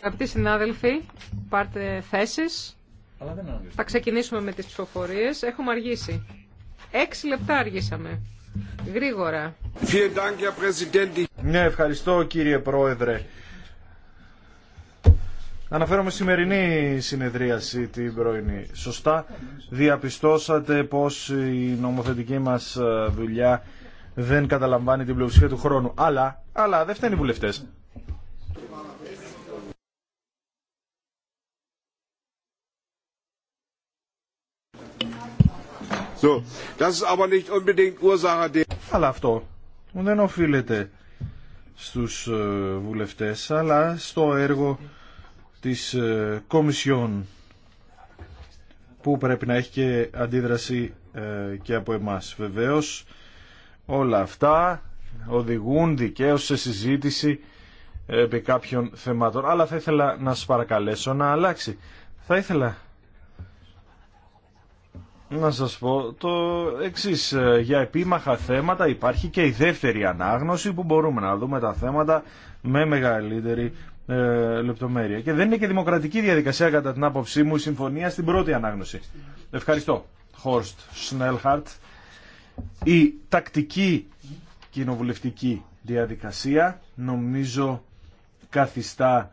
Αγαπητοί συνάδελφοι, πάρτε θέσεις. Θα ξεκινήσουμε με τις ψηφοφορίες. Έχουμε αργήσει. Έξι λεπτά αργήσαμε. Γρήγορα. Ναι, ευχαριστώ κύριε Πρόεδρε. Αναφέρομαι σημερινή συνεδρίαση την πρωινή. Σωστά διαπιστώσατε πως η νομοθετική μας δουλειά δεν καταλαμβάνει την πλειοψηφία του χρόνου. Αλλά, αλλά δεν φταίνει οι βουλευτές. So, das ist aber nicht unbedingt αλλά αυτό δεν οφείλεται στους ε, βουλευτές αλλά στο έργο της ε, Κομισιόν που πρέπει να έχει και αντίδραση ε, και από εμάς. Βεβαίως Όλα αυτά οδηγούν δικαίως σε συζήτηση επί κάποιων θεμάτων. Αλλά θα ήθελα να σας παρακαλέσω να αλλάξει. Θα ήθελα να σας πω το εξής. Για επίμαχα θέματα υπάρχει και η δεύτερη ανάγνωση που μπορούμε να δούμε τα θέματα με μεγαλύτερη ε, λεπτομέρεια. Και δεν είναι και δημοκρατική διαδικασία κατά την άποψή μου η συμφωνία στην πρώτη ανάγνωση. Ευχαριστώ. Χόρστ Σνέλχαρτ η τακτική κοινοβουλευτική διαδικασία νομίζω καθιστά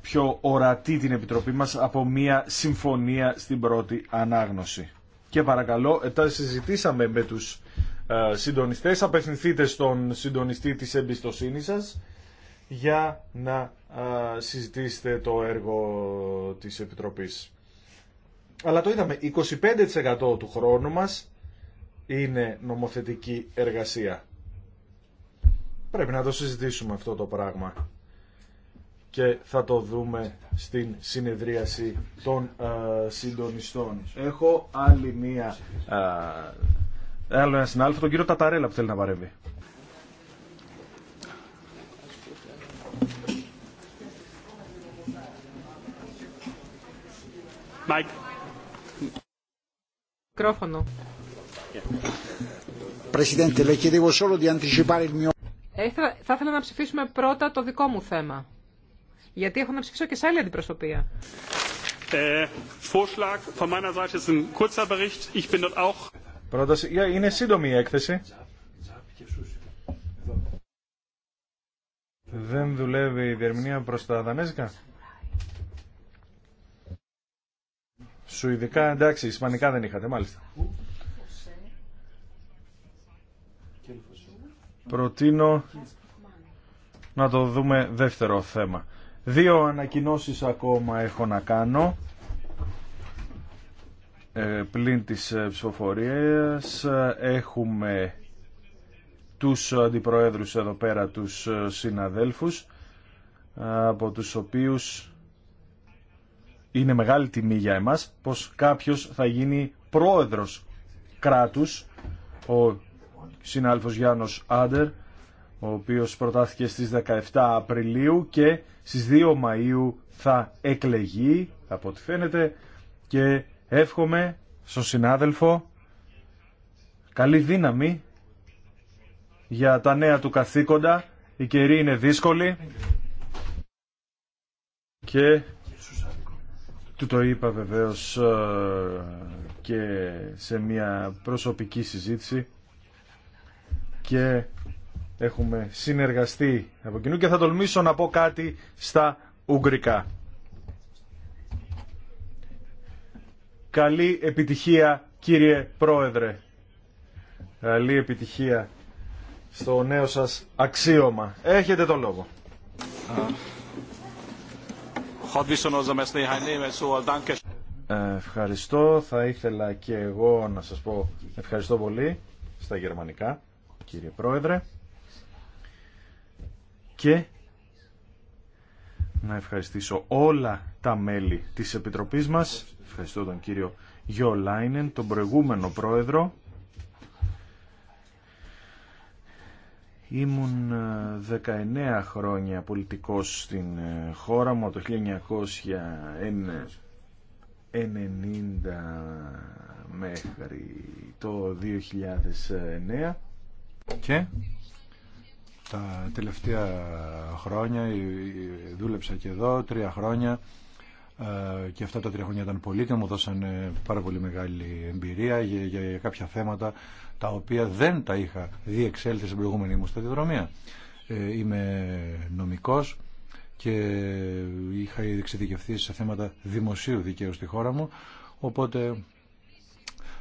πιο ορατή την Επιτροπή μας από μια συμφωνία στην πρώτη ανάγνωση. Και παρακαλώ, τα συζητήσαμε με τους ε, συντονιστές, απευθυνθείτε στον συντονιστή της εμπιστοσύνης σας για να ε, συζητήσετε το έργο της Επιτροπής. Αλλά το είδαμε, 25% του χρόνου μας είναι νομοθετική εργασία. Πρέπει να το συζητήσουμε αυτό το πράγμα και θα το δούμε στην συνεδρίαση των ε, συντονιστών. Έχω άλλη μία... Α, ε, άλλο ένα συνάδελφο, τον κύριο Ταταρέλα που θέλει να παρέμβει. Mike θα, ήθελα να ψηφίσουμε πρώτα το δικό μου θέμα. Γιατί έχω να ψηφίσω και σε άλλη αντιπροσωπεία. Πρόταση, είναι σύντομη η έκθεση. Δεν δουλεύει η διερμηνία προς τα δανέζικα. Σουηδικά εντάξει, Ισπανικά δεν είχατε, μάλιστα. Προτείνω να το δούμε δεύτερο θέμα. Δύο ανακοινώσεις ακόμα έχω να κάνω ε, πλην της ε, ψηφοφορίας. Έχουμε τους αντιπροέδρους εδώ πέρα, τους ε, συναδέλφους, από τους οποίους είναι μεγάλη τιμή για εμάς πως κάποιος θα γίνει πρόεδρος κράτους, ο συνάλφος Γιάννος Άντερ, ο οποίος προτάθηκε στις 17 Απριλίου και στις 2 Μαΐου θα εκλεγεί, από ό,τι φαίνεται, και εύχομαι στον συνάδελφο καλή δύναμη για τα νέα του καθήκοντα. Η καιρή είναι δύσκολη και του το είπα βεβαίως ε, και σε μια προσωπική συζήτηση και έχουμε συνεργαστεί από κοινού και θα τολμήσω να πω κάτι στα Ουγγρικά. Καλή επιτυχία κύριε Πρόεδρε. Καλή επιτυχία στο νέο σας αξίωμα. Έχετε το λόγο. Ε, ευχαριστώ. Θα ήθελα και εγώ να σας πω ευχαριστώ πολύ στα γερμανικά, κύριε Πρόεδρε. Και να ευχαριστήσω όλα τα μέλη της Επιτροπής μας. Ευχαριστώ τον κύριο Γιώ τον προηγούμενο πρόεδρο Ήμουν 19 ε, χρόνια πολιτικός στην ε, χώρα μου, το 1990 μέχρι το 2009 και τα τελευταία χρόνια δούλεψα και εδώ τρία χρόνια ε, και αυτά τα τρία χρόνια ήταν και μου δώσανε πάρα πολύ μεγάλη εμπειρία για, για κάποια θέματα τα οποία δεν τα είχα διεξέλθει στην προηγούμενη μου σταδιοδρομία. Ε, είμαι νομικός και είχα εξειδικευθεί σε θέματα δημοσίου δικαίου στη χώρα μου, οπότε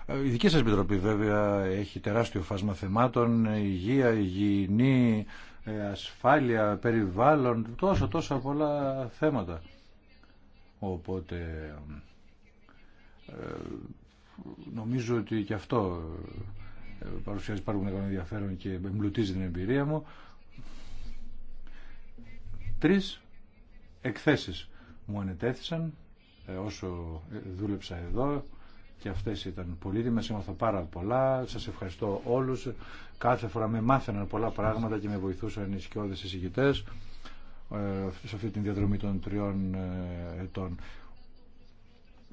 ε, η δική σας επιτροπή βέβαια έχει τεράστιο φάσμα θεμάτων, υγεία, υγιεινή, ε, ασφάλεια, περιβάλλον, τόσο τόσα πολλά θέματα. Οπότε νομίζω ότι και αυτό παρουσιάζει πάρα πολύ ενδιαφέρον και εμπλουτίζει την εμπειρία μου. Τρεις εκθέσεις μου ανετέθησαν ε, όσο ε, δούλεψα εδώ και αυτές ήταν πολύτιμες, έμαθα πάρα πολλά, σας ευχαριστώ όλους. Κάθε φορά με μάθαιναν πολλά πράγματα και με βοηθούσαν οι σκιώδες εισηγητές ε, σε αυτή τη διαδρομή των τριών ετών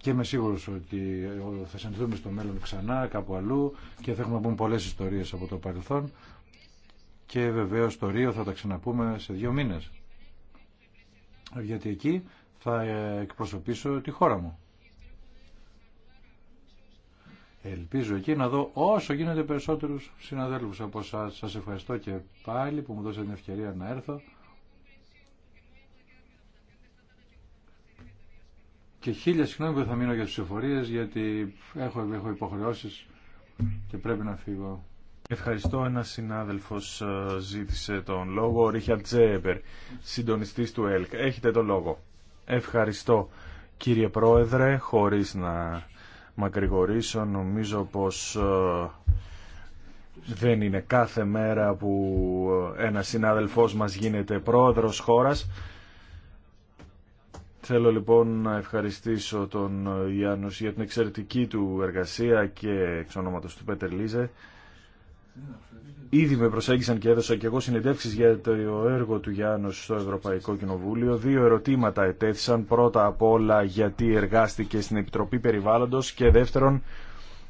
και είμαι σίγουρος ότι θα συνεχθούμε στο μέλλον ξανά κάπου αλλού και θα έχουμε να πούμε πολλές ιστορίες από το παρελθόν και βεβαίως το Ρίο θα τα ξαναπούμε σε δύο μήνες γιατί εκεί θα εκπροσωπήσω τη χώρα μου. Ελπίζω εκεί να δω όσο γίνεται περισσότερους συναδέλφους από σας Σας ευχαριστώ και πάλι που μου δώσατε την ευκαιρία να έρθω. και χίλια συγγνώμη που θα μείνω για τι εφορίε, γιατί έχω, έχω υποχρεώσεις και πρέπει να φύγω. Ευχαριστώ. Ένα συνάδελφος ε, ζήτησε τον λόγο, ο Ρίχαρτ Τζέμπερ, συντονιστής του ΕΛΚ. Έχετε τον λόγο. Ευχαριστώ κύριε Πρόεδρε, χωρίς να μακρηγορήσω, νομίζω πως ε, δεν είναι κάθε μέρα που ε, ένας συνάδελφός μας γίνεται πρόεδρος χώρας Θέλω λοιπόν να ευχαριστήσω τον Ιάννους για την εξαιρετική του εργασία και εξ ονόματος του Πέτερ Λίζε. Ήδη με προσέγγισαν και έδωσα και εγώ συνεντεύξεις για το έργο του Γιάννου στο Ευρωπαϊκό Κοινοβούλιο. Δύο ερωτήματα ετέθησαν. Πρώτα απ' όλα γιατί εργάστηκε στην Επιτροπή Περιβάλλοντος και δεύτερον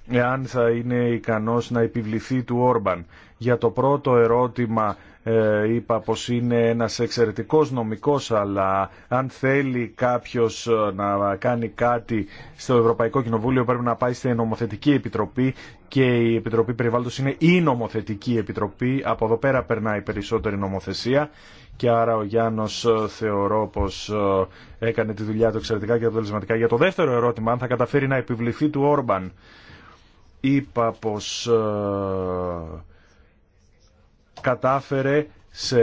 εάν θα είναι ικανός να επιβληθεί του Όρμπαν. Για το πρώτο ερώτημα ε, είπα πως είναι ένας εξαιρετικός νομικός αλλά αν θέλει κάποιος ε, να κάνει κάτι στο Ευρωπαϊκό Κοινοβούλιο πρέπει να πάει στην νομοθετική επιτροπή και η Επιτροπή Περιβάλλοντος είναι η νομοθετική επιτροπή από εδώ πέρα περνάει περισσότερη νομοθεσία και άρα ο Γιάννος ε, θεωρώ πως έκανε τη δουλειά του εξαιρετικά και αποτελεσματικά. Για το δεύτερο ερώτημα, αν θα καταφέρει να επιβληθεί του Όρμπαν, είπα πως κατάφερε σε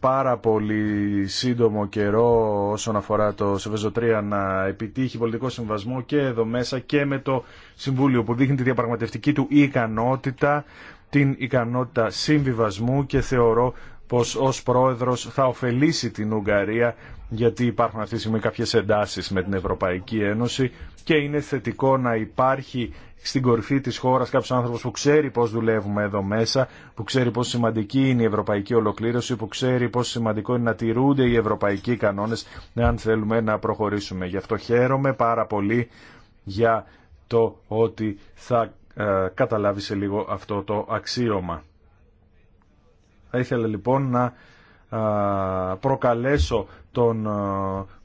πάρα πολύ σύντομο καιρό όσον αφορά το Σεβέζο 3 να επιτύχει πολιτικό συμβασμό και εδώ μέσα και με το Συμβούλιο που δείχνει τη διαπραγματευτική του ικανότητα, την ικανότητα συμβιβασμού και θεωρώ πως ως πρόεδρος θα ωφελήσει την Ουγγαρία γιατί υπάρχουν αυτή τη στιγμή κάποιες εντάσεις με την Ευρωπαϊκή Ένωση και είναι θετικό να υπάρχει στην κορυφή της χώρας κάποιος άνθρωπος που ξέρει πώς δουλεύουμε εδώ μέσα, που ξέρει πώς σημαντική είναι η ευρωπαϊκή ολοκλήρωση, που ξέρει πώς σημαντικό είναι να τηρούνται οι ευρωπαϊκοί κανόνες αν θέλουμε να προχωρήσουμε. Γι' αυτό χαίρομαι πάρα πολύ για το ότι θα ε, καταλάβει σε λίγο αυτό το αξίωμα. Θα ήθελα λοιπόν να προκαλέσω τον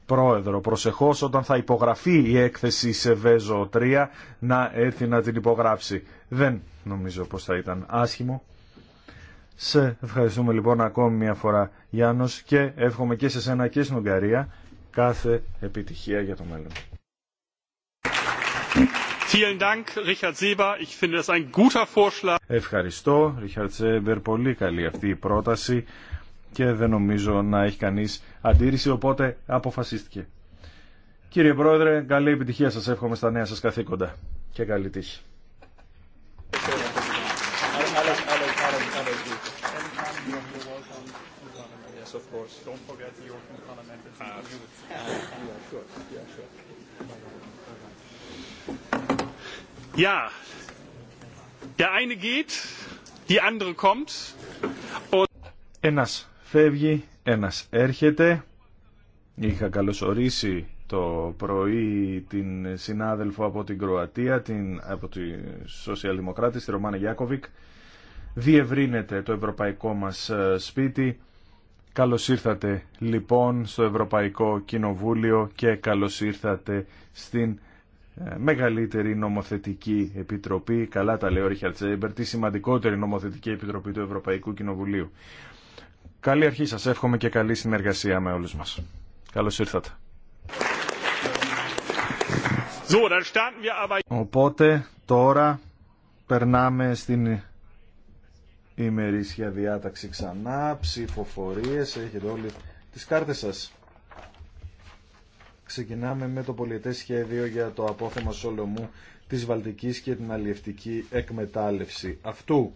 πρόεδρο προσεχώς όταν θα υπογραφεί η έκθεση σε Βέζο 3 να έρθει να την υπογράψει. Δεν νομίζω πως θα ήταν άσχημο. Σε ευχαριστούμε λοιπόν ακόμη μια φορά Γιάννος και εύχομαι και σε σένα και στην Ουγγαρία κάθε επιτυχία για το μέλλον. Ευχαριστώ, Ρίχαρτ Σέμπερ. Πολύ καλή αυτή η πρόταση και δεν νομίζω να έχει κανείς αντίρρηση, οπότε αποφασίστηκε. Κύριε Πρόεδρε, καλή επιτυχία σας εύχομαι στα νέα σας καθήκοντα και καλή τύχη. Ja, der Ένας φεύγει, ένας έρχεται. Είχα καλωσορίσει το πρωί την συνάδελφο από την Κροατία, την, από τη Σοσιαλδημοκράτη, τη Ρωμάνα Γιάκοβικ. Διευρύνεται το ευρωπαϊκό μας ε, σπίτι. Καλώς ήρθατε λοιπόν στο Ευρωπαϊκό Κοινοβούλιο και καλώς ήρθατε στην μεγαλύτερη νομοθετική επιτροπή, καλά τα λέει ο Ρίχαρτ τη σημαντικότερη νομοθετική επιτροπή του Ευρωπαϊκού Κοινοβουλίου. Καλή αρχή σας, εύχομαι και καλή συνεργασία με όλους μας. Καλώς ήρθατε. Οπότε τώρα περνάμε στην ημερήσια διάταξη ξανά, ψηφοφορίες, έχετε όλοι τις κάρτες σας. Ξεκινάμε με το πολιετέ σχέδιο για το απόθεμα Σολομού της Βαλτικής και την αλλιευτική εκμετάλλευση αυτού.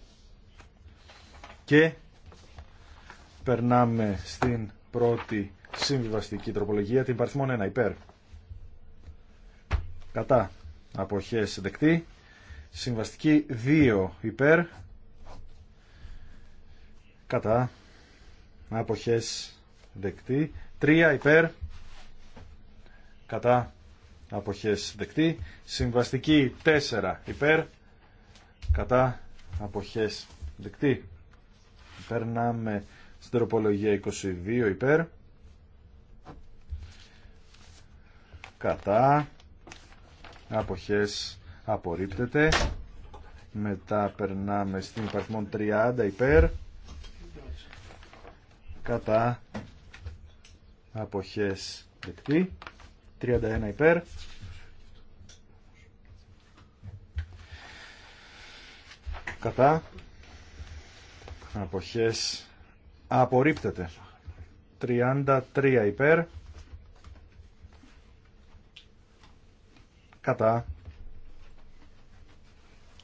Και περνάμε στην πρώτη συμβιβαστική τροπολογία, την παριθμόν 1 υπέρ. Κατά αποχές δεκτή. Συμβαστική 2 υπέρ. Κατά αποχές δεκτή. 3 υπέρ κατά αποχές δεκτή. Συμβαστική 4 υπέρ κατά αποχές δεκτή. Περνάμε στην τροπολογία 22 υπέρ κατά αποχές απορρίπτεται. Μετά περνάμε στην υπαρχμόν 30 υπέρ κατά αποχές δεκτή. 31 υπέρ. Κατά. Αποχές. Απορρίπτεται. 33 υπέρ. Κατά.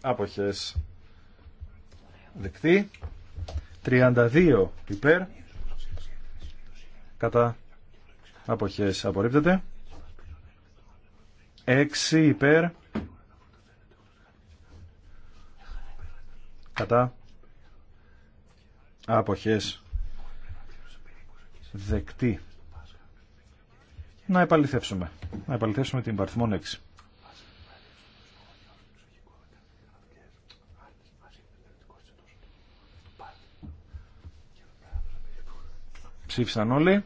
Αποχές. Δεκτή. 32 υπέρ. Κατά. Αποχές. Απορρίπτεται. 6 υπέρ. Κατά. Αποχές. Δεκτή. Να επαληθεύσουμε. Να επαληθεύσουμε την παρθμόν 6. Ψήφισαν όλοι.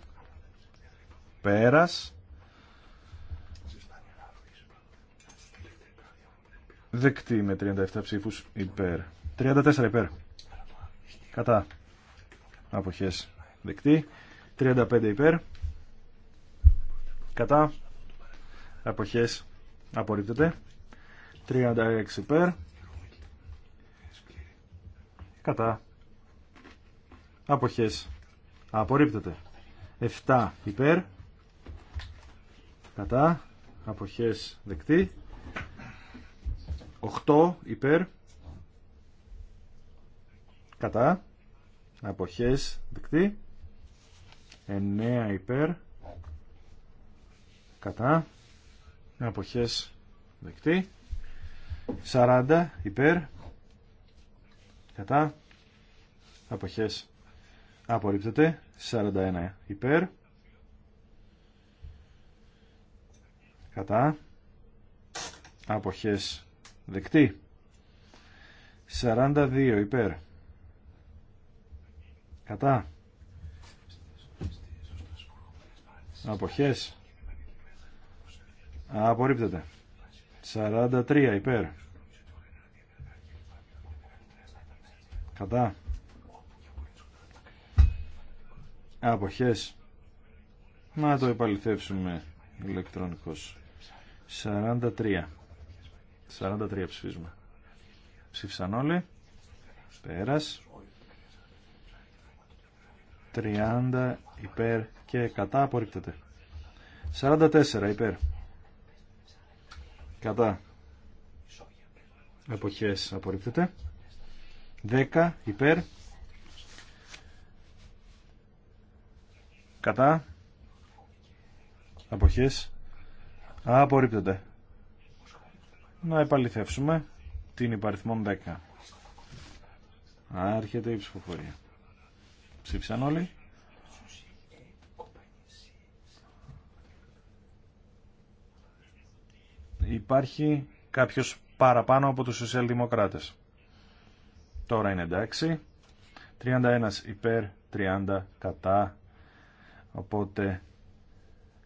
Πέρας. Δεκτή με 37 ψήφου, υπέρ. 34 υπέρ. Κατά. Αποχές. Δεκτή. 35 υπέρ. Κατά. Αποχές. Απορρίπτεται. 36 υπέρ. Κατά. Αποχές. Απορρίπτεται. 7 υπέρ. Κατά. Αποχές δεκτή. 8 υπέρ κατά αποχές δεκτή 9 υπέρ κατά αποχές δεκτή 40 υπέρ κατά αποχές απορρίπτεται 41 υπέρ κατά αποχές Δεκτή. 42 υπέρ. Κατά. Αποχές. Απορρίπτεται. 43 υπέρ. Κατά. Αποχές. Να το επαληθεύσουμε ηλεκτρονικός. 43. 43 ψήφισμα. Ψήφισαν όλοι. Πέρας. 30 υπέρ και κατά απορρίπτεται. 44 υπέρ. Κατά. Εποχές απορρίπτεται. 10 υπέρ. Κατά. Αποχές. Απορρίπτεται να επαληθεύσουμε την υπαριθμόν 10. Άρχεται η ψηφοφορία. Ψήφισαν όλοι. Υπάρχει κάποιος παραπάνω από τους σοσιαλδημοκράτες. Τώρα είναι εντάξει. 31 υπέρ, 30 κατά. Οπότε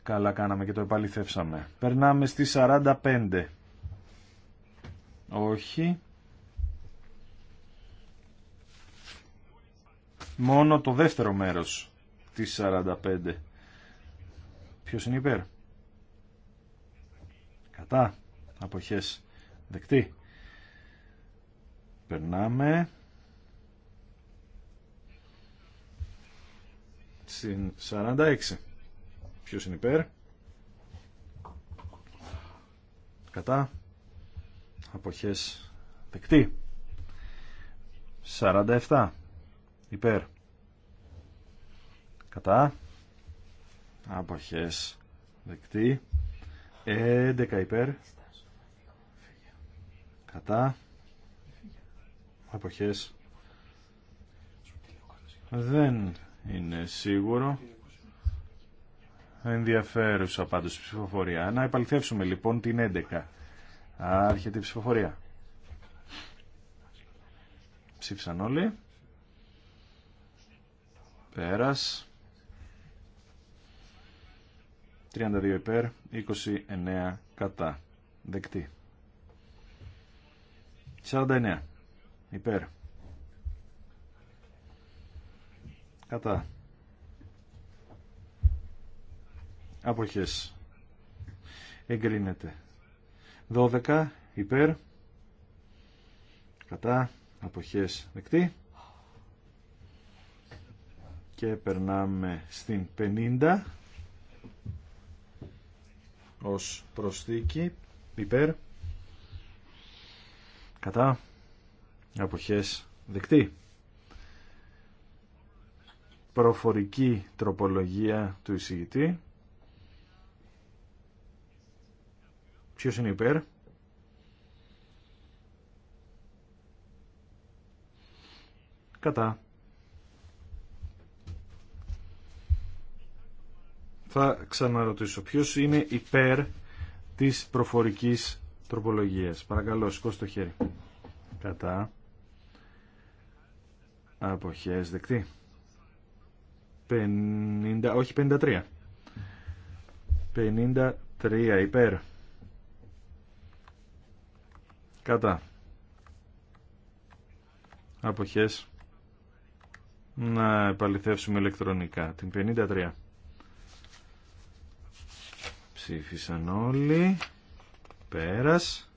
καλά κάναμε και το επαληθεύσαμε. Περνάμε στη 45. Όχι. Μόνο το δεύτερο μέρος της 45. Ποιος είναι υπέρ. Κατά. Αποχές. Δεκτή. Περνάμε. Στην 46. Ποιος είναι υπέρ. Κατά αποχές δεκτή 47 υπέρ κατά αποχές δεκτή 11 υπέρ κατά αποχές δεν είναι σίγουρο ενδιαφέρουσα πάντως ψηφοφορία να επαληθεύσουμε λοιπόν την 11 Άρχεται η ψηφοφορία. Ψήφισαν όλοι. Πέρας. 32 υπέρ, 29 κατά. Δεκτή. 49 υπέρ. Κατά. Αποχές. Εγκρίνεται. 12 υπέρ κατά αποχές δεκτή και περνάμε στην 50 ως προσθήκη υπέρ κατά αποχές δεκτή προφορική τροπολογία του εισηγητή Ποιος είναι υπέρ. Κατά. Θα ξαναρωτήσω. Ποιος είναι υπέρ της προφορικής τροπολογίας. Παρακαλώ, σηκώστε το χέρι. Κατά. Αποχές δεκτή. 50, όχι 53. 53 υπέρ κατά αποχές να επαληθεύσουμε ηλεκτρονικά την 53 ψήφισαν όλοι πέρας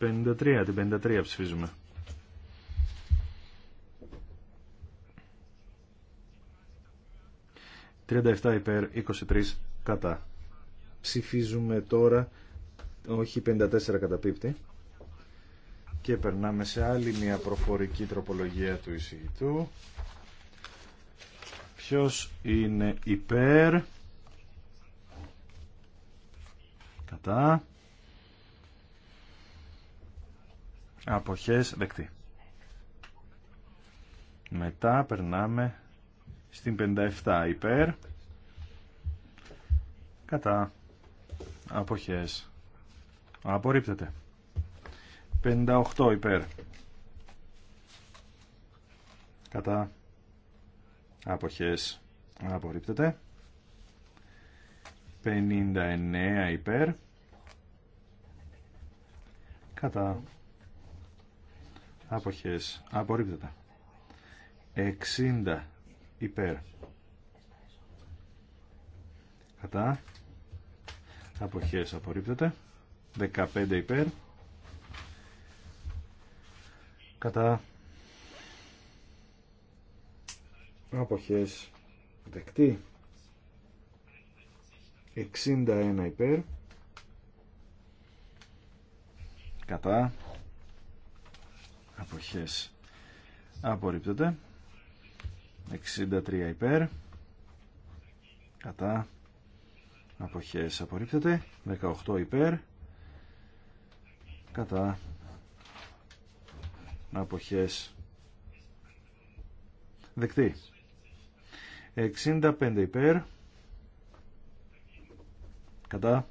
53 την 53 ψηφίζουμε ...37 υπέρ 23 κατά ψηφίζουμε τώρα, όχι 54 καταπίπτει. Και περνάμε σε άλλη μια προφορική τροπολογία του εισηγητού. Ποιος είναι υπέρ. Κατά. Αποχές δεκτή. Μετά περνάμε στην 57 υπέρ. Κατά. Αποχές. Απορρίπτεται. 58 υπέρ. Κατά. Αποχές. Απορρίπτεται. 59 υπέρ. Κατά. Αποχές. Απορρίπτεται. 60 υπέρ. Κατά αποχές απορρίπτεται 15 υπέρ κατά αποχές δεκτή 61 υπέρ κατά αποχές απορρίπτεται 63 υπέρ κατά αποχές απορρίπτεται 18 υπέρ κατά αποχές δεκτή 65 υπέρ κατά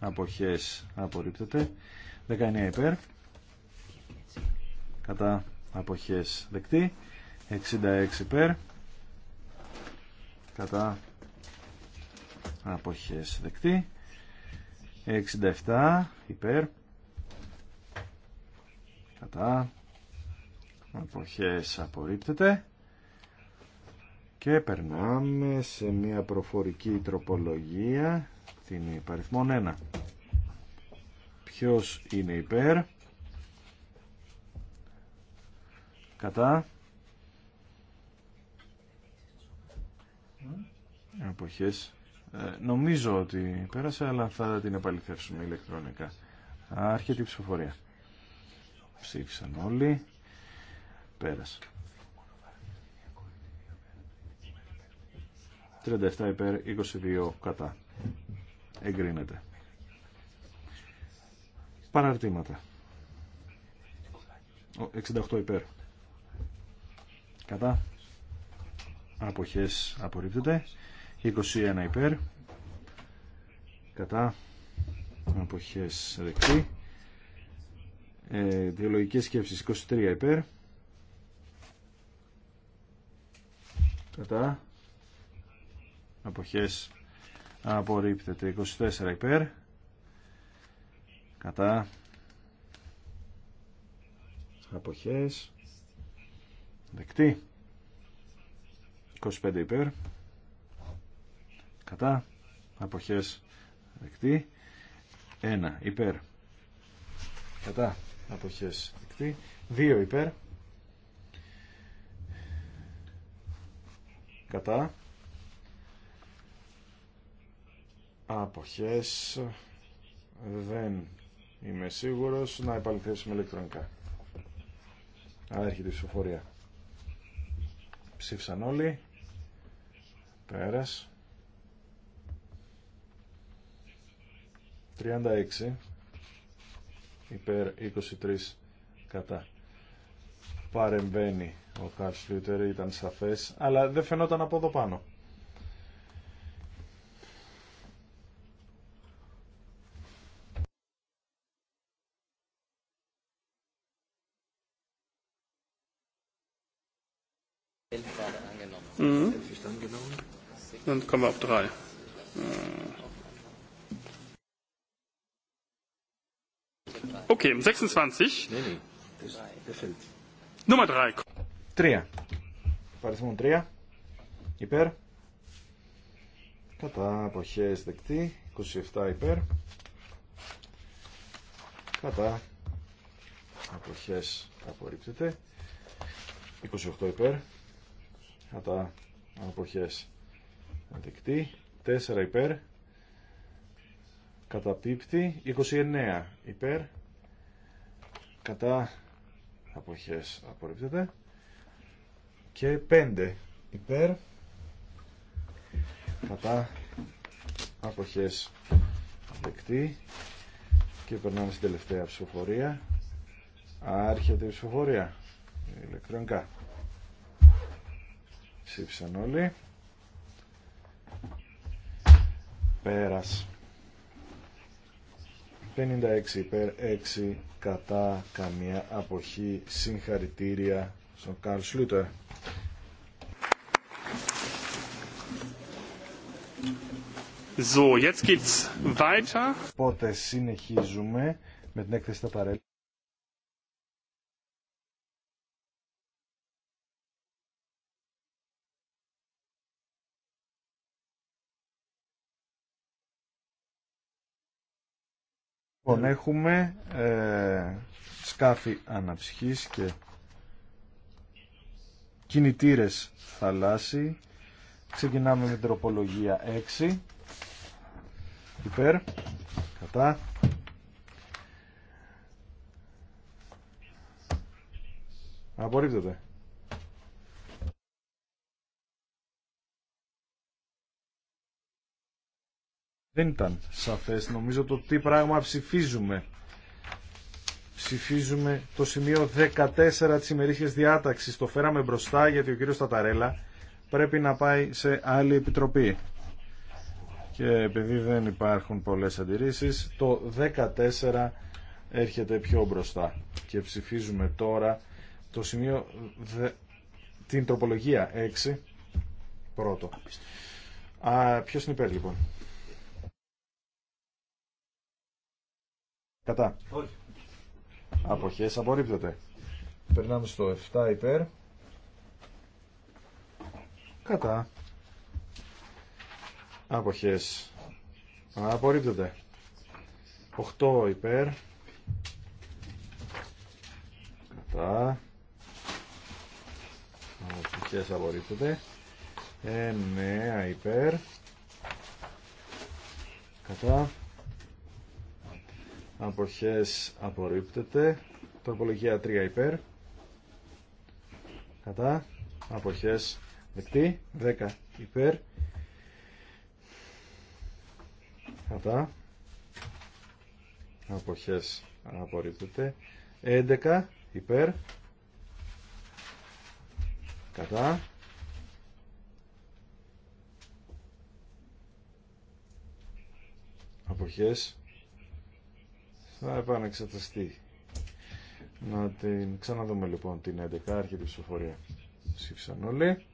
αποχές απορρίπτεται 19 υπέρ κατά αποχές δεκτή 66 υπέρ κατά αποχές δεκτή 67 υπέρ κατά αποχές απορρίπτεται και περνάμε σε μια προφορική τροπολογία την υπαριθμόν 1 ποιος είναι υπέρ κατά αποχές ε, νομίζω ότι πέρασε, αλλά θα την επαληθεύσουμε ηλεκτρονικά. Άρχεται η ψηφοφορία. Ψήφισαν όλοι. Πέρασε. 37 υπέρ, 22 κατά. Εγκρίνεται. Παραρτήματα. 68 υπέρ. Κατά. Αποχές απορρίπτεται. 21 υπέρ κατά αποχές δεκτή ε, διολογικές σκέψεις 23 υπέρ κατά αποχές απορρίπτεται 24 υπέρ κατά αποχές δεκτή 25 υπέρ κατά αποχές δεκτή Ένα υπέρ κατά αποχές δεκτή Δύο υπέρ κατά αποχές δεν είμαι σίγουρος να επαληθεύσουμε ηλεκτρονικά έρχεται η ψηφοφορία ψήφισαν όλοι πέρας 36 υπέρ 23 κατά. Παρεμβαίνει ο Καρλ Σλούτερ, ήταν σαφές, αλλά δεν φαινόταν από εδώ πάνω. Mhm. Dann kommen wir auf drei. Mhm. Okay, 26. Νούμερο 3. Τρία. Παριθμόν 3. Υπέρ. Κατά αποχέ δεκτή. 27 υπέρ. Κατά αποχές απορρίπτεται. 28 υπέρ. Κατά αποχές δεκτή. 4 υπέρ. Καταπίπτει. 29 υπέρ κατά αποχές απορρίπτεται και 5 υπέρ κατά αποχές δεκτή και περνάμε στην τελευταία ψηφοφορία άρχεται η ψηφοφορία ηλεκτρονικά ψήφισαν όλοι πέρας 56 υπέρ 6 κατά καμία αποχή συγχαρητήρια στον Καρλ Σλούτερ. So, jetzt geht's weiter. συνεχίζουμε με την έκθεση τα παρέλια. Λοιπόν, έχουμε ε, σκάφη αναψυχής και κινητήρες θαλάσσι. Ξεκινάμε με τροπολογία 6. Υπέρ, κατά. Απορρίπτεται. Δεν ήταν σαφές νομίζω το τι πράγμα ψηφίζουμε. Ψηφίζουμε το σημείο 14 της ημερήσιας διάταξης. Το φέραμε μπροστά γιατί ο κύριος Ταταρέλα πρέπει να πάει σε άλλη επιτροπή. Και επειδή δεν υπάρχουν πολλές αντιρρήσεις, το 14 έρχεται πιο μπροστά. Και ψηφίζουμε τώρα το σημείο, την τροπολογία 6, πρώτο. Α, ποιος είναι υπέρ λοιπόν. Κατά. Όχι. Αποχές απορρίπτεται. Περνάμε στο 7 υπέρ. Κατά. Αποχές. Απορρίπτεται. 8 υπέρ. Κατά. Αποχές απορρίπτεται. 9 υπέρ. Κατά αποχές απορρίπτεται τροπολογία 3 υπέρ κατά αποχές δεκτή 10 υπέρ κατά αποχές απορρίπτεται 11 υπέρ κατά αποχές θα επανεξεταστεί. Να την ξαναδούμε λοιπόν την 11 η άρχη ψηφοφορία. Ψήφισαν όλοι.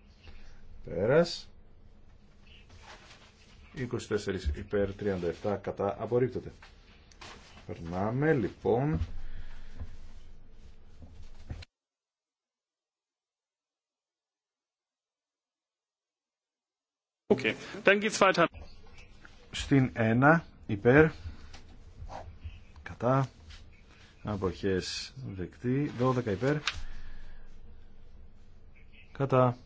Πέρας. 24 υπέρ 37 κατά απορρίπτεται. Περνάμε λοιπόν Okay. Dann geht's weiter. Στην 1 υπέρ κατά αποχές δεκτή 12 υπέρ κατά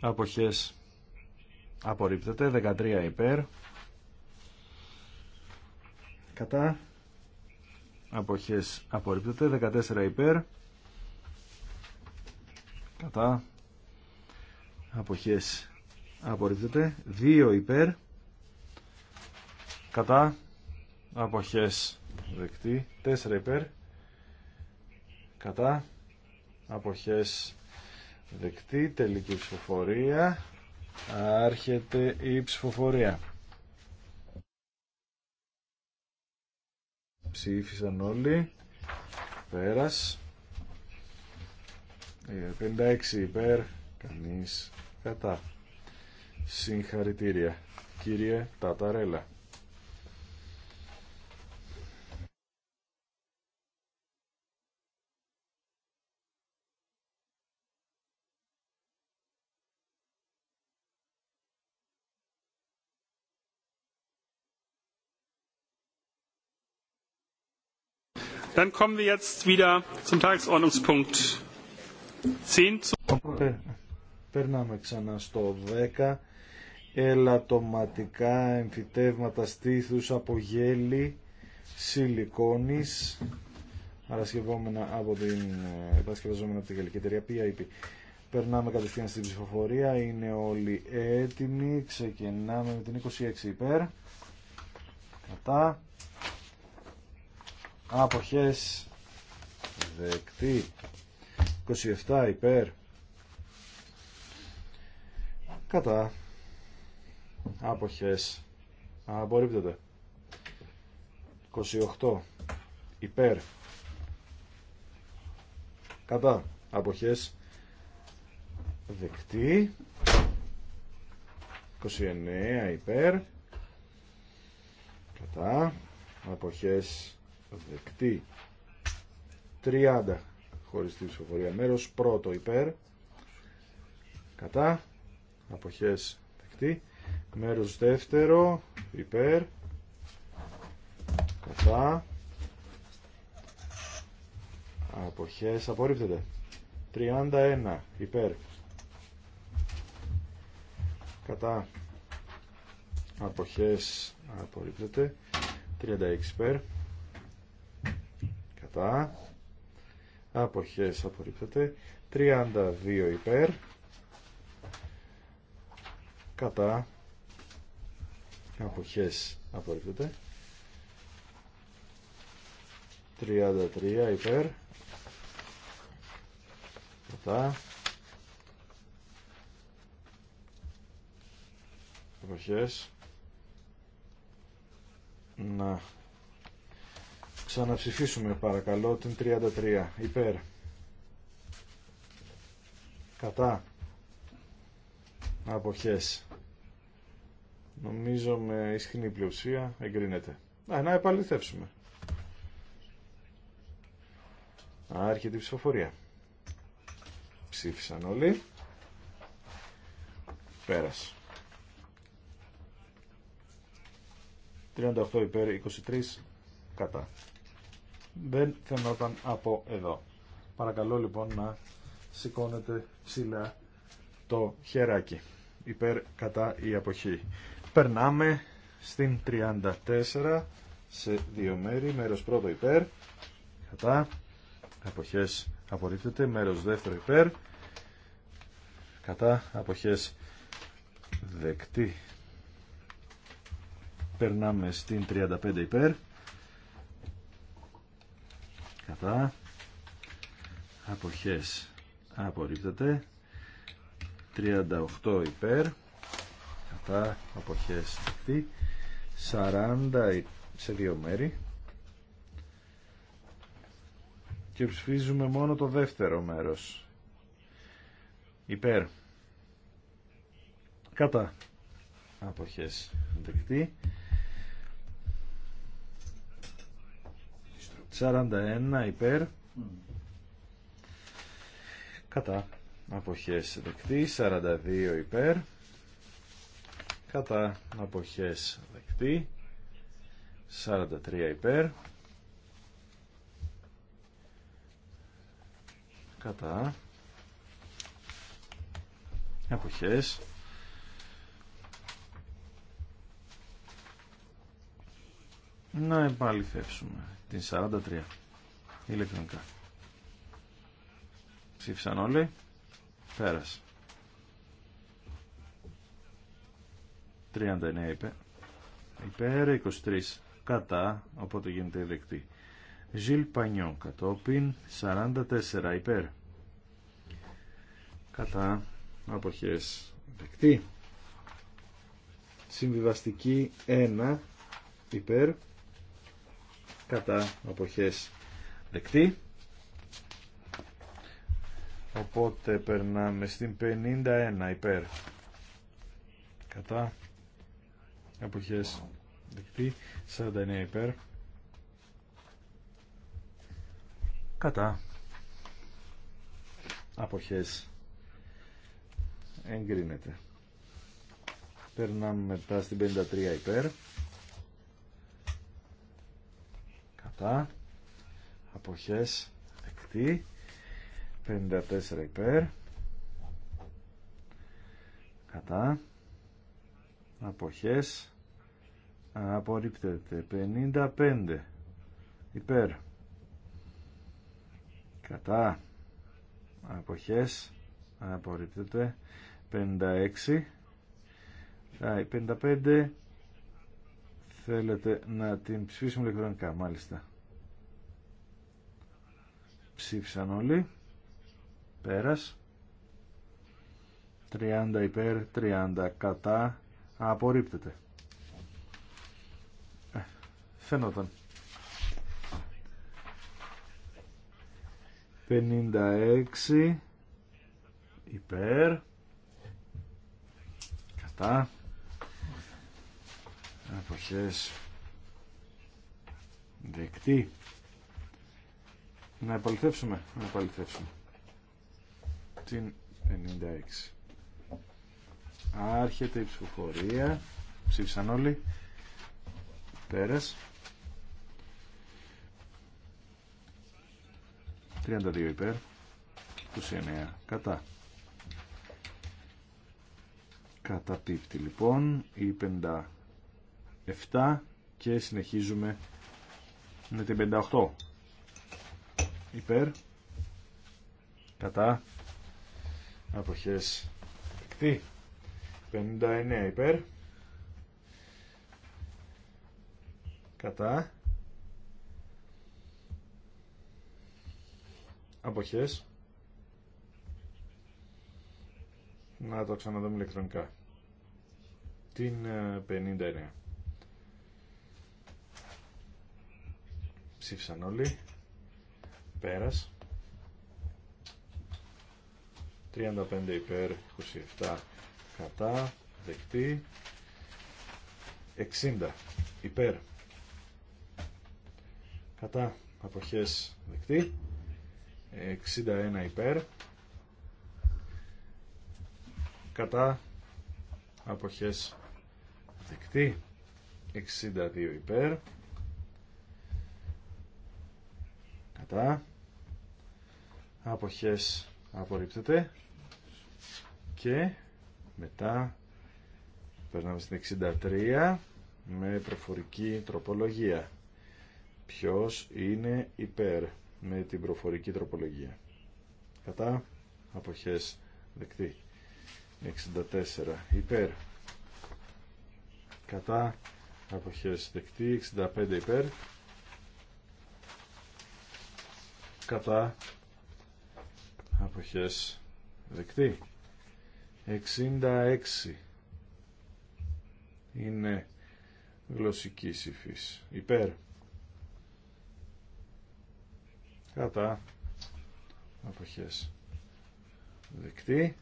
αποχές απορρίπτεται 13 υπέρ κατά αποχές απορρίπτεται 14 υπέρ κατά αποχές απορρίπτεται 2 υπέρ κατά αποχές δεκτή 4 υπέρ κατά αποχές δεκτή τελική ψηφοφορία άρχεται η ψηφοφορία ψήφισαν όλοι πέρας 56 ε, υπέρ κανείς κατά συγχαρητήρια κύριε Ταταρέλα Dann kommen wir jetzt wieder zum Tagesordnungspunkt Περνάμε ξανά στο 10. Ελαττωματικά εμφυτεύματα στήθους από γέλη σιλικόνης παρασκευόμενα από την ε, παρασκευαζόμενα από τη γαλλική εταιρεία PIP. Περνάμε κατευθείαν στην ψηφοφορία. Είναι όλοι έτοιμοι. Ξεκινάμε με την 26 υπέρ. Κατά αποχές δεκτή 27 υπέρ κατά αποχές απορρίπτεται 28 υπέρ κατά αποχές δεκτή 29 υπέρ κατά αποχές δεκτή 30 χωριστή ψηφοφορία μέρος πρώτο υπέρ κατά αποχές δεκτή μέρος δεύτερο υπέρ κατά αποχές απορρίπτεται 31 υπέρ κατά αποχές απορρίπτεται 36 υπέρ κατά αποχές απορρίπτεται 32 υπέρ κατά αποχές απορρίπτεται 33 υπέρ κατά αποχές να ξαναψηφίσουμε παρακαλώ την 33 υπέρ κατά αποχές νομίζω με ισχυρή πλειοψηφία εγκρίνεται Α, να επαληθεύσουμε άρχεται η ψηφοφορία ψήφισαν όλοι πέρασε 38 υπέρ 23 κατά δεν φαινόταν από εδώ. Παρακαλώ λοιπόν να σηκώνετε ψηλά το χεράκι. Υπέρ κατά η αποχή. Περνάμε στην 34 σε δύο μέρη. Μέρος πρώτο υπέρ. Κατά. Αποχές απορρίπτεται. Μέρος δεύτερο υπέρ. Κατά. Αποχές δεκτή. Περνάμε στην 35 υπέρ κατά αποχές απορρίπτεται 38 υπέρ κατά αποχές Τι; 40 σε δύο μέρη και ψηφίζουμε μόνο το δεύτερο μέρος υπέρ κατά αποχές δεκτή 41 υπέρ κατά αποχές δεκτή 42 υπέρ κατά αποχές δεκτή 43 υπέρ κατά αποχές Να επαληθεύσουμε την 43 ηλεκτρονικά. Ψήφισαν όλοι. Πέρασε. 39 είπε. Υπέρ 23 κατά, οπότε γίνεται δεκτή. Ζιλ Πανιό κατόπιν 44 υπέρ. Κατά αποχές δεκτή. Συμβιβαστική 1 υπέρ κατά αποχές δεκτή οπότε περνάμε στην 51 υπέρ κατά αποχές δεκτή 49 υπέρ κατά αποχές εγκρίνεται περνάμε μετά στην 53 υπέρ κατά αποχές εκτί 54 υπέρ κατά αποχές απορρίπτεται 55 υπέρ κατά αποχές απορρίπτεται 56 55 θέλετε να την ψηφίσουμε ηλεκτρονικά μάλιστα Ψήφισαν όλοι. Πέρας. 30 υπέρ, 30 κατά. Απορρίπτεται. Ε, φαινόταν. 56 υπέρ κατά αποχές δεκτή να επαληθεύσουμε. Να επαληθεύσουμε. Την 96 Άρχεται η ψηφοφορία. Ψήφισαν όλοι. Πέρας. 32 υπέρ. 29 κατά. Καταπίπτει λοιπόν η 57 και συνεχίζουμε με την 58 υπέρ κατά αποχές δεκτή 59 υπέρ κατά αποχές να το ξαναδούμε ηλεκτρονικά την 59 ε, ψήφισαν όλοι Πέρας. 35 υπέρ, 27 κατά, δεκτή. 60 υπέρ, κατά, αποχές δεκτή. 61 υπέρ, κατά, αποχές δεκτή. 62 υπέρ, κατά, αποχές απορρίπτεται και μετά περνάμε στην 63 με προφορική τροπολογία ποιος είναι υπέρ με την προφορική τροπολογία κατά αποχές δεκτή 64 υπέρ κατά αποχές δεκτή 65 υπέρ κατά αποχές δεκτή 66 είναι γλωσσική υφής υπέρ κατά αποχές δεκτή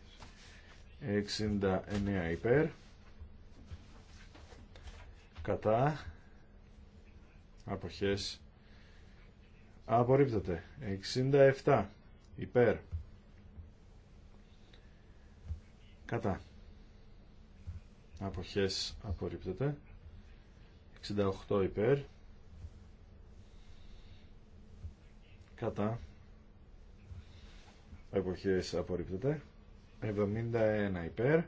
69 υπέρ κατά αποχές απορρίπτεται 67 υπέρ κατά αποχές απορρίπτεται 68 υπέρ κατά Αποχές απορρίπτεται 71 υπέρ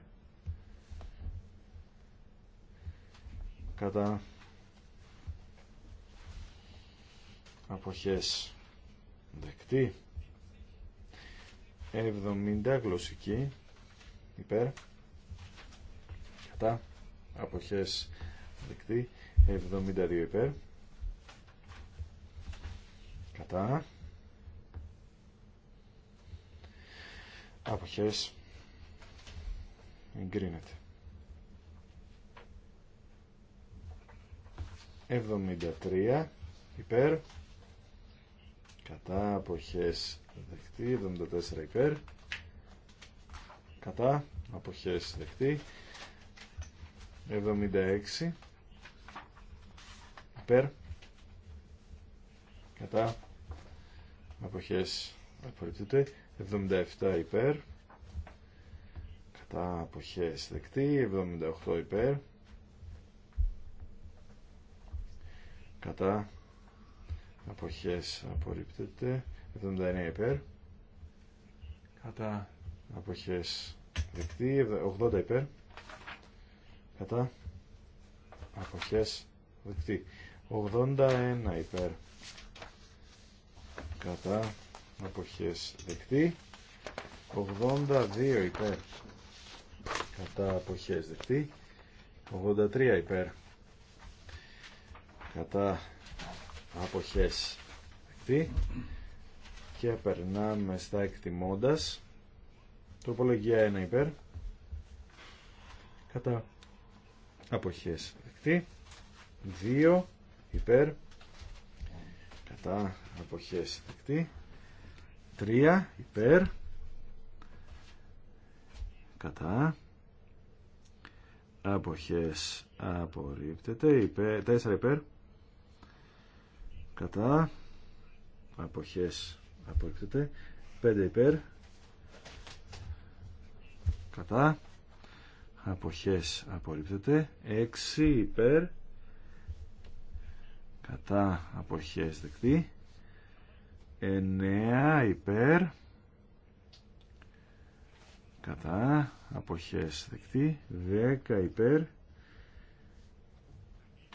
κατά αποχές δεκτή 70 γλωσσική υπέρ κατά αποχές δεκτή 72 υπέρ κατά αποχές εγκρίνεται 73 υπέρ κατά αποχές δεκτή 74 υπέρ κατά αποχές δεκτή 76 υπέρ κατά αποχές απορρίπτεται 77 υπέρ κατά αποχές δεκτή 78 υπέρ κατά αποχές απορρίπτεται 79 υπέρ κατά αποχές δεκτή 80 υπέρ κατά αποχές δεκτή 81 υπέρ κατά αποχές δεκτή 82 υπέρ κατά αποχές δεκτή 83 υπέρ κατά αποχές δεκτή και περνάμε στα εκτιμώντας Τροπολογία 1 υπέρ. Κατά αποχές δεκτή. 2 υπέρ. Κατά αποχές δεκτή. 3 υπέρ. Κατά αποχές απορρίπτεται. Υπέρ, 4 υπέρ. Κατά αποχές απορρίπτεται. 5 υπέρ κατά αποχές απορρίπτεται 6 υπέρ κατά αποχές δεκτή 9 υπέρ κατά αποχές δεκτή 10 υπέρ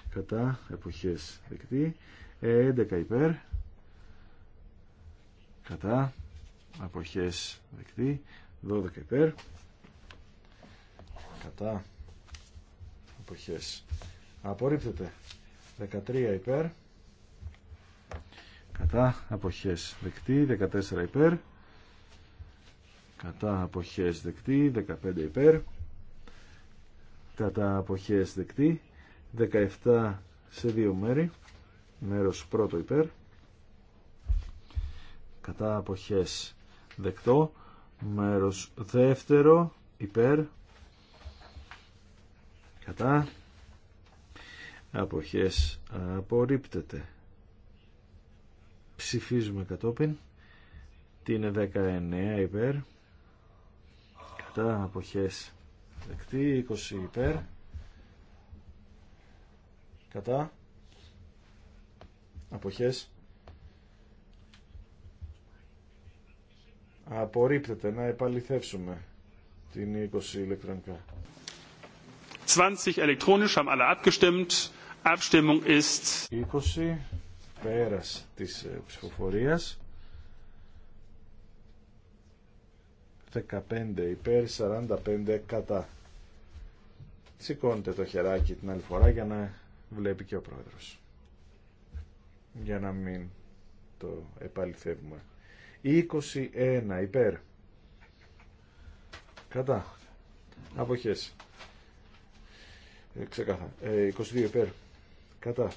κατά αποχές δεκτή 11 υπέρ κατά αποχές δεκτή 12 υπέρ κατά εποχές απορρίπτεται 13 υπέρ κατά αποχές δεκτή 14 υπέρ κατά αποχές δεκτή 15 υπέρ κατά αποχές δεκτή 17 σε δύο μέρη μέρος πρώτο υπέρ κατά αποχές δεκτό μέρος δεύτερο υπέρ κατά αποχές απορρίπτεται ψηφίζουμε κατόπιν την 19 υπέρ κατά αποχές δεκτή 20 υπέρ κατά αποχές απορρίπτεται να επαληθεύσουμε την 20 ηλεκτρονικά 20 elektronisch, haben alle abgestimmt. Abstimmung ist... 20, πέρας της ε, ψηφοφορίας. 15 υπέρ, 45 κατά. Σηκώνετε το χεράκι την άλλη φορά για να βλέπει και ο πρόεδρος. Για να μην το επαληθεύουμε. 21 υπέρ. Κατά. Αποχές. Ε, ξεκάθαρα. 22 ε, υπέρ. Κατά.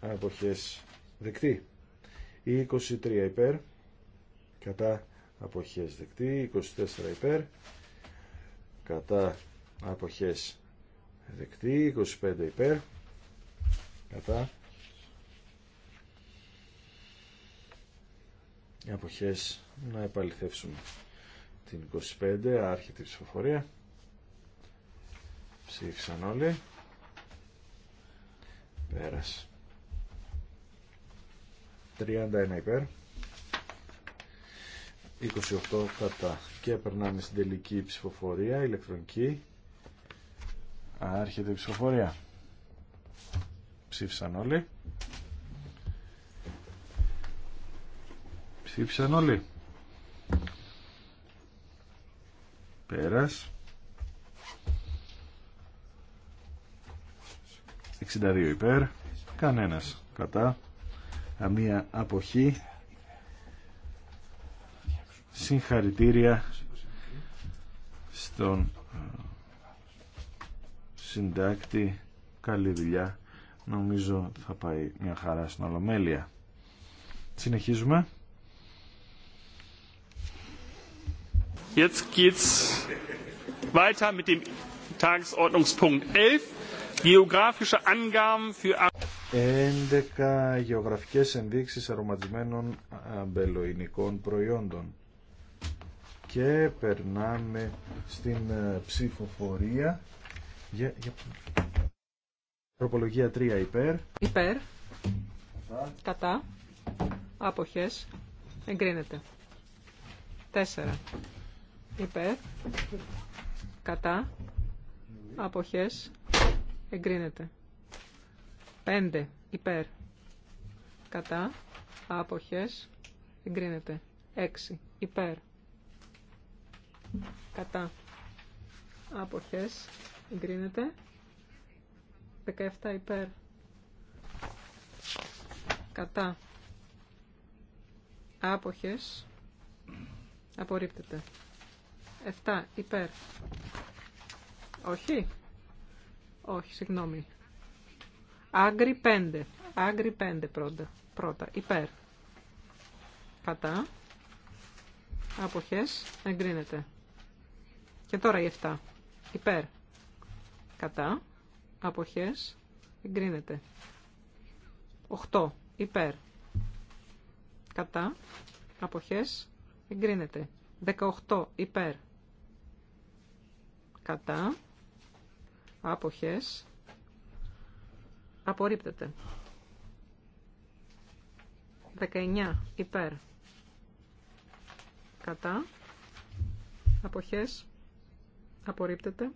Αποχές. Δεκτή. 23 υπέρ. Κατά. Αποχές δεκτή. 24 υπέρ. Κατά. Αποχές δεκτή. 25 υπέρ. Κατά. Αποχές να επαληθεύσουμε την 25. Άρχεται η ψηφοφορία. Ψήφισαν όλοι. Πέρας. 31 υπέρ. 28 κατά. Και περνάμε στην τελική ψηφοφορία, ηλεκτρονική. Άρχεται η ψηφοφορία. Ψήφισαν όλοι. Ψήφισαν όλοι. Πέρας. 62 υπέρ, κανένας κατά, Αμία αποχή. Συγχαρητήρια στον ε, συντάκτη, καλή δουλειά. Νομίζω θα πάει μια χαρά στην Ολομέλεια. Συνεχίζουμε. Jetzt geht's weiter mit dem Tagesordnungspunkt 11. 11 γεωγραφικέ ενδείξεις αρωματισμένων αμπελοϊνικών προϊόντων. Και περνάμε στην ε, ψηφοφορία για, Τροπολογία 3 υπέρ. Υπέρ. Κατά. Κατά. Άποχες. Εγκρίνεται. 4. Υπέρ. Κατά. Αποχές εγκρίνεται. 5 υπέρ κατά αποχές εγκρίνεται. 6 υπέρ κατά αποχές εγκρίνεται. 17 υπέρ κατά άποχες απορρίπτεται 7 υπέρ όχι όχι, συγγνώμη. Άγκρι 5. Άγκρι 5 πρώτα. Πρώτα. Υπέρ. Κατά. Αποχές. Εγκρίνεται. Και τώρα η 7. Υπέρ. Κατά. Αποχές. Εγκρίνεται. 8. Υπέρ. Κατά. Αποχές. Εγκρίνεται. 18. Υπέρ. Κατά. Αποχές. Απορρίπτεται. 19. Υπέρ. Κατά. Αποχές. Απορρίπτεται.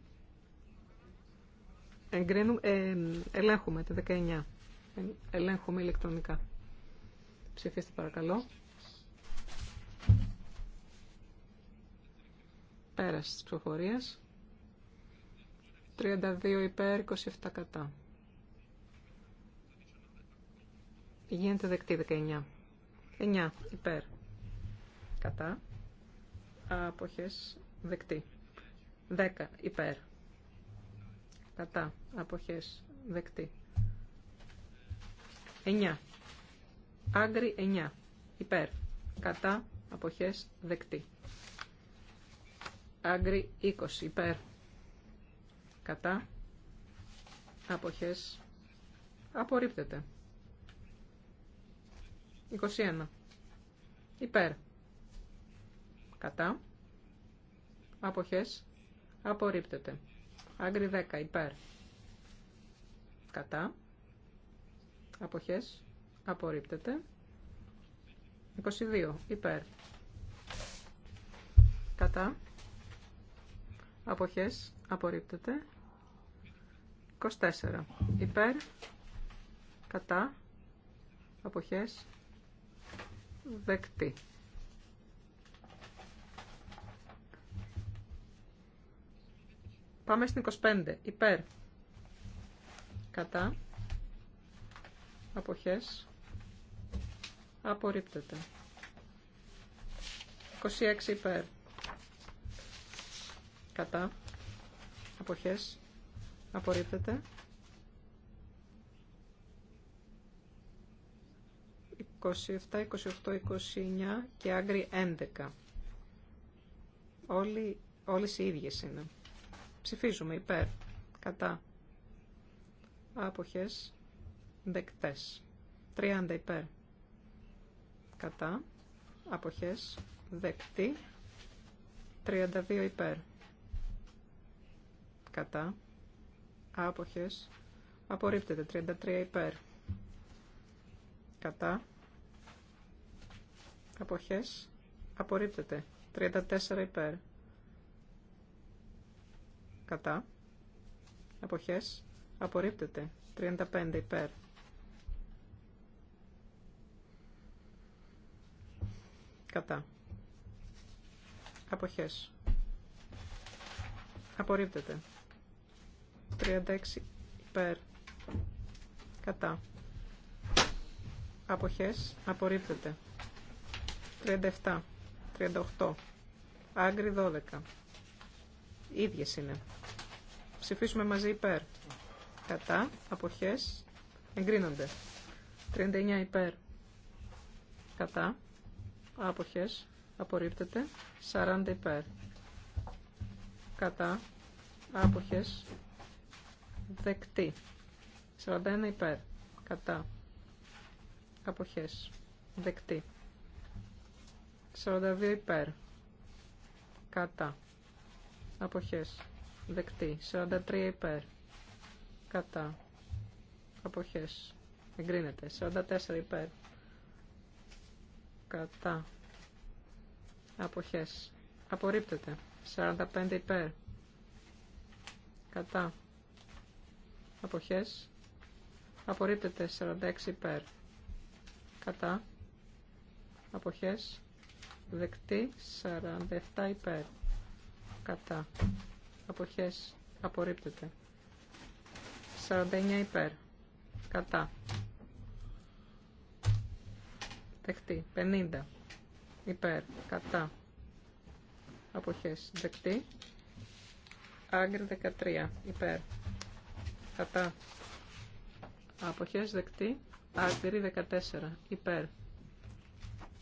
Ε, ελέγχουμε τη 19. Ε, ελέγχουμε ηλεκτρονικά. Ψηφίστε παρακαλώ. Πέραση της ψηφοφορίας. 32 υπέρ, 27 κατά. Γίνεται δεκτή 19. 9 υπέρ. Κατά. Αποχές δεκτή. 10 υπέρ. Κατά. Αποχές δεκτή. 9. Άγκρι 9. Υπέρ. Κατά. Αποχές δεκτή. Άγκρι 20. Υπέρ κατά, αποχές, απορρίπτεται. 21. Υπέρ, κατά, αποχές, απορρίπτεται. Άγκρι 10. Υπέρ, κατά, αποχές, απορρίπτεται. 22. Υπέρ, κατά, αποχές, απορρίπτεται. 24. Υπέρ, κατά, αποχές, δεκτή. Πάμε στην 25. Υπέρ, κατά, αποχές, απορρίπτεται. 26 υπέρ, κατά, αποχές, Απορρίπτεται. 27, 28, 29 και άγκρι 11. Όλοι, όλες οι ίδιες είναι. Ψηφίζουμε υπέρ, κατά, άποχες, δεκτές. 30 υπέρ, κατά, άποχες, δεκτή. 32 υπέρ, κατά, άποχες απορρίπτεται 33 υπέρ κατά αποχές απορρίπτεται 34 υπέρ κατά αποχές απορρίπτεται 35 υπέρ κατά αποχές απορρίπτεται 36 υπέρ κατά αποχές απορρίπτεται 37 38 άγκρι 12 ίδιες είναι ψηφίσουμε μαζί υπέρ κατά αποχές εγκρίνονται 39 υπέρ κατά άποχες απορρίπτεται 40 υπέρ κατά άποχες δεκτή. 41 υπέρ. Κατά. Αποχές. Δεκτή. 42 υπέρ. Κατά. Αποχές. Δεκτή. 43 υπέρ. Κατά. Αποχές. Εγκρίνεται. 44 υπέρ. Κατά. Αποχές. Απορρίπτεται. 45 υπέρ. Κατά αποχές απορρίπτεται 46 υπέρ κατά αποχές δεκτή 47 υπέρ κατά αποχές απορρίπτεται 49 υπέρ κατά δεκτή 50 υπέρ κατά αποχές δεκτή άγκρι 13 υπέρ κατά αποχές δεκτή άρτηρη 14 υπέρ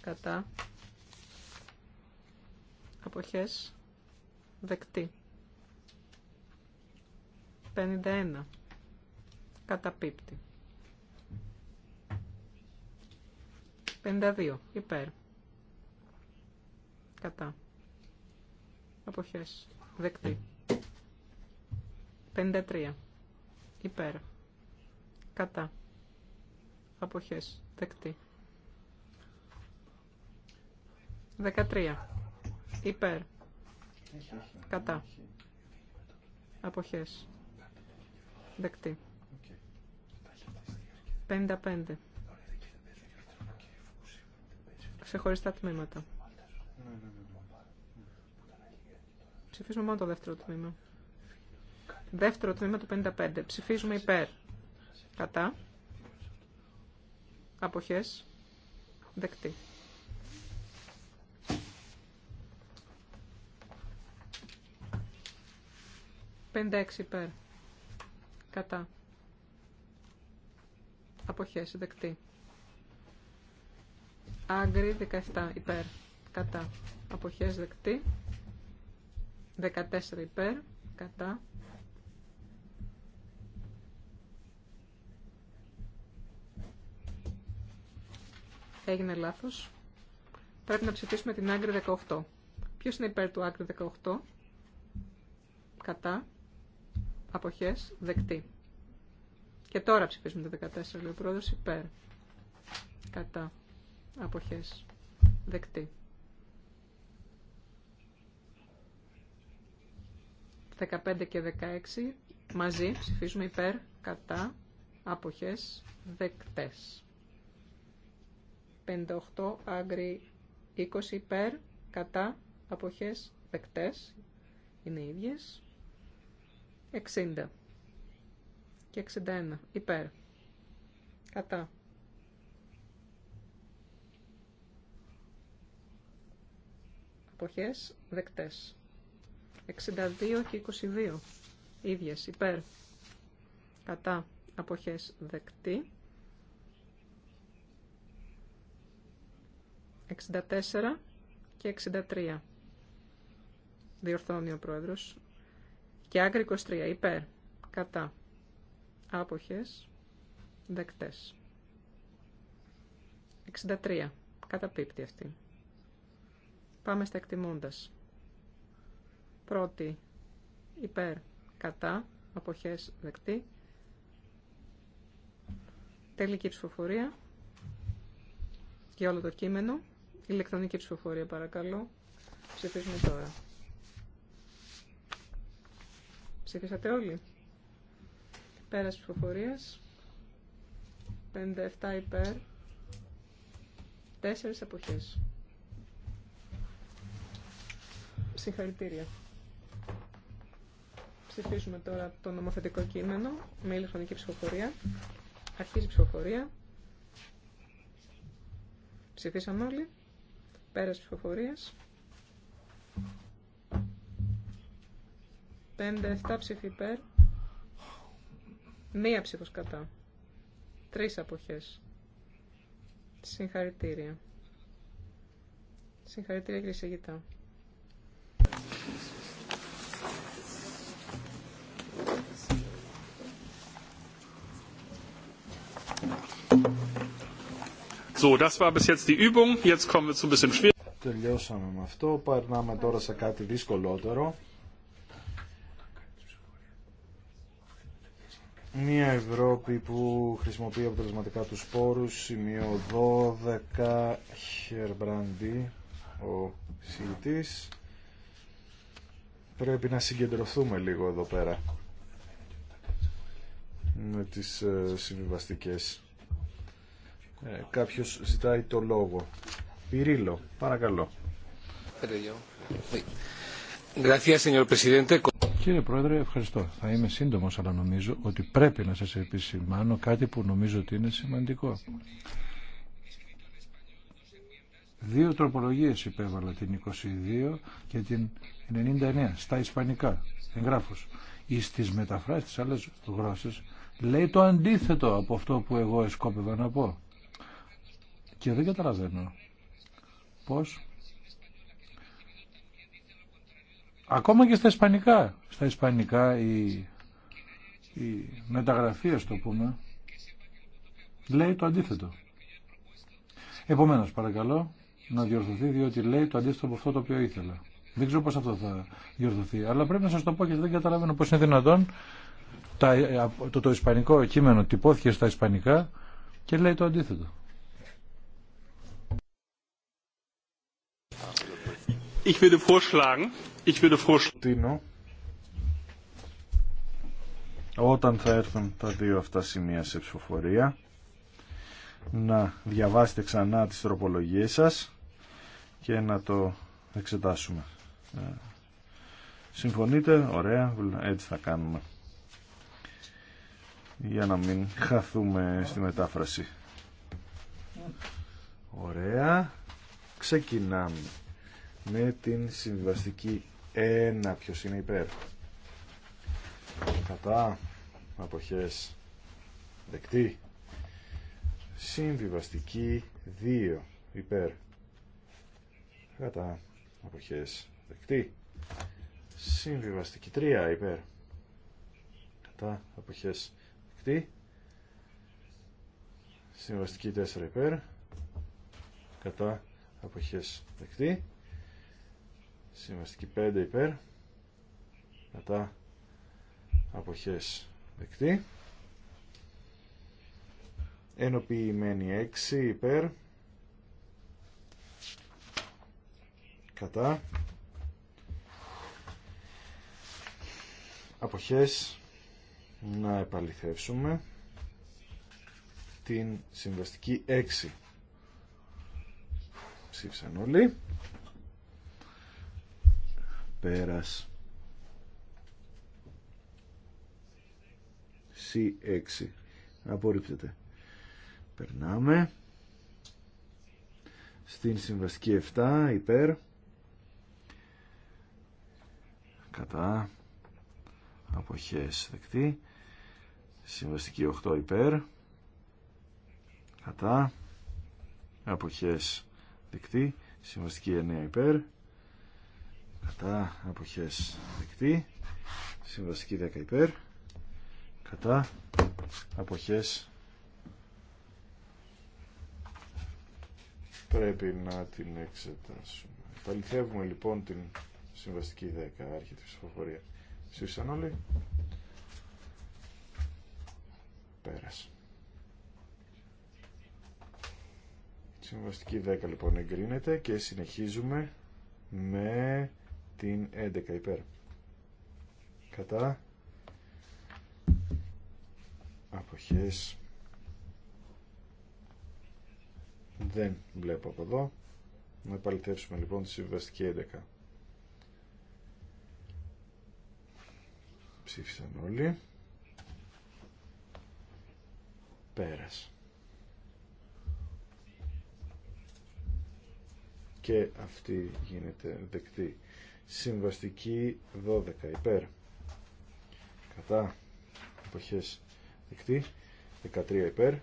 κατά αποχές δεκτή 51 Καταπίπτη. 52 υπέρ κατά αποχές δεκτή 53 υπέρ, κατά, αποχές, δεκτή. 13. Υπέρ. Κατά. Αποχές. Δεκτή. 55. Ξεχωρίστα τμήματα. Ναι, ναι, ναι. Ψηφίζουμε μόνο το δεύτερο τμήμα. Δεύτερο τμήμα του 55. Ψηφίζουμε υπέρ. Κατά. Αποχές. Δεκτή. 56 υπέρ. Κατά. Αποχές. Δεκτή. Άγκρι 17 υπέρ. Κατά. Αποχές δεκτή. 14 υπέρ. Κατά. Έγινε λάθος. Πρέπει να ψηφίσουμε την άγκρη 18. Ποιο είναι υπέρ του άγκρη 18. Κατά. Αποχές. Δεκτή. Και τώρα ψηφίσουμε το 14. Λέει ο υπέρ. Κατά. Αποχές. Δεκτή. 15 και 16 μαζί ψηφίζουμε υπέρ, κατά, αποχές, δεκτές. 58 αγρι 20 υπέρ κατά αποχές δεκτές είναι οι ίδιες 60 και 61 υπέρ κατά αποχές δεκτές 62 και 22 ίδιες υπέρ κατά αποχές δεκτή 64 και 63. Διορθώνει ο πρόεδρος. Και άκρη 23. Υπέρ. Κατά. Άποχες. Δεκτές. 63. Καταπίπτει αυτή. Πάμε στα εκτιμώντας. Πρώτη. Υπέρ. Κατά. Αποχές. Δεκτή. Τελική ψηφοφορία. Και όλο το κείμενο. Ηλεκτρονική ψηφοφορία παρακαλώ. Ψηφίζουμε τώρα. Ψηφίσατε όλοι. Πέρας ψηφοφορίας. 57 υπέρ. 4 αποχές. Συγχαρητήρια. Ψηφίζουμε τώρα το νομοθετικό κείμενο με ηλεκτρονική ψηφοφορία. Αρχίζει η ψηφοφορία. Ψηφίσαμε όλοι. Πέρας 5 57 ψήφοι υπέρ. Μία ψηφο. κατά. Τρεις αποχές. Συγχαρητήρια. Συγχαρητήρια κύριε Σεγητά. Τελειώσαμε με αυτό. Περνάμε τώρα σε κάτι δυσκολότερο. Μια Ευρώπη που χρησιμοποιεί αποτελεσματικά τους σπόρους, σημείο 12, Χερμπραντή, ο συγητής. Πρέπει να συγκεντρωθούμε λίγο εδώ πέρα με τις ε, συμβιβαστικές ε, κάποιος ζητάει το λόγο. Πυρίλο, παρακαλώ. Κύριε Πρόεδρε, ευχαριστώ. Θα είμαι σύντομος, αλλά νομίζω ότι πρέπει να σας επισημάνω κάτι που νομίζω ότι είναι σημαντικό. Δύο τροπολογίες υπέβαλα, την 22 και την 99, στα ισπανικά, εγγράφους. Ή στις μεταφράσεις της άλλες γλώσσες λέει το αντίθετο από αυτό που εγώ εσκόπευα να πω. Και δεν καταλαβαίνω πώς ακόμα και στα ισπανικά στα ισπανικά η, η μεταγραφή το πούμε λέει το αντίθετο επομένως παρακαλώ να διορθωθεί διότι λέει το αντίθετο από αυτό το οποίο ήθελα δεν ξέρω πώς αυτό θα διορθωθεί αλλά πρέπει να σας το πω και δεν καταλαβαίνω πώς είναι δυνατόν το, ε, το, το ισπανικό κείμενο τυπώθηκε στα ισπανικά και λέει το αντίθετο Ich würde vorschlagen, ich würde vorschlagen. Όταν θα έρθουν τα δύο αυτά σημεία σε ψηφοφορία, να διαβάσετε ξανά τις τροπολογίες σας και να το εξετάσουμε. Ε, συμφωνείτε, ωραία, έτσι θα κάνουμε. Για να μην χαθούμε στη μετάφραση. Ωραία, ξεκινάμε με την συμβιβαστική 1 ποιος είναι υπέρ κατά αποχές δεκτή συμβιβαστική 2 υπέρ κατά αποχές δεκτή συμβιβαστική 3 υπέρ κατά αποχές δεκτή συμβαστική 4 υπέρ κατά αποχές δεκτή Συμβαστική 5 υπέρ. Κατά αποχές δεκτή. Ενοποιημένη 6 υπέρ. Κατά. Αποχές να επαληθεύσουμε την συμβαστική 6. Ψήφισαν όλοι πέρας C6 απορρίπτεται περνάμε στην συμβαστική 7 υπέρ κατά αποχές δεκτή συμβαστική 8 υπέρ κατά αποχές δεκτή συμβαστική 9 υπέρ κατά αποχές δεκτή συμβαστική 10 υπέρ κατά αποχές πρέπει να την εξετάσουμε παληθεύουμε λοιπόν την συμβαστική 10 άρχεται ψηφοφορία Σύρσαν όλοι πέρασε Συμβαστική 10 λοιπόν εγκρίνεται και συνεχίζουμε με την 11 υπέρ. Κατά. Αποχές. Δεν βλέπω από εδώ. Να επαληθεύσουμε λοιπόν τη συμβαστική 11. Ψήφισαν όλοι. Πέρας. Και αυτή γίνεται δεκτή. Συμβαστική 12 υπέρ. Κατά αποχές δεκτή. 13 υπέρ.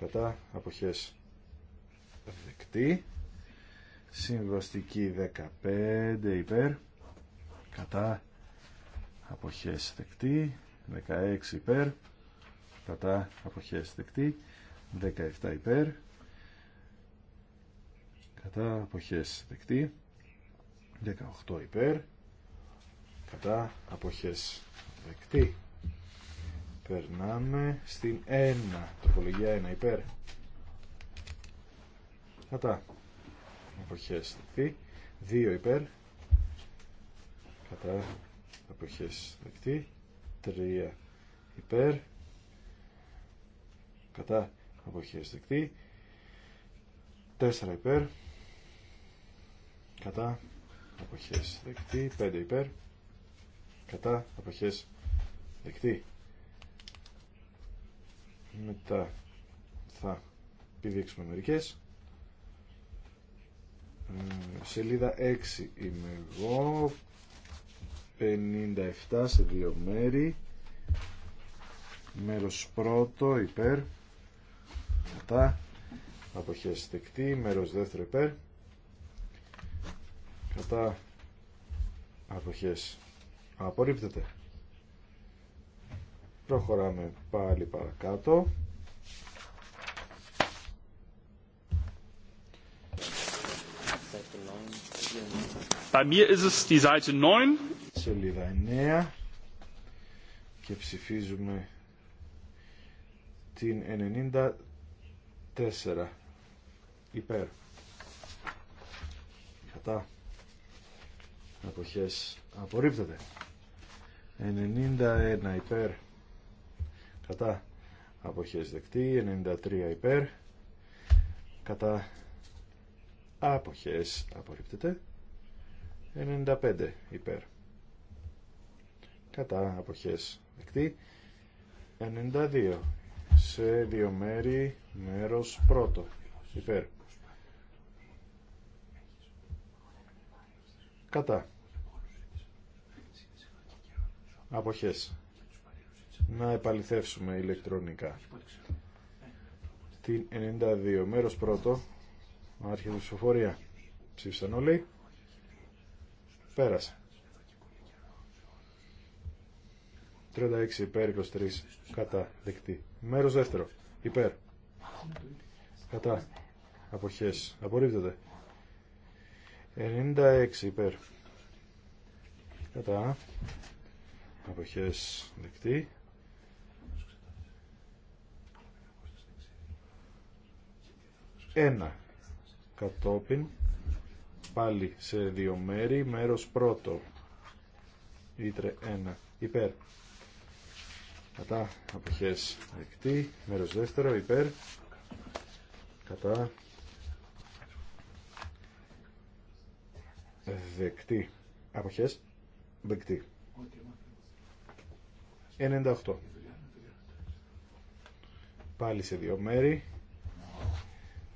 Κατά αποχές δεκτή. Συμβαστική 15 υπέρ. Κατά αποχές δεκτή. 16 υπέρ. Κατά αποχές δεκτή. 17 υπέρ. Κατά αποχές δεκτή. 18 υπέρ κατά αποχές δεκτή περνάμε στην 1 τροπολογία 1 υπέρ κατά αποχές δεκτή 2 υπέρ κατά αποχές δεκτή 3 υπέρ κατά αποχές δεκτή 4 υπέρ κατά αποχές δεκτή 5 υπέρ κατά αποχές δεκτή μετά θα πηδήξουμε μερικές ε, σελίδα 6 είμαι εγώ 57 σε δύο μέρη μέρος πρώτο υπέρ κατά αποχές δεκτή μέρος δεύτερο υπέρ κατά αποχές απορρίπτεται προχωράμε πάλι παρακάτω Bei mir ist es die Seite 9. Σελίδα 9 και ψηφίζουμε την 94 υπέρ κατά αποχές απορρίπτεται 91 υπέρ κατά αποχές δεκτή 93 υπέρ κατά αποχές απορρίπτεται 95 υπέρ κατά αποχές δεκτή 92 σε δύο μέρη μέρος πρώτο υπέρ κατά Αποχές. Να επαληθεύσουμε ηλεκτρονικά. Την 92. Μέρος πρώτο. άρχιε ψηφοφορία. Ψήφισαν όλοι. Πέρασε. 36 υπέρ 23 κατά δεκτή. Μέρος δεύτερο. Υπέρ. Κατά. Αποχές. Απορρίπτεται. 96 υπέρ. Κατά αποχές δεκτή. Ένα κατόπιν πάλι σε δύο μέρη. Μέρος πρώτο ήτρε ένα υπέρ. Κατά αποχές δεκτή. Μέρος δεύτερο υπέρ. Κατά δεκτή. Αποχές δεκτή. 98. Πάλι σε δύο μέρη.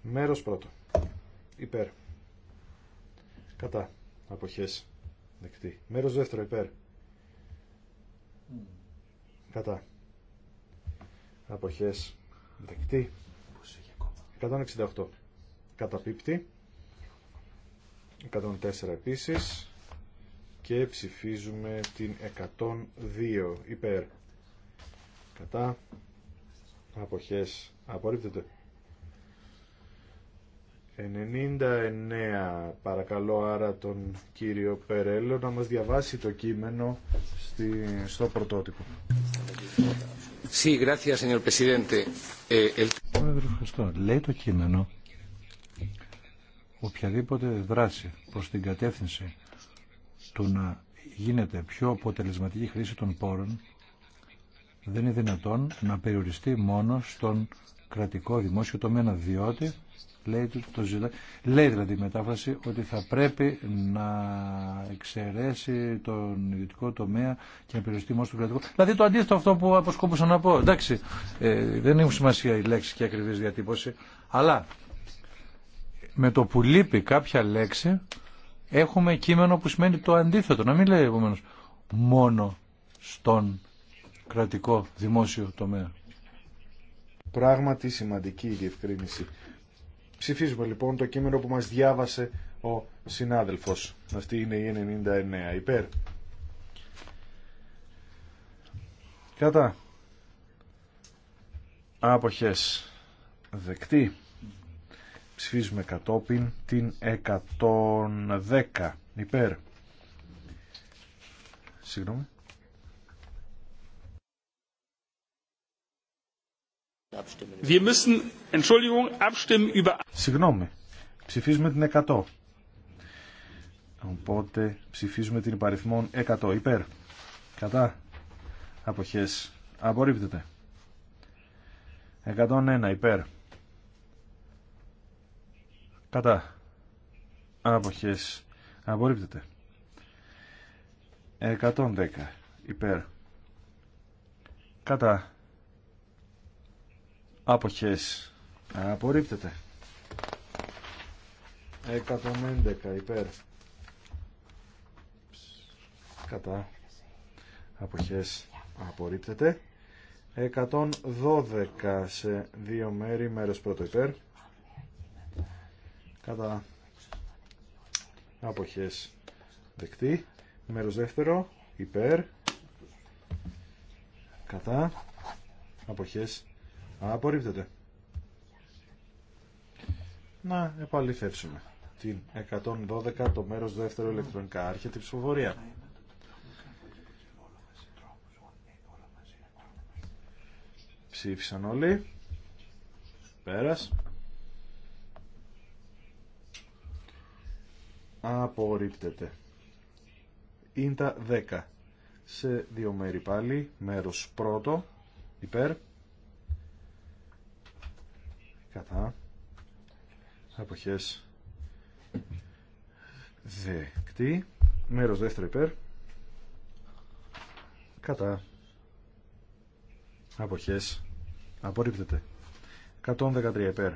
Μέρος πρώτο. Υπέρ. Κατά. Αποχές. Δεκτή. Μέρος δεύτερο. Υπέρ. Κατά. Αποχές. Δεκτή. 168. Καταπίπτη. 104 επίσης και ψηφίζουμε την 102 υπέρ κατά αποχές απορρίπτεται 99 παρακαλώ άρα τον κύριο Περέλο να μας διαβάσει το κείμενο στη, στο πρωτότυπο Sí, gracias, señor presidente. Ε, ευχαριστώ. Λέει το κείμενο οποιαδήποτε δράση προς την κατεύθυνση το να γίνεται πιο αποτελεσματική χρήση των πόρων δεν είναι δυνατόν να περιοριστεί μόνο στον κρατικό δημόσιο τομέα διότι λέει, το λέει δηλαδή η μετάφραση ότι θα πρέπει να εξαιρέσει τον ιδιωτικό τομέα και να περιοριστεί μόνο στον κρατικό. Δηλαδή το αντίθετο αυτό που αποσκόπουσα να πω. Εντάξει, ε, δεν έχουν σημασία η λέξη και ακριβή διατύπωση, αλλά με το που λείπει κάποια λέξη έχουμε κείμενο που σημαίνει το αντίθετο. Να μην λέει επομένως μόνο στον κρατικό δημόσιο τομέα. Πράγματι σημαντική η διευκρίνηση. Ψηφίζουμε λοιπόν το κείμενο που μας διάβασε ο συνάδελφος. Αυτή είναι η 99 υπέρ. Κατά. Άποχες. Δεκτή ψηφίζουμε κατόπιν την 110 υπέρ συγγνώμη Wir müssen, Entschuldigung, abstimmen über... Συγγνώμη, ψηφίζουμε την 100. Οπότε ψηφίζουμε την υπαριθμόν 100 υπέρ. Κατά αποχές απορρίπτεται. 101 υπέρ κατά άποχες απορρίπτεται 110 υπέρ κατά άποχες απορρίπτεται 111 υπέρ κατά αποχές απορρίπτεται 112 σε δύο μέρη μέρος πρώτο υπέρ κατά αποχές δεκτή μέρος δεύτερο υπέρ κατά αποχές απορρίπτεται να επαληθεύσουμε την 112 το μέρος δεύτερο ηλεκτρονικά άρχεται η ψηφοφορία ψήφισαν όλοι πέρας απορρίπτεται. Ίντα 10. Σε δύο μέρη πάλι. Μέρος πρώτο. Υπέρ. Κατά. Αποχές. Δεκτή. Μέρος δεύτερο υπέρ. Κατά. Αποχές. Απορρίπτεται. 113 υπέρ.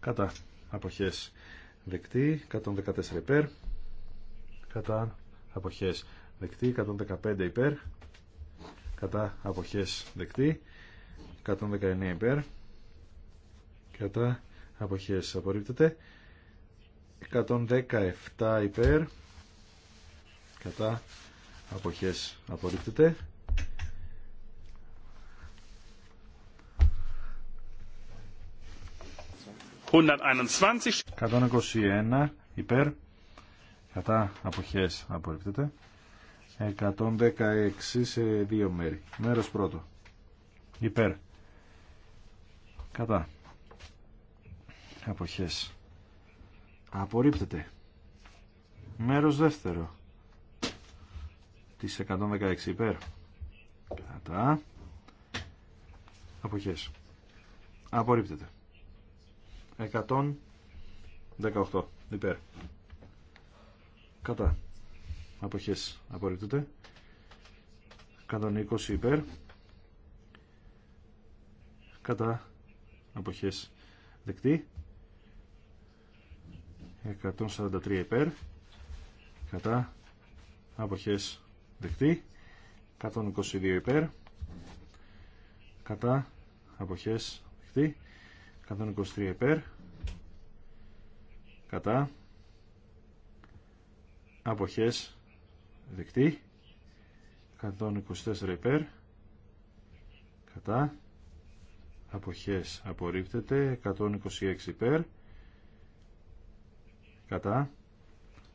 Κατά. Αποχές δεκτή 114 υπέρ κατά αποχές δεκτή 115 υπέρ κατά αποχές δεκτή 119 υπέρ κατά αποχές απορρίπτεται 117 υπέρ κατά αποχές απορρίπτεται 121 υπέρ κατά αποχές απορρίπτεται 116 σε δύο μέρη μέρος πρώτο υπέρ κατά αποχές απορρίπτεται μέρος δεύτερο της 116 υπέρ κατά αποχές απορρίπτεται 118 υπέρ κατά αποχές απορρίπτωται 120 υπέρ κατά αποχές δεκτή 143 υπέρ κατά αποχές δεκτή 122 υπέρ κατά αποχές δεκτή 123 υπέρ κατά αποχές δεκτή 124 υπέρ κατά αποχές απορρίπτεται 126 υπέρ κατά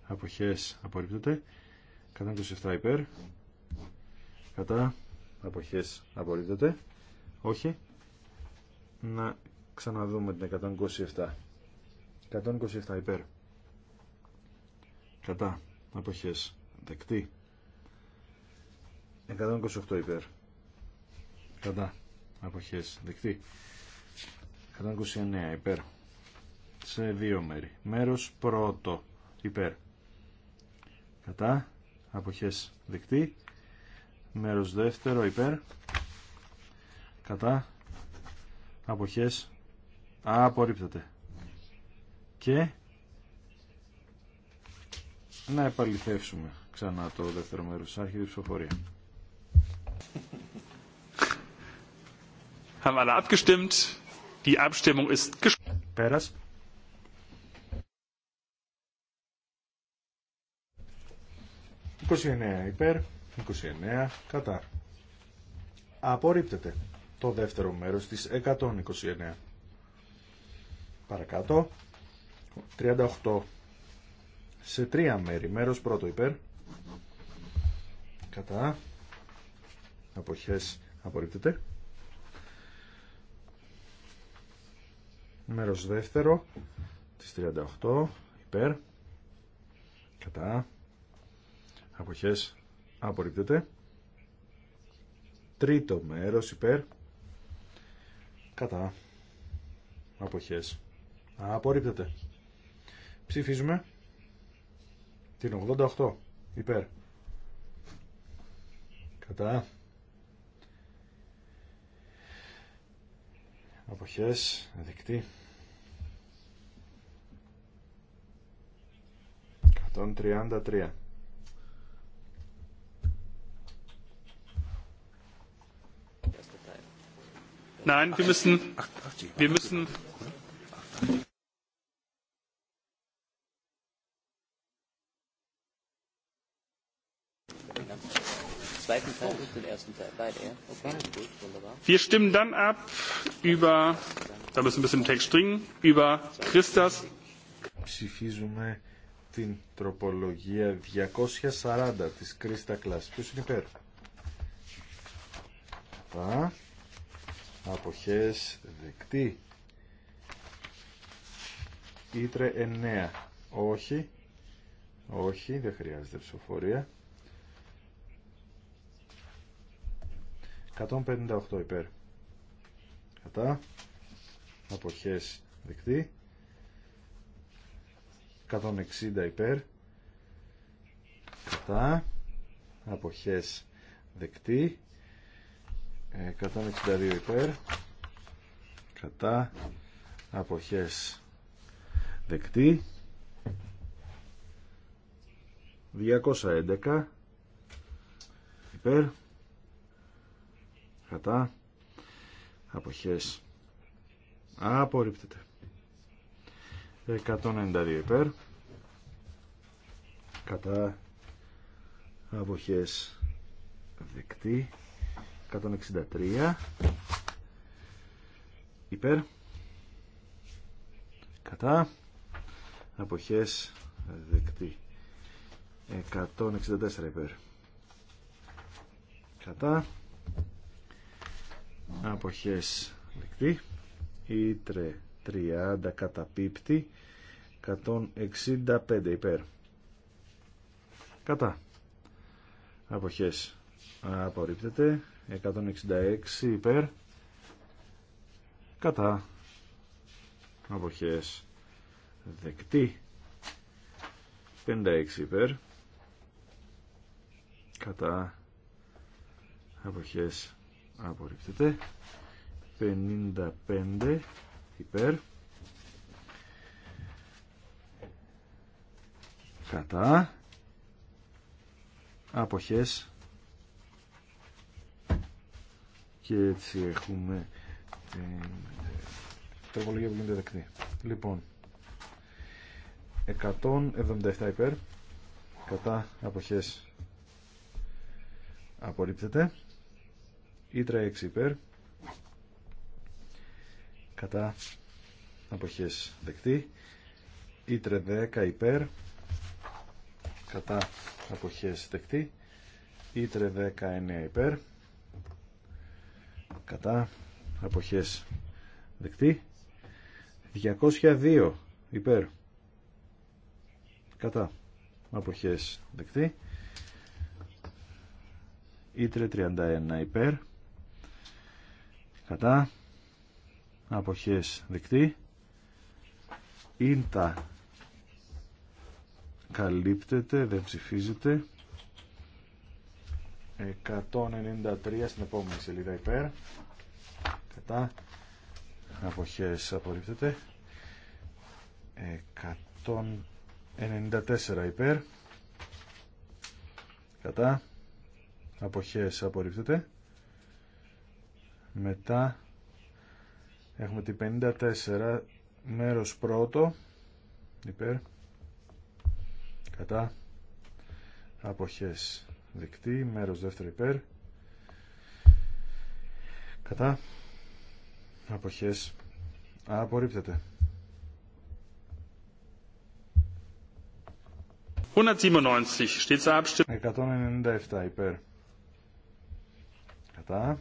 αποχές απορρίπτεται 127 υπέρ κατά αποχές απορρίπτεται όχι να ξαναδούμε την 127 127 υπέρ. Κατά. Αποχές. Δεκτή. 128 υπέρ. Κατά. Αποχές. Δεκτή. 129 υπέρ. Σε δύο μέρη. Μέρος πρώτο υπέρ. Κατά. Αποχές. Δεκτή. Μέρος δεύτερο υπέρ. Κατά. Αποχές. Απορρίπτεται και να επαληθεύσουμε ξανά το δεύτερο μέρος άρχιδη ψηφοφορία. Haben alle abgestimmt. Πέρας. υπέρ, 29 κατά. Απορρίπτεται το δεύτερο μέρος της 129. Παρακάτω. 38 σε τρία μέρη. Μέρος πρώτο υπέρ. Κατά. Αποχές απορρίπτεται. Μέρος δεύτερο της 38 υπέρ. Κατά. Αποχές απορρίπτεται. Τρίτο μέρος υπέρ. Κατά. Αποχές. Απορρίπτεται. Ψηφίζουμε την 88 υπέρ. Κατά. Αποχές, δεκτή. 133. Nein, wir müssen, wir müssen, zweiten Teil und den ersten Teil. Beide, ja? Okay, gut, wunderbar. Wir stimmen dann ab über, da müssen wir ein bisschen Text dringen, über Christas. Ψηφίζουμε την τροπολογία 240 της Κρίστα Κλάς. Ποιος είναι υπέρ. Κατά. Αποχές δεκτή. Ήτρε 9. Όχι. Όχι, δεν χρειάζεται ψηφοφορία. 158 υπέρ. Κατά. Αποχές δεκτή. 160 υπέρ. Κατά. Αποχές δεκτή. 162 υπέρ. Κατά. Αποχές δεκτή. 211 υπέρ κατά αποχές απορρίπτεται 192 υπέρ κατά αποχές δεκτή 163 υπέρ κατά αποχές δεκτή 164 υπέρ κατά αποχές δεκτή ήτρε 30 καταπίπτει 165 υπέρ κατά αποχές απορρίπτεται 166 υπέρ κατά αποχές δεκτή 56 υπέρ κατά αποχές απορρίπτεται 55 υπέρ κατά αποχές και έτσι έχουμε την τροπολογία που γίνεται δεκτή λοιπόν 177 υπέρ κατά αποχές απορρίπτεται Ήτρα 6 υπέρ. Κατά αποχές δεκτή. Ήτρε 10 υπέρ. Κατά αποχές δεκτή. Ήτρε 19 υπέρ. Κατά αποχές δεκτή. 202 υπέρ. Κατά αποχές δεκτή. Ήτρε 31 υπέρ κατά αποχές δεκτή ίντα καλύπτεται δεν ψηφίζεται 193 στην επόμενη σελίδα υπέρ κατά αποχές απορρίπτεται 194 υπέρ κατά αποχές απορρίπτεται μετά έχουμε τη 54 μέρος πρώτο υπέρ κατά αποχές δεκτή μέρος δεύτερο υπέρ κατά αποχές απορρίπτεται 197 υπέρ κατά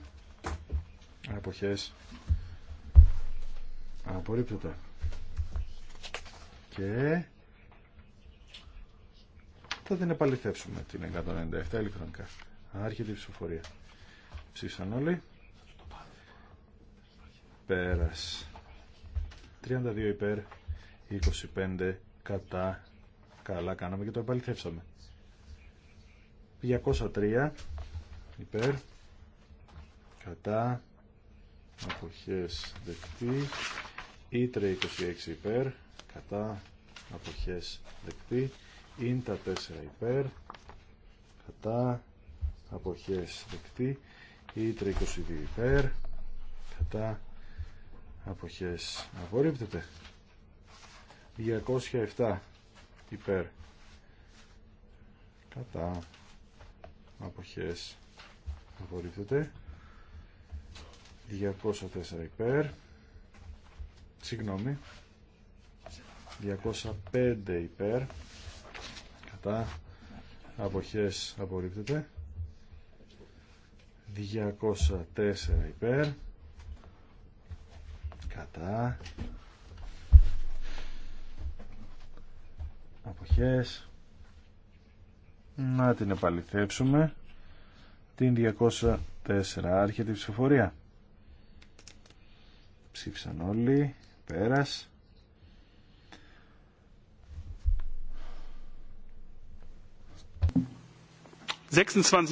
αποχές απορρίπτεται και θα την επαληθεύσουμε την 197 ηλεκτρονικά άρχεται η ψηφοφορία ψήφισαν όλοι πέρας 32 υπέρ 25 κατά καλά κάναμε και το επαληθεύσαμε 203 υπέρ κατά αποχές δεκτή ήτρε 26 υπέρ κατά αποχές δεκτή τα 4 υπέρ κατά αποχές δεκτή ήτρε 22 υπέρ κατά αποχές απορρίπτεται 207 υπέρ κατά αποχές απορρίπτεται 204 υπέρ συγγνώμη 205 υπέρ κατά αποχές απορρίπτεται 204 υπέρ κατά αποχές να την επαληθεύσουμε την 204 άρχεται η ψηφοφορία Ψήφισαν όλοι. Πέρας.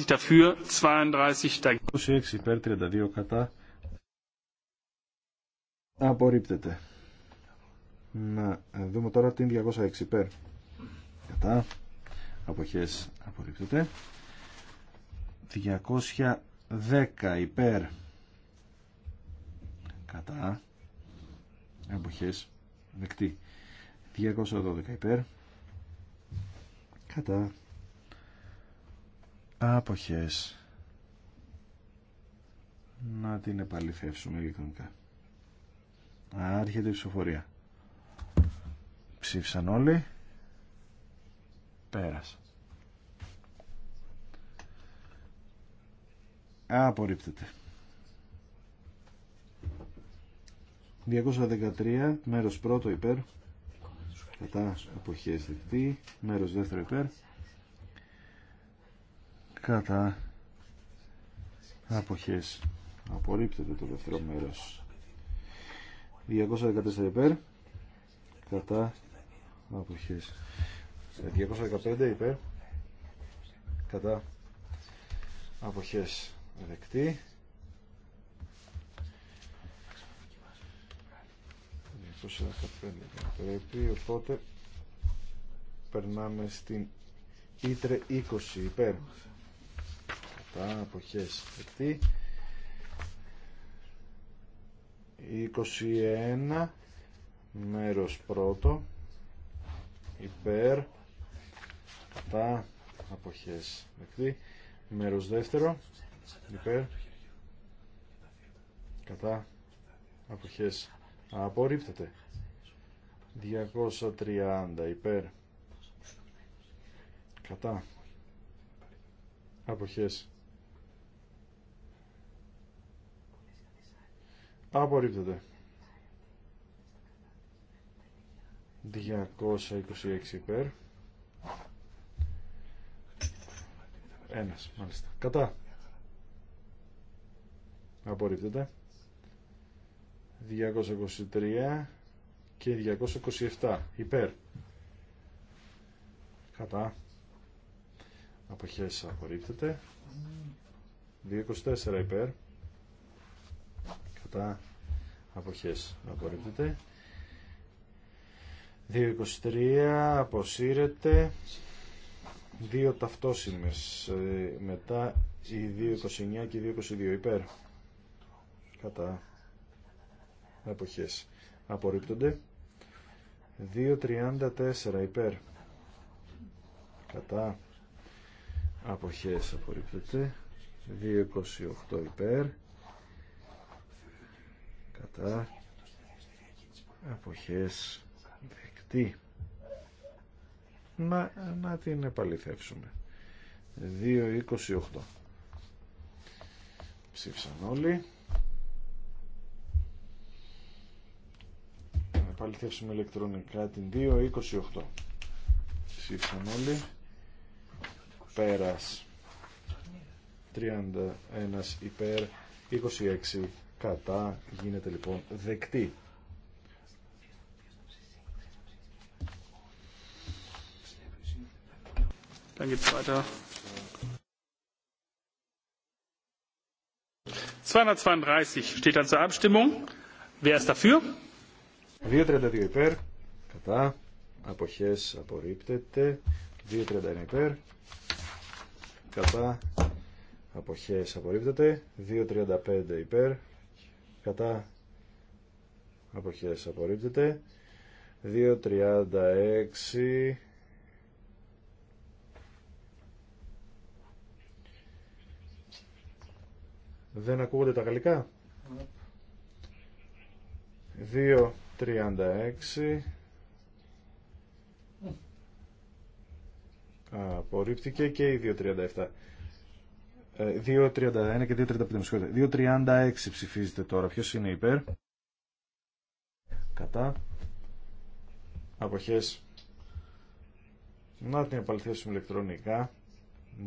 dafür, 32 26 υπέρ, 32 κατά. Απορρίπτεται. Να ε, δούμε τώρα την 206 υπέρ. Κατά. Αποχές απορρίπτεται. 210 υπέρ κατά αποχές δεκτή 212 υπέρ κατά αποχές να την επαληθεύσουμε ηλεκτρονικά άρχεται η ψηφοφορία ψήφισαν όλοι πέρασε απορρίπτεται 213 μέρος πρώτο υπέρ κατά αποχές δεκτή μέρος δεύτερο υπέρ κατά αποχές απορρίπτεται το δεύτερο μέρος 214 υπέρ κατά αποχές 215 υπέρ κατά αποχές δεκτή το πρέπει οπότε περνάμε στην Ήτρε 20 υπέρ κατά αποχές δεκτή 21 μέρος πρώτο υπέρ κατά αποχές δεκτή μέρος δεύτερο υπέρ κατά αποχές Απορρίπτεται. 230 υπέρ. Κατά. Αποχές. Απορρίπτεται. 226 υπέρ. Ένας, μάλιστα. Κατά. Απορρίπτεται. 223 και 227 υπέρ κατά αποχές απορρίπτεται 224 υπέρ κατά αποχές απορρίπτεται 2.23 αποσύρεται δύο ταυτόσημες ε, μετά οι 2.29 και οι 2.22 υπέρ κατά αποχές απορρίπτονται 2.34 υπέρ κατά αποχές απορρίπτονται 2.28 υπέρ κατά αποχές δεκτή να, να την επαληθεύσουμε 2.28 ψήφισαν όλοι επαληθεύσουμε ηλεκτρονικά την 2.28. Ψήφισαν όλοι. Πέρας. 31 υπέρ, 26 κατά, γίνεται λοιπόν δεκτή. Dann geht's weiter. 232 steht dann zur Abstimmung. Wer ist dafür? 2.32 υπέρ, κατά, αποχές απορρίπτεται, 2.31 υπέρ, κατά, αποχές απορρίπτεται, 2.35 υπέρ, κατά, αποχές απορρίπτεται, 2.36 Δεν ακούγονται τα γαλλικά. 2 ναι. 36 απορρίφθηκε και η 237 2.31 ε, και 2.35 με συγχωρείτε 2.36 ψηφίζεται τώρα Ποιο είναι υπέρ κατά αποχές να την επαληθεύσουμε ηλεκτρονικά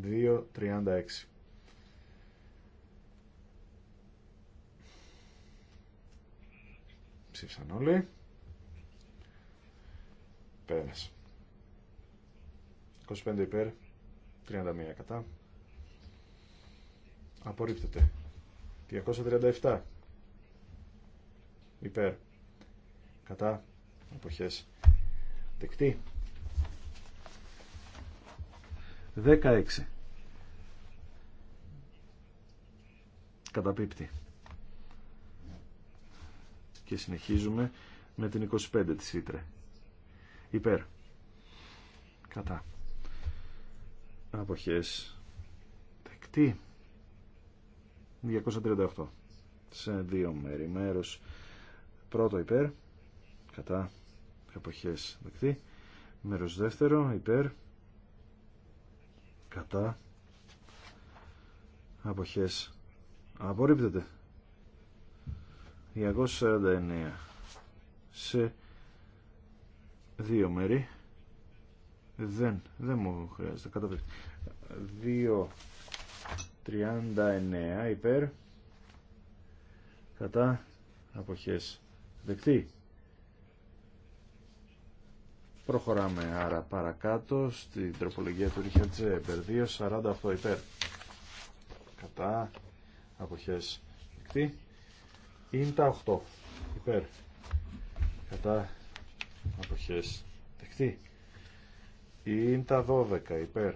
2.36 Ψήφισαν όλοι. Πέρασε. 25 υπέρ, 31 κατά. Απορρίπτεται. 237 υπέρ, κατά, αποχές, δεκτή. 16. Καταπίπτει. Και συνεχίζουμε με την 25 της Ήτρε. Υπέρ. Κατά. Αποχές. Δεκτή. 238. Σε δύο μέρη. Μέρος πρώτο υπέρ. Κατά. Αποχές. Δεκτή. Μέρος δεύτερο υπέρ. Κατά. Αποχές. Απορρίπτεται. 249 σε δύο μέρη. Δεν, δεν μου χρειάζεται. 2, 2.39 υπέρ κατά αποχές δεκτή. Προχωράμε άρα παρακάτω στην τροπολογία του Ρίχα Τζέμπερ. 2.48 υπέρ κατά αποχές δεκτή. Είναι τα 8. Υπέρ. Κατά αποχές. Δεκτή. Είναι τα 12. Υπέρ.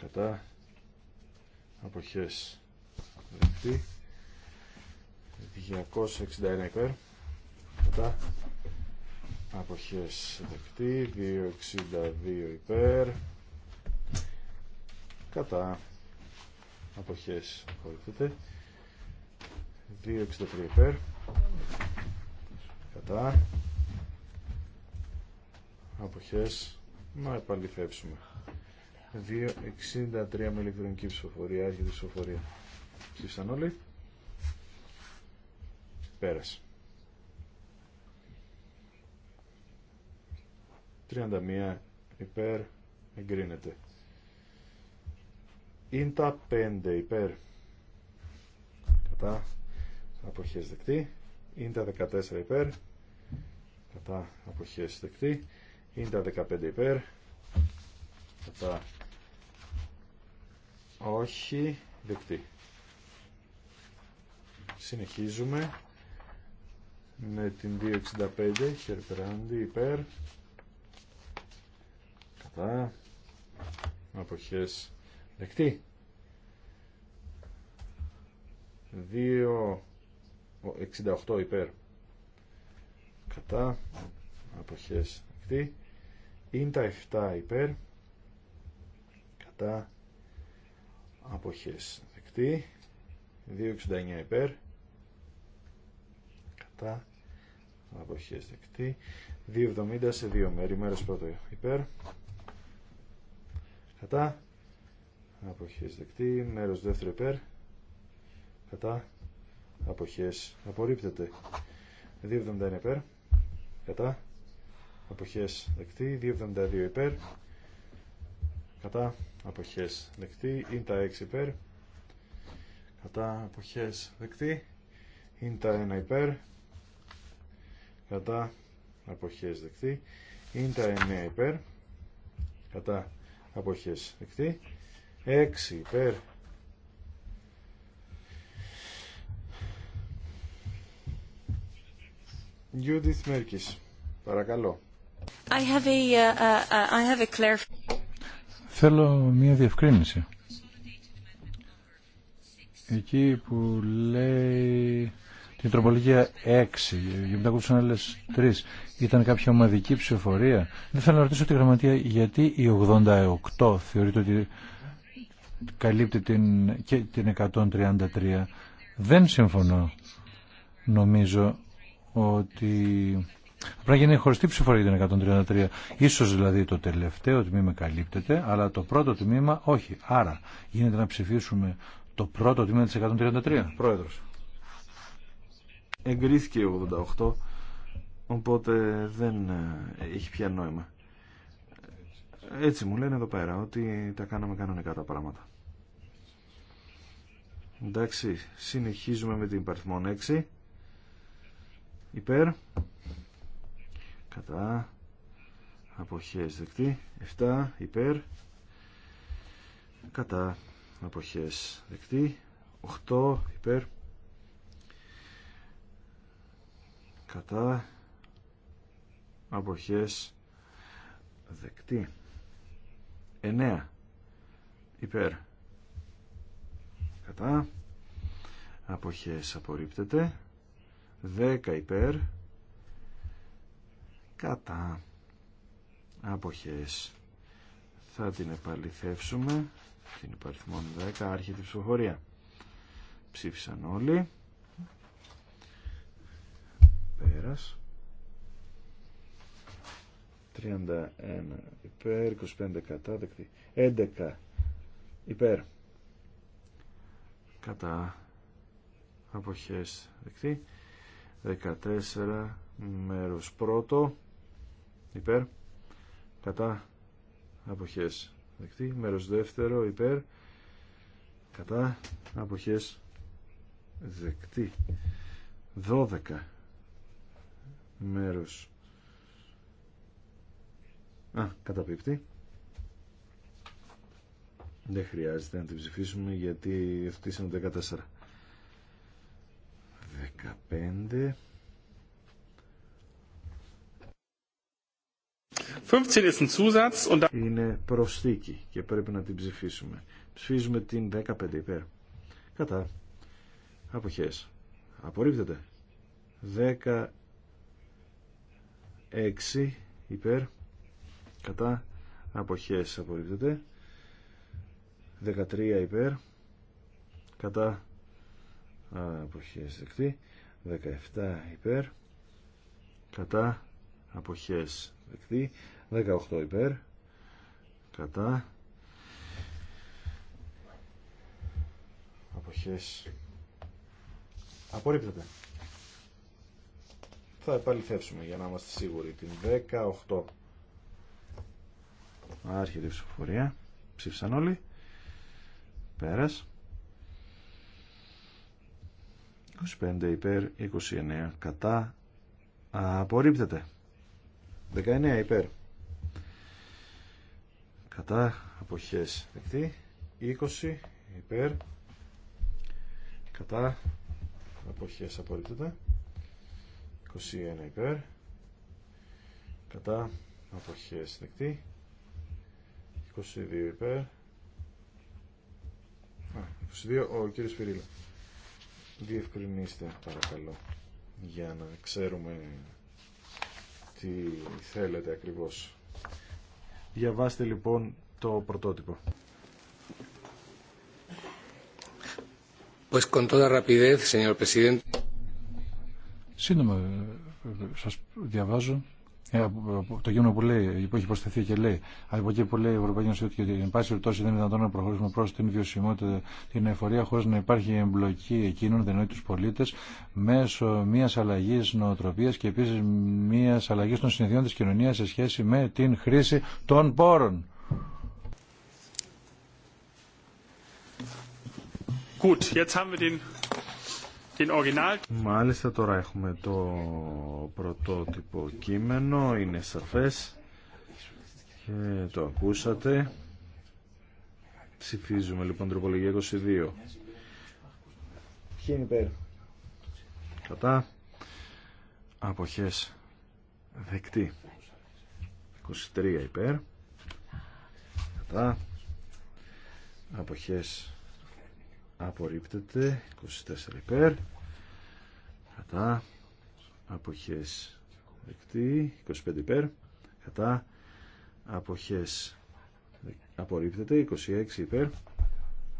Κατά αποχές. Δεκτή. 261 υπέρ. Κατά αποχές. Δεκτή. 262 υπέρ. Κατά αποχές. Απορριφθείτε. 263 υπέρ κατά αποχές να επαληθεύσουμε 263 με ηλεκτρονική ψηφοφορία η ψηφοφορία ψήφισαν όλοι πέρασε 31 υπέρ εγκρίνεται τα 5 υπέρ κατά αποχές δεκτή. τα 14 υπέρ, κατά αποχές δεκτή. τα 15 υπέρ, κατά όχι δεκτή. Συνεχίζουμε με την 265 χερπεράντι υπέρ κατά αποχές δεκτή 2 68 υπέρ κατά αποχές δεκτή είναι τα 7 υπέρ κατά αποχές δεκτή 269 υπέρ κατά αποχές δεκτή 270 σε δύο μέρη μέρος πρώτο υπέρ κατά αποχές δεκτή μέρος δεύτερο υπέρ κατά αποχές απορρίπτεται 2.71 υπέρ κατά αποχές δεκτή 2.72 υπέρ κατά αποχές δεκτή είναι τα 6 υπέρ κατά αποχές δεκτή είναι τα 1 υπέρ κατά αποχές δεκτή είναι τα 9 υπέρ κατά αποχές δεκτή 6 υπέρ Judith Μέρκης, παρακαλώ. I have a, uh, uh, I have a Θέλω μία διευκρίνηση. Εκεί που λέει την τροπολογία 6, γιατί ακούσαν άλλε 3, ήταν κάποια ομαδική ψηφοφορία. Δεν θέλω να ρωτήσω τη γραμματεία γιατί η 88 θεωρείται ότι καλύπτει την, και την 133. Δεν συμφωνώ. Νομίζω ότι πρέπει να γίνει χωριστή ψηφορία για την 133. Ίσως δηλαδή το τελευταίο τμήμα καλύπτεται, αλλά το πρώτο τμήμα όχι. Άρα γίνεται να ψηφίσουμε το πρώτο τμήμα της 133. Πρόεδρος. Εγκρίθηκε 88, οπότε δεν ε, έχει πια νόημα. Έτσι μου λένε εδώ πέρα ότι τα κάναμε κανονικά τα πράγματα. Εντάξει, συνεχίζουμε με την παριθμόν 6 υπέρ κατά αποχές δεκτή 7 υπέρ κατά αποχές δεκτή 8 υπέρ κατά αποχές δεκτή 9 υπέρ κατά αποχές απορρίπτεται 10 υπέρ κατά αποχές θα την επαληθεύσουμε την υπαριθμόν 10 άρχεται η ψηφοφορία ψήφισαν όλοι πέρας 31 υπέρ 25 κατά 11 υπέρ κατά αποχές δεκτή 14 μέρος πρώτο υπέρ κατά αποχές δεκτή μέρος δεύτερο υπέρ κατά αποχές δεκτή 12 μέρος α καταπίπτει δεν χρειάζεται να την ψηφίσουμε γιατί αυτή είναι 14 15. είναι προσθήκη και πρέπει να την ψηφίσουμε. Ψηφίζουμε την 15 υπέρ. Κατά. Αποχές. Απορρίπτεται. 16 υπέρ. Κατά. Αποχές απορρίπτεται. 13 υπέρ. Κατά. Αποχές δεκτή. 17 υπέρ κατά αποχές δεκτή 18 υπέρ κατά αποχές απορρίπτεται θα επαληθεύσουμε για να είμαστε σίγουροι την 18 άρχεται η ψηφοφορία ψήφισαν όλοι πέρας 25 υπέρ, 29 κατά. Απορρίπτεται. 19 υπέρ. Κατά αποχές δεκτή. 20 υπέρ. Κατά αποχές απορρίπτεται. 21 υπέρ. Κατά αποχές δεκτή. 22 υπέρ. Α, 22 ο κύριος Πυρίλα διευκρινίστε παρακαλώ για να ξέρουμε τι θέλετε ακριβώς. Διαβάστε λοιπόν το πρωτότυπο. Pues con toda rapidez, señor presidente. Σύντομα ε, ε, σας διαβάζω ε, το κείμενο που λέει, που έχει προσθεθεί και λέει, από εκεί που λέει η Ευρωπαϊκή Ένωση ότι εν πάση περιπτώσει δεν είναι δυνατόν να προχωρήσουμε προ την βιωσιμότητα, την εφορία, χωρί να υπάρχει εμπλοκή εκείνων, δεν εννοεί του πολίτε, μέσω μια αλλαγή νοοτροπία και επίση μια αλλαγή των συνδυών τη κοινωνία σε σχέση με την χρήση των πόρων. Gut, jetzt haben wir den την Μάλιστα τώρα έχουμε το πρωτότυπο κείμενο, είναι σαφέ και το ακούσατε. Ψηφίζουμε λοιπόν τροπολογία 22. Ποιοι είναι υπέρ. Κατά. Αποχές. Δεκτή. 23 υπέρ. Κατά. Αποχές απορρίπτεται 24 υπέρ κατά αποχές δεκτή 25 υπέρ κατά αποχές απορρίπτεται 26 υπέρ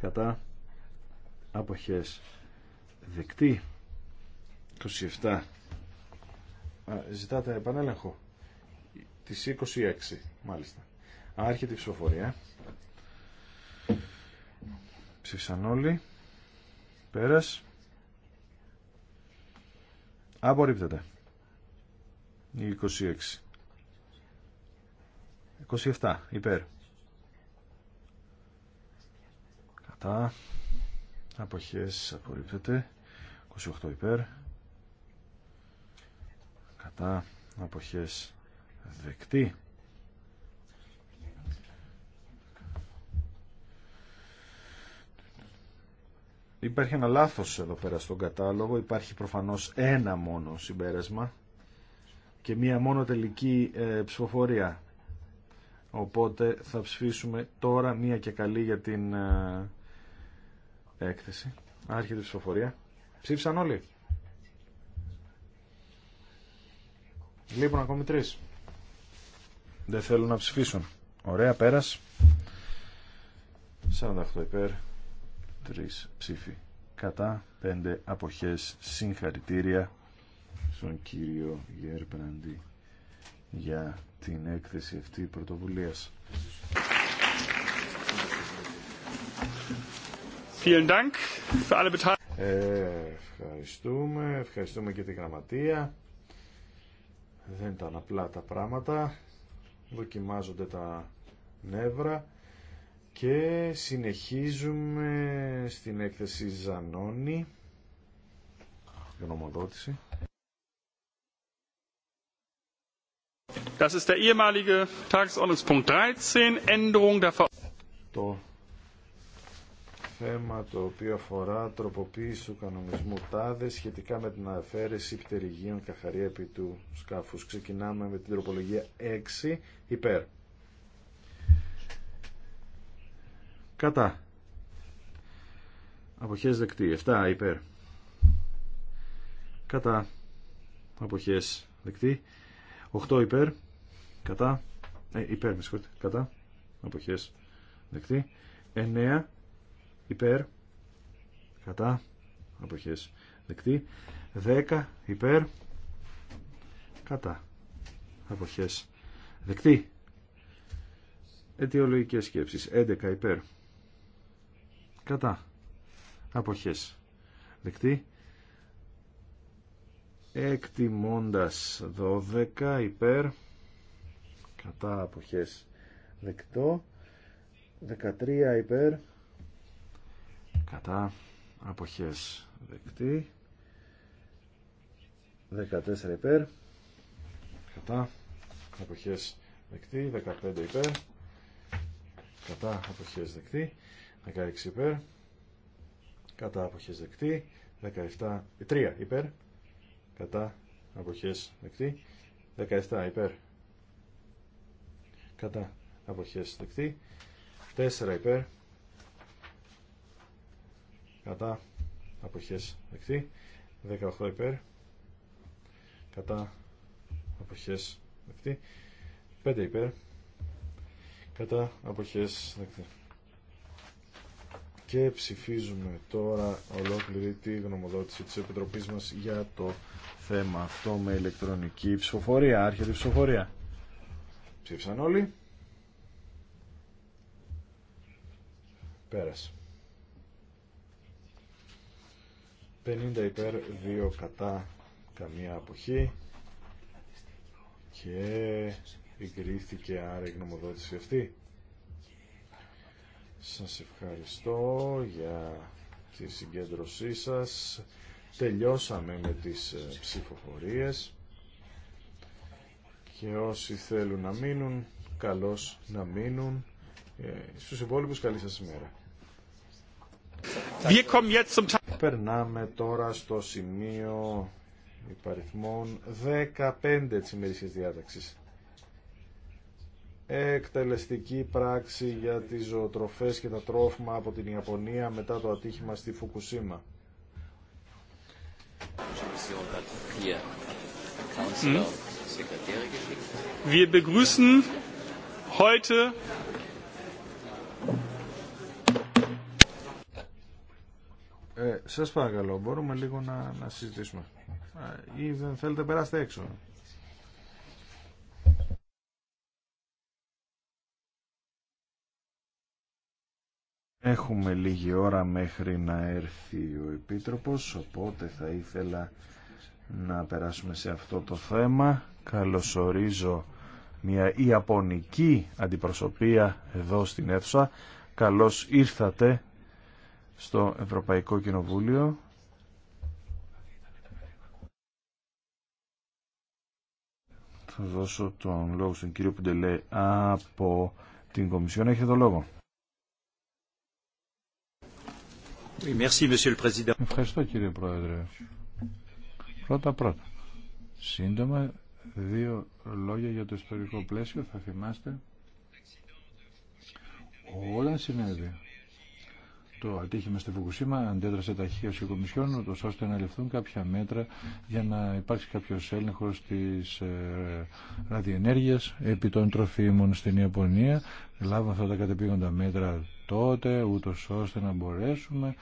κατά αποχές δεκτή 27 Α, ζητάτε επανέλεγχο τις 26 μάλιστα άρχεται η ψηφοφορία Ψήφισαν όλοι. Πέρας. Απορρίπτεται. Η 26. 27. Υπέρ. Κατά. Αποχές απορρίπτεται. 28 υπέρ. Κατά. Αποχές δεκτή. Υπάρχει ένα λάθος εδώ πέρα στον κατάλογο. Υπάρχει προφανώς ένα μόνο συμπέρασμα και μία μόνο τελική ε, ψηφοφορία. Οπότε θα ψηφίσουμε τώρα μία και καλή για την ε, έκθεση. Άρχεται η ψηφοφορία. Ψήφισαν όλοι. Λείπουν ακόμη τρεις. Δεν θέλουν να ψηφίσουν. Ωραία, πέρας. 48 υπέρ τρεις ψήφοι κατά, πέντε αποχές συγχαρητήρια στον κύριο Γερμπραντή για την έκθεση αυτή πρωτοβουλίας. Ε, ευχαριστούμε, ευχαριστούμε και τη γραμματεία. Δεν ήταν απλά τα πράγματα. Δοκιμάζονται τα νεύρα. Και συνεχίζουμε στην έκθεση Ζανόνι, γνωμοδότηση. Das ist der ehemalige 13, der Το θέμα το οποίο αφορά τροποποίηση του κανονισμού ΤΑΔΕ σχετικά με την αφαίρεση πτερυγίων καχαρία επί του σκάφους. Ξεκινάμε με την τροπολογία 6 υπέρ. Κατά. Αποχές δεκτή. 7 υπέρ. Κατά. Αποχές δεκτή. 8 υπέρ. Κατά. Ε, υπέρ, με Κατά. Αποχές δεκτή. 9 υπέρ. Κατά. Αποχές δεκτή. 10 υπέρ. Κατά. Αποχές δεκτή. Αιτιολογικές σκέψεις. 11 υπέρ κατά αποχές δεκτή εκτιμώντας 12 υπέρ κατά αποχές δεκτό 13 υπέρ κατά αποχές δεκτή 14 υπέρ κατά αποχές δεκτή 15 υπέρ κατά αποχές δεκτή 16 υπέρ. Κατά αποχές δεκτή. 17, 3 υπέρ. Κατά αποχές δεκτή. 17 υπέρ. Κατά αποχές δεκτή. 4 υπέρ. Κατά αποχές δεκτή. 18 υπέρ. Κατά αποχές δεκτή. 5 υπέρ. Κατά αποχές δεκτή και ψηφίζουμε τώρα ολόκληρη τη γνωμοδότηση της Επιτροπής μας για το θέμα αυτό με ηλεκτρονική ψηφοφορία, άρχεται η ψηφοφορία. Ψήφισαν όλοι. Πέρασε. 50 υπέρ, 2 κατά, καμία αποχή και εγκρίθηκε άρα η γνωμοδότηση αυτή. Σας ευχαριστώ για τη συγκέντρωσή σας. Τελειώσαμε με τις ε, ψηφοφορίες και όσοι θέλουν να μείνουν, καλώς να μείνουν. Ε, στους υπόλοιπους καλή σας ημέρα. Περνάμε τώρα στο σημείο υπαριθμών 15 της ημερήσιας διάταξης εκτελεστική πράξη για τις ζωοτροφές και τα τρόφιμα από την Ιαπωνία μετά το ατύχημα στη Φουκουσίμα. Wir begrüßen heute ε, σας παρακαλώ, μπορούμε λίγο να, να συζητήσουμε. Ε, ή δεν θέλετε περάστε έξω. Έχουμε λίγη ώρα μέχρι να έρθει ο Επίτροπος, οπότε θα ήθελα να περάσουμε σε αυτό το θέμα. Καλωσορίζω μια Ιαπωνική αντιπροσωπεία εδώ στην αίθουσα. Καλώς ήρθατε στο Ευρωπαϊκό Κοινοβούλιο. Θα δώσω τον λόγο στον κύριο Πουντελέ από την Κομισιόν. Έχετε το λόγο. Ευχαριστώ κύριε Πρόεδρε. Πρώτα πρώτα. Σύντομα δύο λόγια για το ιστορικό πλαίσιο. Θα θυμάστε όλα συνέβη το ατύχημα στη Φουκουσίμα αντέδρασε ταχύω η Κομισιόν, ώστε να λεφθούν κάποια μέτρα για να υπάρξει κάποιο έλεγχο τη ε, ραδιενέργεια επί των τροφίμων στην Ιαπωνία. Λάβουμε αυτά τα κατεπήγοντα μέτρα τότε, ούτω ώστε να μπορέσουμε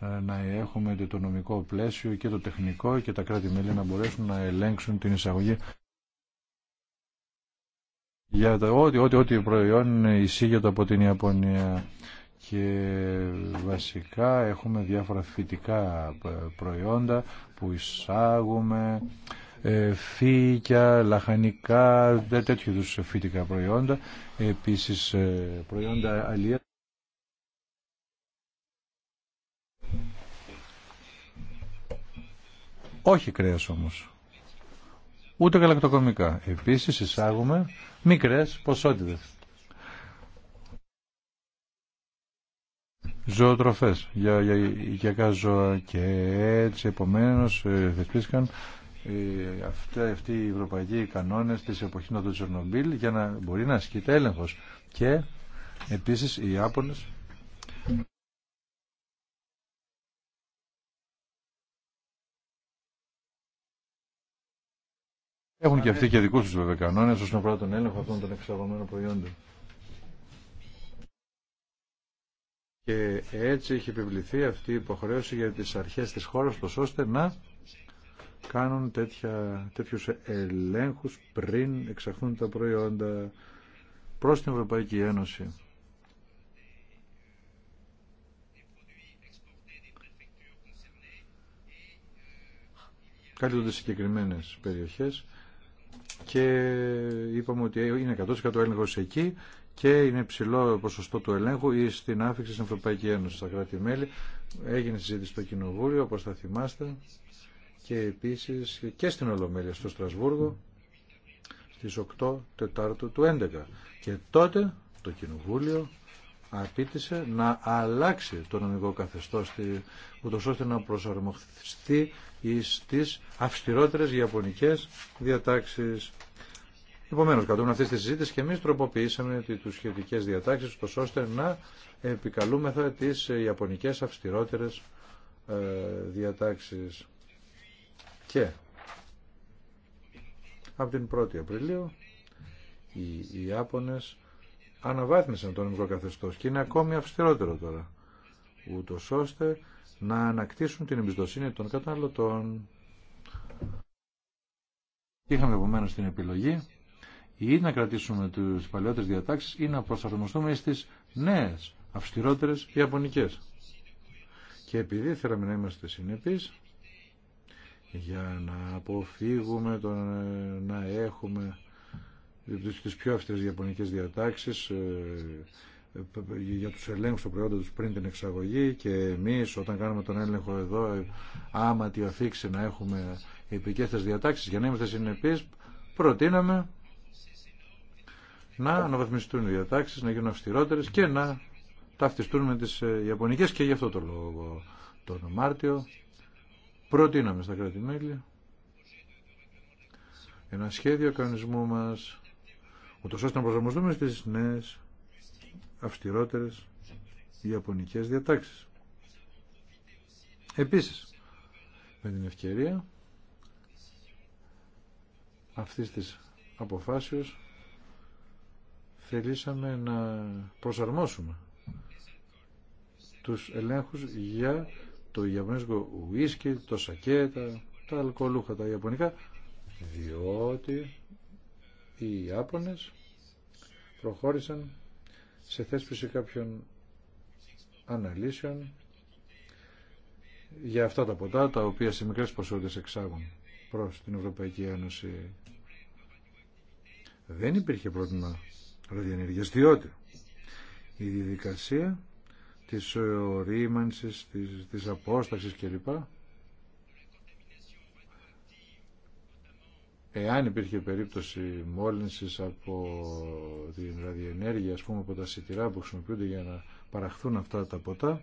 ε, να έχουμε το νομικό πλαίσιο και το τεχνικό και τα κράτη-μέλη να μπορέσουν να ελέγξουν την εισαγωγή για ό,τι προϊόν εισήγεται από την Ιαπωνία και βασικά έχουμε διάφορα φυτικά προϊόντα που εισάγουμε ε, φύκια, λαχανικά, τέτοιου είδου φυτικά προϊόντα επίσης ε, προϊόντα αλλιεία όχι κρέας όμως ούτε γαλακτοκομικά επίσης εισάγουμε μικρές ποσότητες ζωοτροφές για, για οικιακά ζώα και έτσι επομένως ε, θεσπίστηκαν ε, αυτοί, αυτοί οι ευρωπαϊκοί κανόνες της εποχής του Τσερνομπίλ για να μπορεί να ασκείται έλεγχος και επίσης οι Ιάπωνες Έχουν και αυτοί και δικούς τους βέβαια κανόνες όσον αφορά τον έλεγχο αυτών των εξαγωμένων προϊόντων. Και έτσι έχει επιβληθεί αυτή η υποχρέωση για τις αρχές της χώρας τους, ώστε να κάνουν τέτοια, τέτοιους ελέγχους πριν εξαχθούν τα προϊόντα προς την Ευρωπαϊκή Ένωση. Καλύπτονται συγκεκριμένε περιοχές και είπαμε ότι είναι 100% έλεγχος εκεί και είναι ψηλό ποσοστό του ελέγχου ή στην άφηξη στην Ευρωπαϊκή Ένωση στα κράτη-μέλη. Έγινε συζήτηση στο Κοινοβούλιο, όπως θα θυμάστε, και επίσης και στην Ολομέλεια στο Στρασβούργο στις 8 Τετάρτου του 11. Και τότε το Κοινοβούλιο απίτησε να αλλάξει το νομικό καθεστώς ούτως ώστε να προσαρμοστεί στις αυστηρότερες ιαπωνικές διατάξεις Επομένως, κατόπιν αυτή τη συζήτηση και εμεί τροποποιήσαμε τις σχετικέ διατάξεις, ώστε να επικαλούμεθα τις ιαπωνικές αυστηρότερες ε, διατάξει. Και από την 1η Απριλίου οι Ιάπωνε αναβάθμισαν το νομικό καθεστώ και είναι ακόμη αυστηρότερο τώρα ούτω ώστε να ανακτήσουν την εμπιστοσύνη των καταναλωτών. Είχαμε επομένω την επιλογή ή να κρατήσουμε τις παλαιότερες διατάξεις ή να προσαρμοστούμε στις νέες, αυστηρότερες ιαπωνικές. Και επειδή θέλαμε να είμαστε συνεπείς, για να αποφύγουμε το να έχουμε τις πιο αυστηρές ιαπωνικές διατάξεις ε, ε, για τους ελέγχους των προϊόντων τους πριν την εξαγωγή και εμείς όταν κάνουμε τον έλεγχο εδώ ε, άμα αφήξει να έχουμε επικέστε διατάξεις για να είμαστε συνεπείς προτείναμε να αναβαθμιστούν οι διατάξει, να γίνουν αυστηρότερε και να ταυτιστούν με τις ε, Ιαπωνικές και γι' αυτό το λόγο τον Μάρτιο προτείναμε στα κράτη-μέλη ένα σχέδιο κανονισμού μα, ούτω ώστε να προσαρμοστούμε στι νέες αυστηρότερες Ιαπωνικές διατάξεις. Επίσης, με την ευκαιρία αυτής της αποφάσεως θελήσαμε να προσαρμόσουμε τους ελέγχους για το ιαπωνέζικο ουίσκι, το σακέτα, τα, τα αλκοολούχα, τα ιαπωνικά, διότι οι Ιάπωνες προχώρησαν σε θέσπιση κάποιων αναλύσεων για αυτά τα ποτά, τα οποία σε μικρές ποσότητες εξάγουν προς την Ευρωπαϊκή Ένωση. Δεν υπήρχε πρόβλημα διότι η διαδικασία της ορίμανσης, της, της απόστασης κλπ. Εάν υπήρχε περίπτωση μόλυνσης από την ραδιενέργεια, ας πούμε από τα σιτηρά που χρησιμοποιούνται για να παραχθούν αυτά τα ποτά,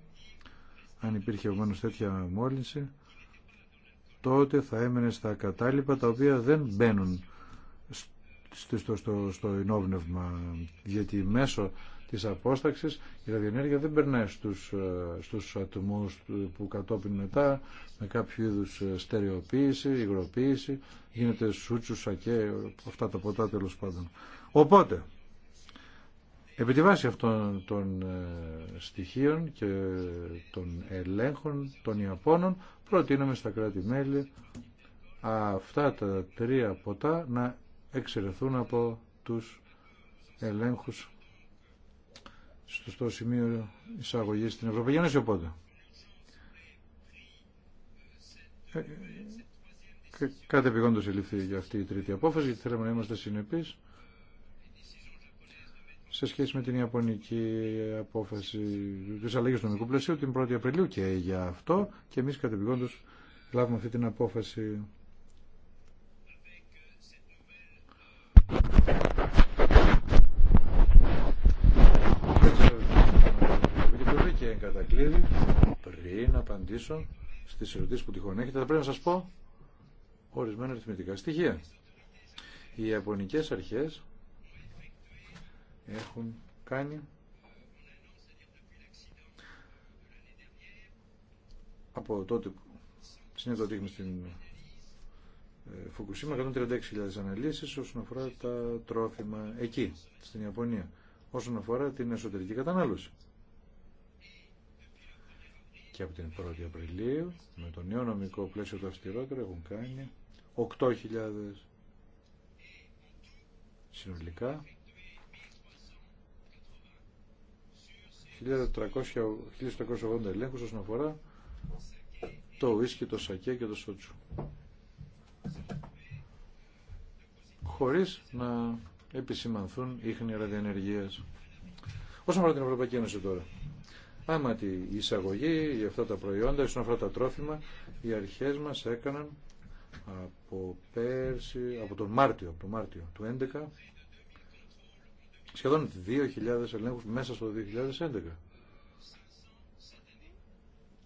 αν υπήρχε επομένω τέτοια μόλυνση, τότε θα έμενε στα κατάλοιπα τα οποία δεν μπαίνουν στο, στο, στο ενόπνευμα γιατί μέσω της απόσταξης η ραδιενέργεια δεν περνάει στους, ε, στους ατομούς που κατόπιν μετά με κάποιο είδους ε, στερεοποίηση, υγροποίηση γίνεται σούτσου, σακέ, αυτά τα ποτά τέλος πάντων. Οπότε, επί τη βάση αυτών των ε, στοιχείων και των ελέγχων των Ιαπώνων προτείναμε στα κράτη-μέλη αυτά τα τρία ποτά να εξαιρεθούν από τους ελέγχους στο σημείο εισαγωγή στην Ευρωπαϊκή Ένωση οπότε. Ε, κάτι επιγόντως ελήφθη για αυτή η τρίτη απόφαση γιατί θέλουμε να είμαστε συνεπείς σε σχέση με την Ιαπωνική απόφαση της αλλαγής του νομικού πλαισίου την 1η Απριλίου και για αυτό και εμείς κατεπηγόντως λάβουμε αυτή την απόφαση πριν απαντήσω στις ερωτήσεις που τυχόν έχετε, θα πρέπει να σας πω ορισμένα αριθμητικά στοιχεία. Οι Ιαπωνικές αρχές έχουν κάνει από τότε που συνέβη το στην ε, Φουκουσίμα 136.000 αναλύσεις όσον αφορά τα τρόφιμα εκεί, στην Ιαπωνία, όσον αφορά την εσωτερική κατανάλωση και από την 1η Απριλίου με το νέο νομικό πλαίσιο το αυστηρότερο έχουν κάνει 8.000 συνολικά 1.380 ελέγχους όσον αφορά το ουίσκι, το σακέ και το σότσου χωρίς να επισημανθούν ίχνη ραδιενεργίας. Όσον αφορά την Ευρωπαϊκή Ένωση τώρα, Άμα τη εισαγωγή για αυτά τα προϊόντα, για αυτά τα τρόφιμα, οι αρχές μας έκαναν από πέρσι, από τον Μάρτιο, από τον Μάρτιο του 2011, σχεδόν 2.000 ελέγχους μέσα στο 2011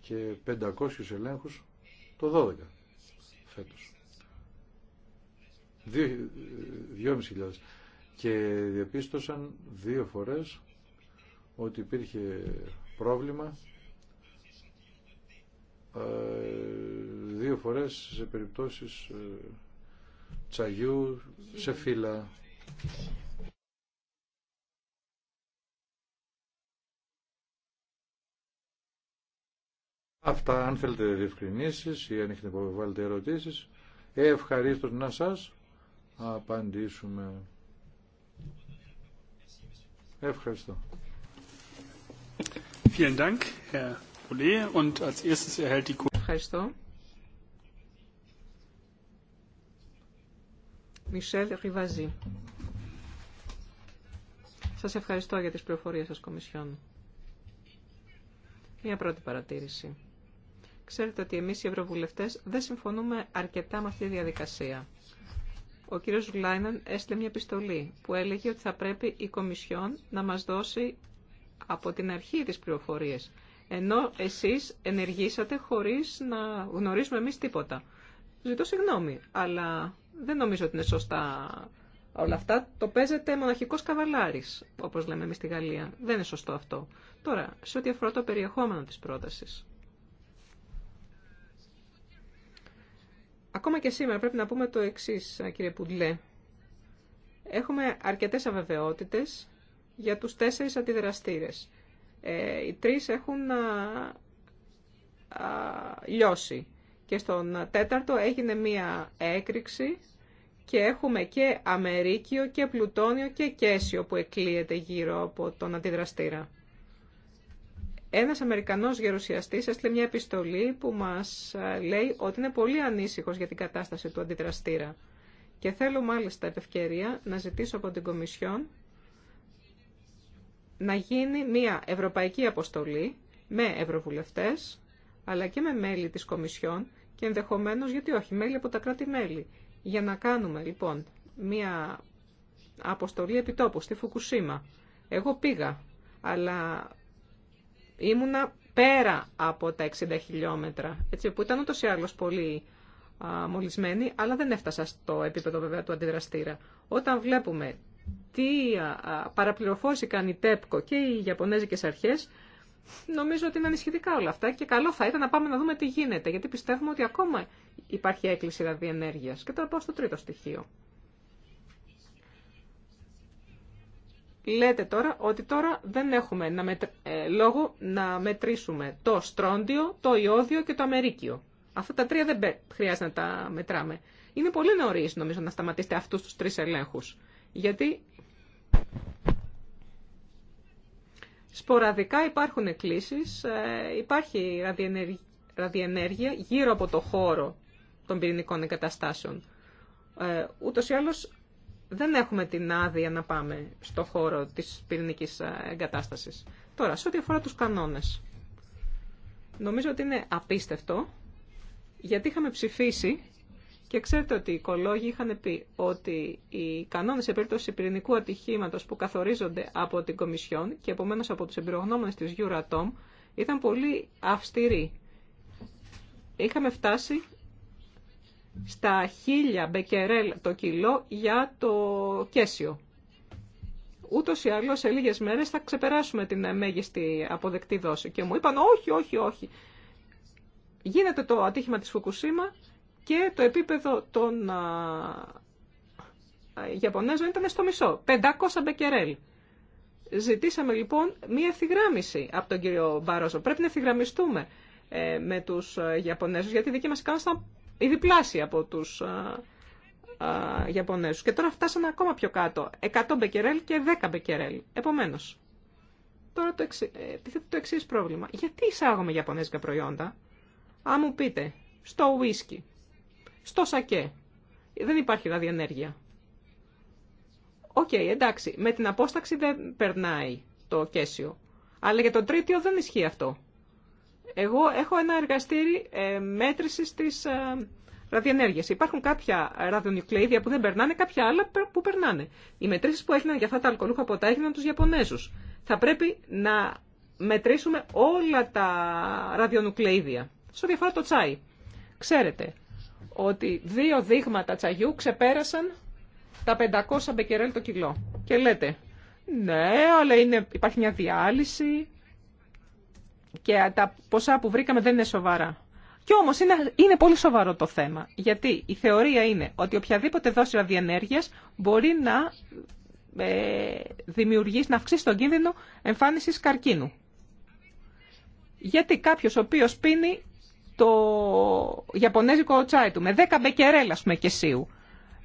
και 500 ελέγχους το 12 φέτος. 2.500 και διαπίστωσαν δύο φορές ότι υπήρχε πρόβλημα ε, δύο φορές σε περιπτώσεις ε, τσαγιού σε φύλλα. Αυτά, αν θέλετε διευκρινήσεις ή αν έχετε υποβάλλετε ερωτήσεις, ευχαρίστως να σας απαντήσουμε. Ευχαριστώ. Ευχαριστώ. Σας ευχαριστώ για τις πληροφορίες σας, Κομισιόν. Μια πρώτη παρατήρηση. Ξέρετε ότι εμείς οι Ευρωβουλευτές δεν συμφωνούμε αρκετά με αυτή τη διαδικασία. Ο κύριος Λάινεν έστειλε μια επιστολή που έλεγε ότι θα πρέπει η Κομισιόν να μας δώσει από την αρχή της πληροφορία. Ενώ εσείς ενεργήσατε χωρίς να γνωρίζουμε εμείς τίποτα. Ζητώ συγγνώμη, αλλά δεν νομίζω ότι είναι σωστά όλα αυτά. Το παίζετε μοναχικός καβαλάρης, όπως λέμε εμείς στη Γαλλία. Δεν είναι σωστό αυτό. Τώρα, σε ό,τι αφορά το περιεχόμενο της πρότασης. Ακόμα και σήμερα πρέπει να πούμε το εξής, κύριε Πουντλέ. Έχουμε αρκετές αβεβαιότητες για τους τέσσερις αντιδραστήρες. Ε, οι τρεις έχουν α, λιώσει και στον τέταρτο έγινε μία έκρηξη και έχουμε και αμερίκιο και πλουτόνιο και κέσιο που εκλείεται γύρω από τον αντιδραστήρα. Ένας Αμερικανός γερουσιαστής έστειλε μια επιστολή που μας λέει ότι είναι πολύ ανήσυχος για την κατάσταση του αντιδραστήρα. Και θέλω μάλιστα επευκαιρία να ζητήσω από την Κομισιόν να γίνει μια ευρωπαϊκή αποστολή με ευρωβουλευτές, αλλά και με μέλη της Κομισιόν και ενδεχομένως, γιατί όχι, μέλη από τα κράτη-μέλη. Για να κάνουμε, λοιπόν, μια αποστολή επιτόπου στη Φουκουσίμα. Εγώ πήγα, αλλά ήμουνα πέρα από τα 60 χιλιόμετρα, έτσι, που ήταν ούτως ή άλλως πολύ μολυσμένη, αλλά δεν έφτασα στο επίπεδο βέβαια του αντιδραστήρα. Όταν βλέπουμε τι παραπληροφόρηση η ΤΕΠΚΟ και οι Ιαπωνέζικες αρχές, νομίζω ότι είναι ανησυχητικά όλα αυτά και καλό θα ήταν να πάμε να δούμε τι γίνεται, γιατί πιστεύουμε ότι ακόμα υπάρχει έκκληση ραδιενέργειας. Και τώρα πάω στο τρίτο στοιχείο. Λέτε τώρα ότι τώρα δεν έχουμε να ε, λόγο να μετρήσουμε το στρόντιο, το ιόδιο και το αμερίκιο. Αυτά τα τρία δεν χρειάζεται να τα μετράμε. Είναι πολύ νωρί νομίζω να σταματήσετε αυτού του τρει ελέγχου. Γιατί Σποραδικά υπάρχουν εκκλήσεις, ε, υπάρχει ραδιενέργεια γύρω από το χώρο των πυρηνικών εγκαταστάσεων. Ε, ούτως ή άλλως δεν έχουμε την άδεια να πάμε στο χώρο της πυρηνικής ε, εγκατάστασης. Τώρα, σε ό,τι αφορά τους κανόνες. Νομίζω ότι είναι απίστευτο, γιατί είχαμε ψηφίσει και ξέρετε ότι οι οικολόγοι είχαν πει ότι οι κανόνε σε περίπτωση πυρηνικού ατυχήματος που καθορίζονται από την Κομισιόν και επομένω από του εμπειρογνώμονες τη Euratom ήταν πολύ αυστηροί. Είχαμε φτάσει στα 1000 μπεκερέλ το κιλό για το κέσιο. Ούτως ή άλλως σε λίγες μέρες θα ξεπεράσουμε την μέγιστη αποδεκτή δόση. Και μου είπαν όχι, όχι, όχι. Γίνεται το ατύχημα της Φουκουσίμα και το επίπεδο των Ιαπωνέζων ήταν στο μισό, 500 μπεκερέλ. Ζητήσαμε λοιπόν μία ευθυγράμμιση από τον κύριο Μπαρόζο. Πρέπει να ευθυγραμμιστούμε ε, με τους Ιαπωνέζους, γιατί δική μας κάνουν ήταν η διπλάση από τους Ιαπωνέζους. Και τώρα φτάσαμε ακόμα πιο κάτω, 100 μπεκερέλ και 10 μπεκερέλ. Επομένως, τώρα το, εξι... Ε, το εξή πρόβλημα. Γιατί εισάγουμε Ιαπωνέζικα προϊόντα, αν μου πείτε, στο ουίσκι, στο σακέ. Δεν υπάρχει ραδιενέργεια. Οκ, εντάξει, με την απόσταξη δεν περνάει το κέσιο. Αλλά για τον τρίτιο δεν ισχύει αυτό. Εγώ έχω ένα εργαστήρι ε, μέτρησης της ε, ραδιενέργειας. Υπάρχουν κάποια ραδιονουκλείδια που δεν περνάνε, κάποια άλλα που περνάνε. Οι μετρήσεις που έγιναν για αυτά τα αλκοολούχα ποτά έγιναν τους Ιαπωνέζους. Θα πρέπει να μετρήσουμε όλα τα ραδιονουκλεΐδια. Σε ό,τι αφορά το τσάι. Ξέρετε, ότι δύο δείγματα τσαγιού ξεπέρασαν τα 500 μπεκερέλ το κιλό. Και λέτε, ναι, αλλά είναι, υπάρχει μια διάλυση και τα ποσά που βρήκαμε δεν είναι σοβαρά. Κι όμως είναι, είναι πολύ σοβαρό το θέμα, γιατί η θεωρία είναι ότι οποιαδήποτε δόση ραδιενέργειας μπορεί να ε, δημιουργήσει, να αυξήσει τον κίνδυνο εμφάνισης καρκίνου. Γιατί κάποιος ο οποίος πίνει το γιαπωνέζικο τσάι του με 10 μπεκερέλ, α πούμε, και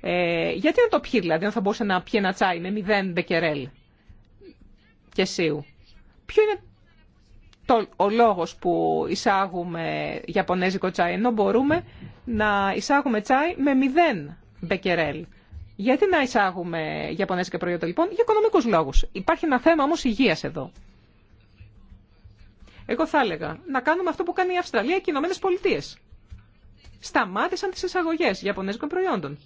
Ε, γιατί να το πιει, δηλαδή, αν θα μπορούσε να πιει ένα τσάι με 0 μπεκερέλ κεσίου. σίου. Ποιο είναι το, ο λόγο που εισάγουμε γιαπωνέζικο τσάι, ενώ μπορούμε να εισάγουμε τσάι με 0 μπεκερέλ. Γιατί να εισάγουμε γιαπωνέζικα προϊόντα, λοιπόν, για οικονομικού λόγου. Υπάρχει ένα θέμα όμως υγείας εδώ. Εγώ θα έλεγα να κάνουμε αυτό που κάνει η Αυστραλία και οι Ηνωμένε Πολιτείε. Σταμάτησαν τι εισαγωγέ Ιαπωνέζικων προϊόντων.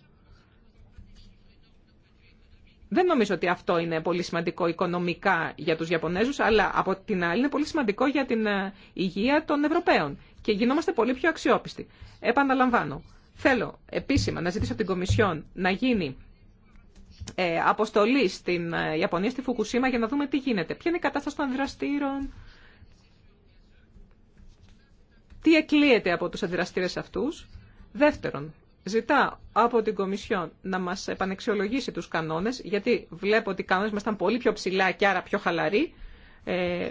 Δεν νομίζω ότι αυτό είναι πολύ σημαντικό οικονομικά για τους Ιαπωνέζους, αλλά από την άλλη είναι πολύ σημαντικό για την ε, υγεία των Ευρωπαίων και γινόμαστε πολύ πιο αξιόπιστοι. Επαναλαμβάνω, θέλω επίσημα να ζητήσω από την Κομισιόν να γίνει ε, αποστολή στην ε, Ιαπωνία, στη Φουκουσίμα, για να δούμε τι γίνεται. Ποια είναι η κατάσταση των δραστήρων, τι εκλείεται από τους αντιδραστήρες αυτούς. Δεύτερον, ζητά από την Κομισιόν να μας επανεξιολογήσει τους κανόνες, γιατί βλέπω ότι οι κανόνες μας ήταν πολύ πιο ψηλά και άρα πιο χαλαροί. Ε,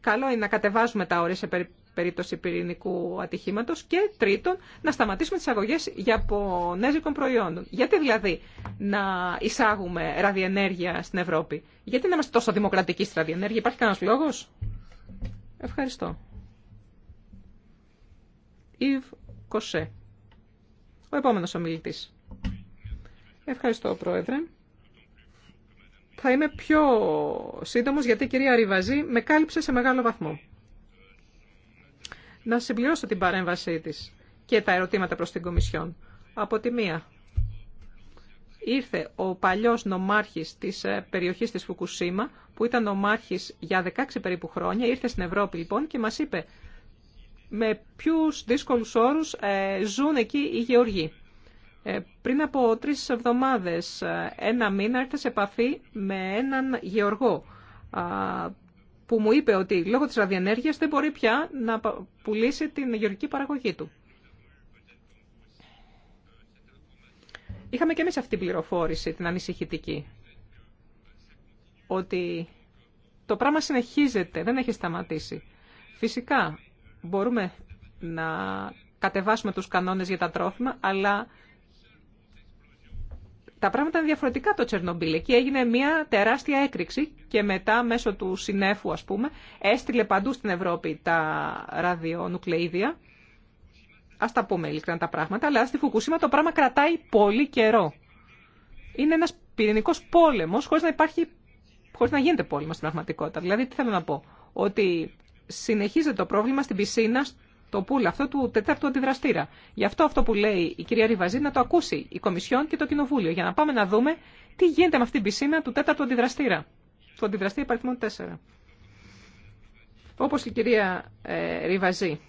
καλό είναι να κατεβάζουμε τα όρια σε περίπτωση πυρηνικού ατυχήματο και τρίτον, να σταματήσουμε τις αγωγές πονέζικων προϊόντων. Γιατί δηλαδή να εισάγουμε ραδιενέργεια στην Ευρώπη. Γιατί να είμαστε τόσο δημοκρατικοί στη ραδιενέργεια. Υπάρχει κανένα λόγο. Ευχαριστώ. Ιβ Κοσέ. Ο επόμενος ομιλητής. Ευχαριστώ, Πρόεδρε. Θα είμαι πιο σύντομος, γιατί η κυρία Ριβαζή με κάλυψε σε μεγάλο βαθμό. Να συμπληρώσω την παρέμβασή της και τα ερωτήματα προς την Κομισιόν. Από τη μία, ήρθε ο παλιός νομάρχης της ε, περιοχής της Φουκουσίμα, που ήταν νομάρχης για 16 περίπου χρόνια, ήρθε στην Ευρώπη λοιπόν και μας είπε με ποιους δύσκολους όρους ε, ζουν εκεί οι γεωργοί. Ε, πριν από τρεις εβδομάδες, ε, ένα μήνα, ήρθα σε επαφή με έναν γεωργό που μου είπε ότι λόγω τη ραδιενέργεια δεν μπορεί πια να πουλήσει την γεωργική παραγωγή του. Είχαμε και εμείς αυτή την πληροφόρηση, την ανησυχητική, ότι το πράγμα συνεχίζεται, δεν έχει σταματήσει. Φυσικά, μπορούμε να κατεβάσουμε τους κανόνες για τα τρόφιμα, αλλά τα πράγματα είναι διαφορετικά το Τσερνομπίλ. Εκεί έγινε μια τεράστια έκρηξη και μετά μέσω του συνέφου ας πούμε έστειλε παντού στην Ευρώπη τα ραδιονουκλεΐδια. Ας τα πούμε ειλικρινά τα πράγματα, αλλά στη Φουκουσίμα το πράγμα κρατάει πολύ καιρό. Είναι ένας πυρηνικός πόλεμος χωρίς να υπάρχει χωρίς να γίνεται πόλεμο στην πραγματικότητα. Δηλαδή, τι θέλω να πω, ότι συνεχίζεται το πρόβλημα στην πισίνα, το πουλ αυτό του τετάρτου αντιδραστήρα. Γι' αυτό αυτό που λέει η κυρία Ριβαζή να το ακούσει η Κομισιόν και το Κοινοβούλιο, για να πάμε να δούμε τι γίνεται με αυτή την πισίνα του τέταρτου αντιδραστήρα, του αντιδραστήρα υπαριθμών 4. Όπως η κυρία ε, Ριβαζή,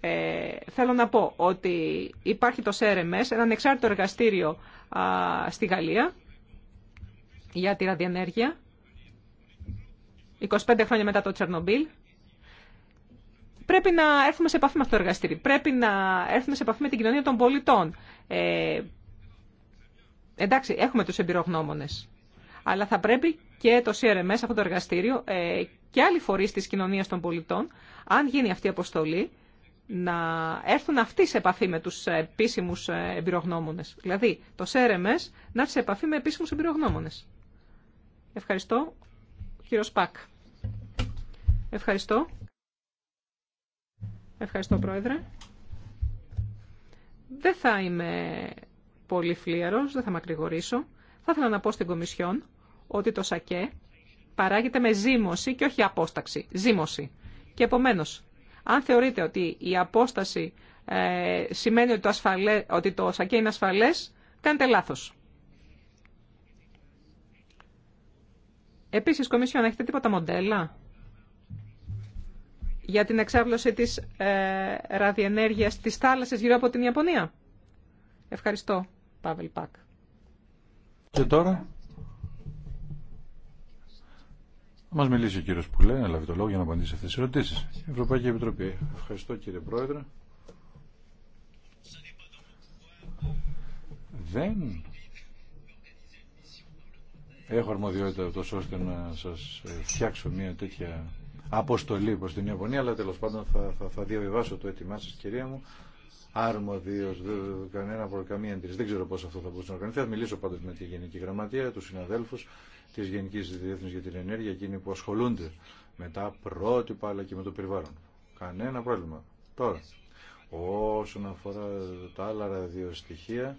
ε, θέλω να πω ότι υπάρχει το ΣΕΡΕΜΕΣ, ένα ανεξάρτητο εργαστήριο α, στη Γαλλία για τη ραδιενέργεια, 25 χρόνια μετά το Τσερνομπίλ, πρέπει να έρθουμε σε επαφή με αυτό το εργαστήρι. Πρέπει να έρθουμε σε επαφή με την κοινωνία των πολιτών. Ε, εντάξει, έχουμε τους εμπειρογνώμονες. Αλλά θα πρέπει και το CRMS, αυτό το εργαστήριο, ε, και άλλοι φορείς της κοινωνίας των πολιτών, αν γίνει αυτή η αποστολή, να έρθουν αυτοί σε επαφή με τους επίσημους ε, εμπειρογνώμονες. Δηλαδή, το CRMS να έρθει σε επαφή με επίσημου εμπειρογνώμονες. Ευχαριστώ. Κύριο Σπακ. Ευχαριστώ. Ευχαριστώ, Πρόεδρε. Δεν θα είμαι πολύ φλίαρος, δεν θα μακρηγορήσω. Θα ήθελα να πω στην Κομισιόν ότι το ΣΑΚΕ παράγεται με ζήμωση και όχι απόσταξη. Ζήμωση. Και επομένως, αν θεωρείτε ότι η απόσταση ε, σημαίνει ότι το, ότι το ΣΑΚΕ είναι ασφαλές, κάνετε λάθος. Επίσης, Κομισιόν, έχετε τίποτα μοντέλα για την εξάπλωση της ε, ραδιενέργειας της θάλασσας γύρω από την Ιαπωνία. Ευχαριστώ, Παύλ Πακ. Και τώρα θα μας μιλήσει ο κύριος Πουλέ, να λάβει το λόγο για να απαντήσει αυτές τις ερωτήσεις. Ευρωπαϊκή Επιτροπή. Ευχαριστώ κύριε Πρόεδρε. Δεν έχω αρμοδιότητα τόσο ώστε να σας φτιάξω μια τέτοια αποστολή προ την Ιαπωνία, αλλά τέλο πάντων θα, θα, θα διαβιβάσω το έτοιμά σα, κυρία μου, Αρμοδίω, κανένα καμία εντύπωση. Δεν ξέρω πώ αυτό θα μπορούσε να οργανωθεί. Θα μιλήσω πάντω με τη Γενική Γραμματεία, του συναδέλφου τη Γενική Διεθνή για την Ενέργεια, εκείνοι που ασχολούνται με τα πρότυπα αλλά και με το περιβάλλον. Κανένα πρόβλημα. Τώρα, όσον αφορά τα άλλα ραδιοστοιχεία,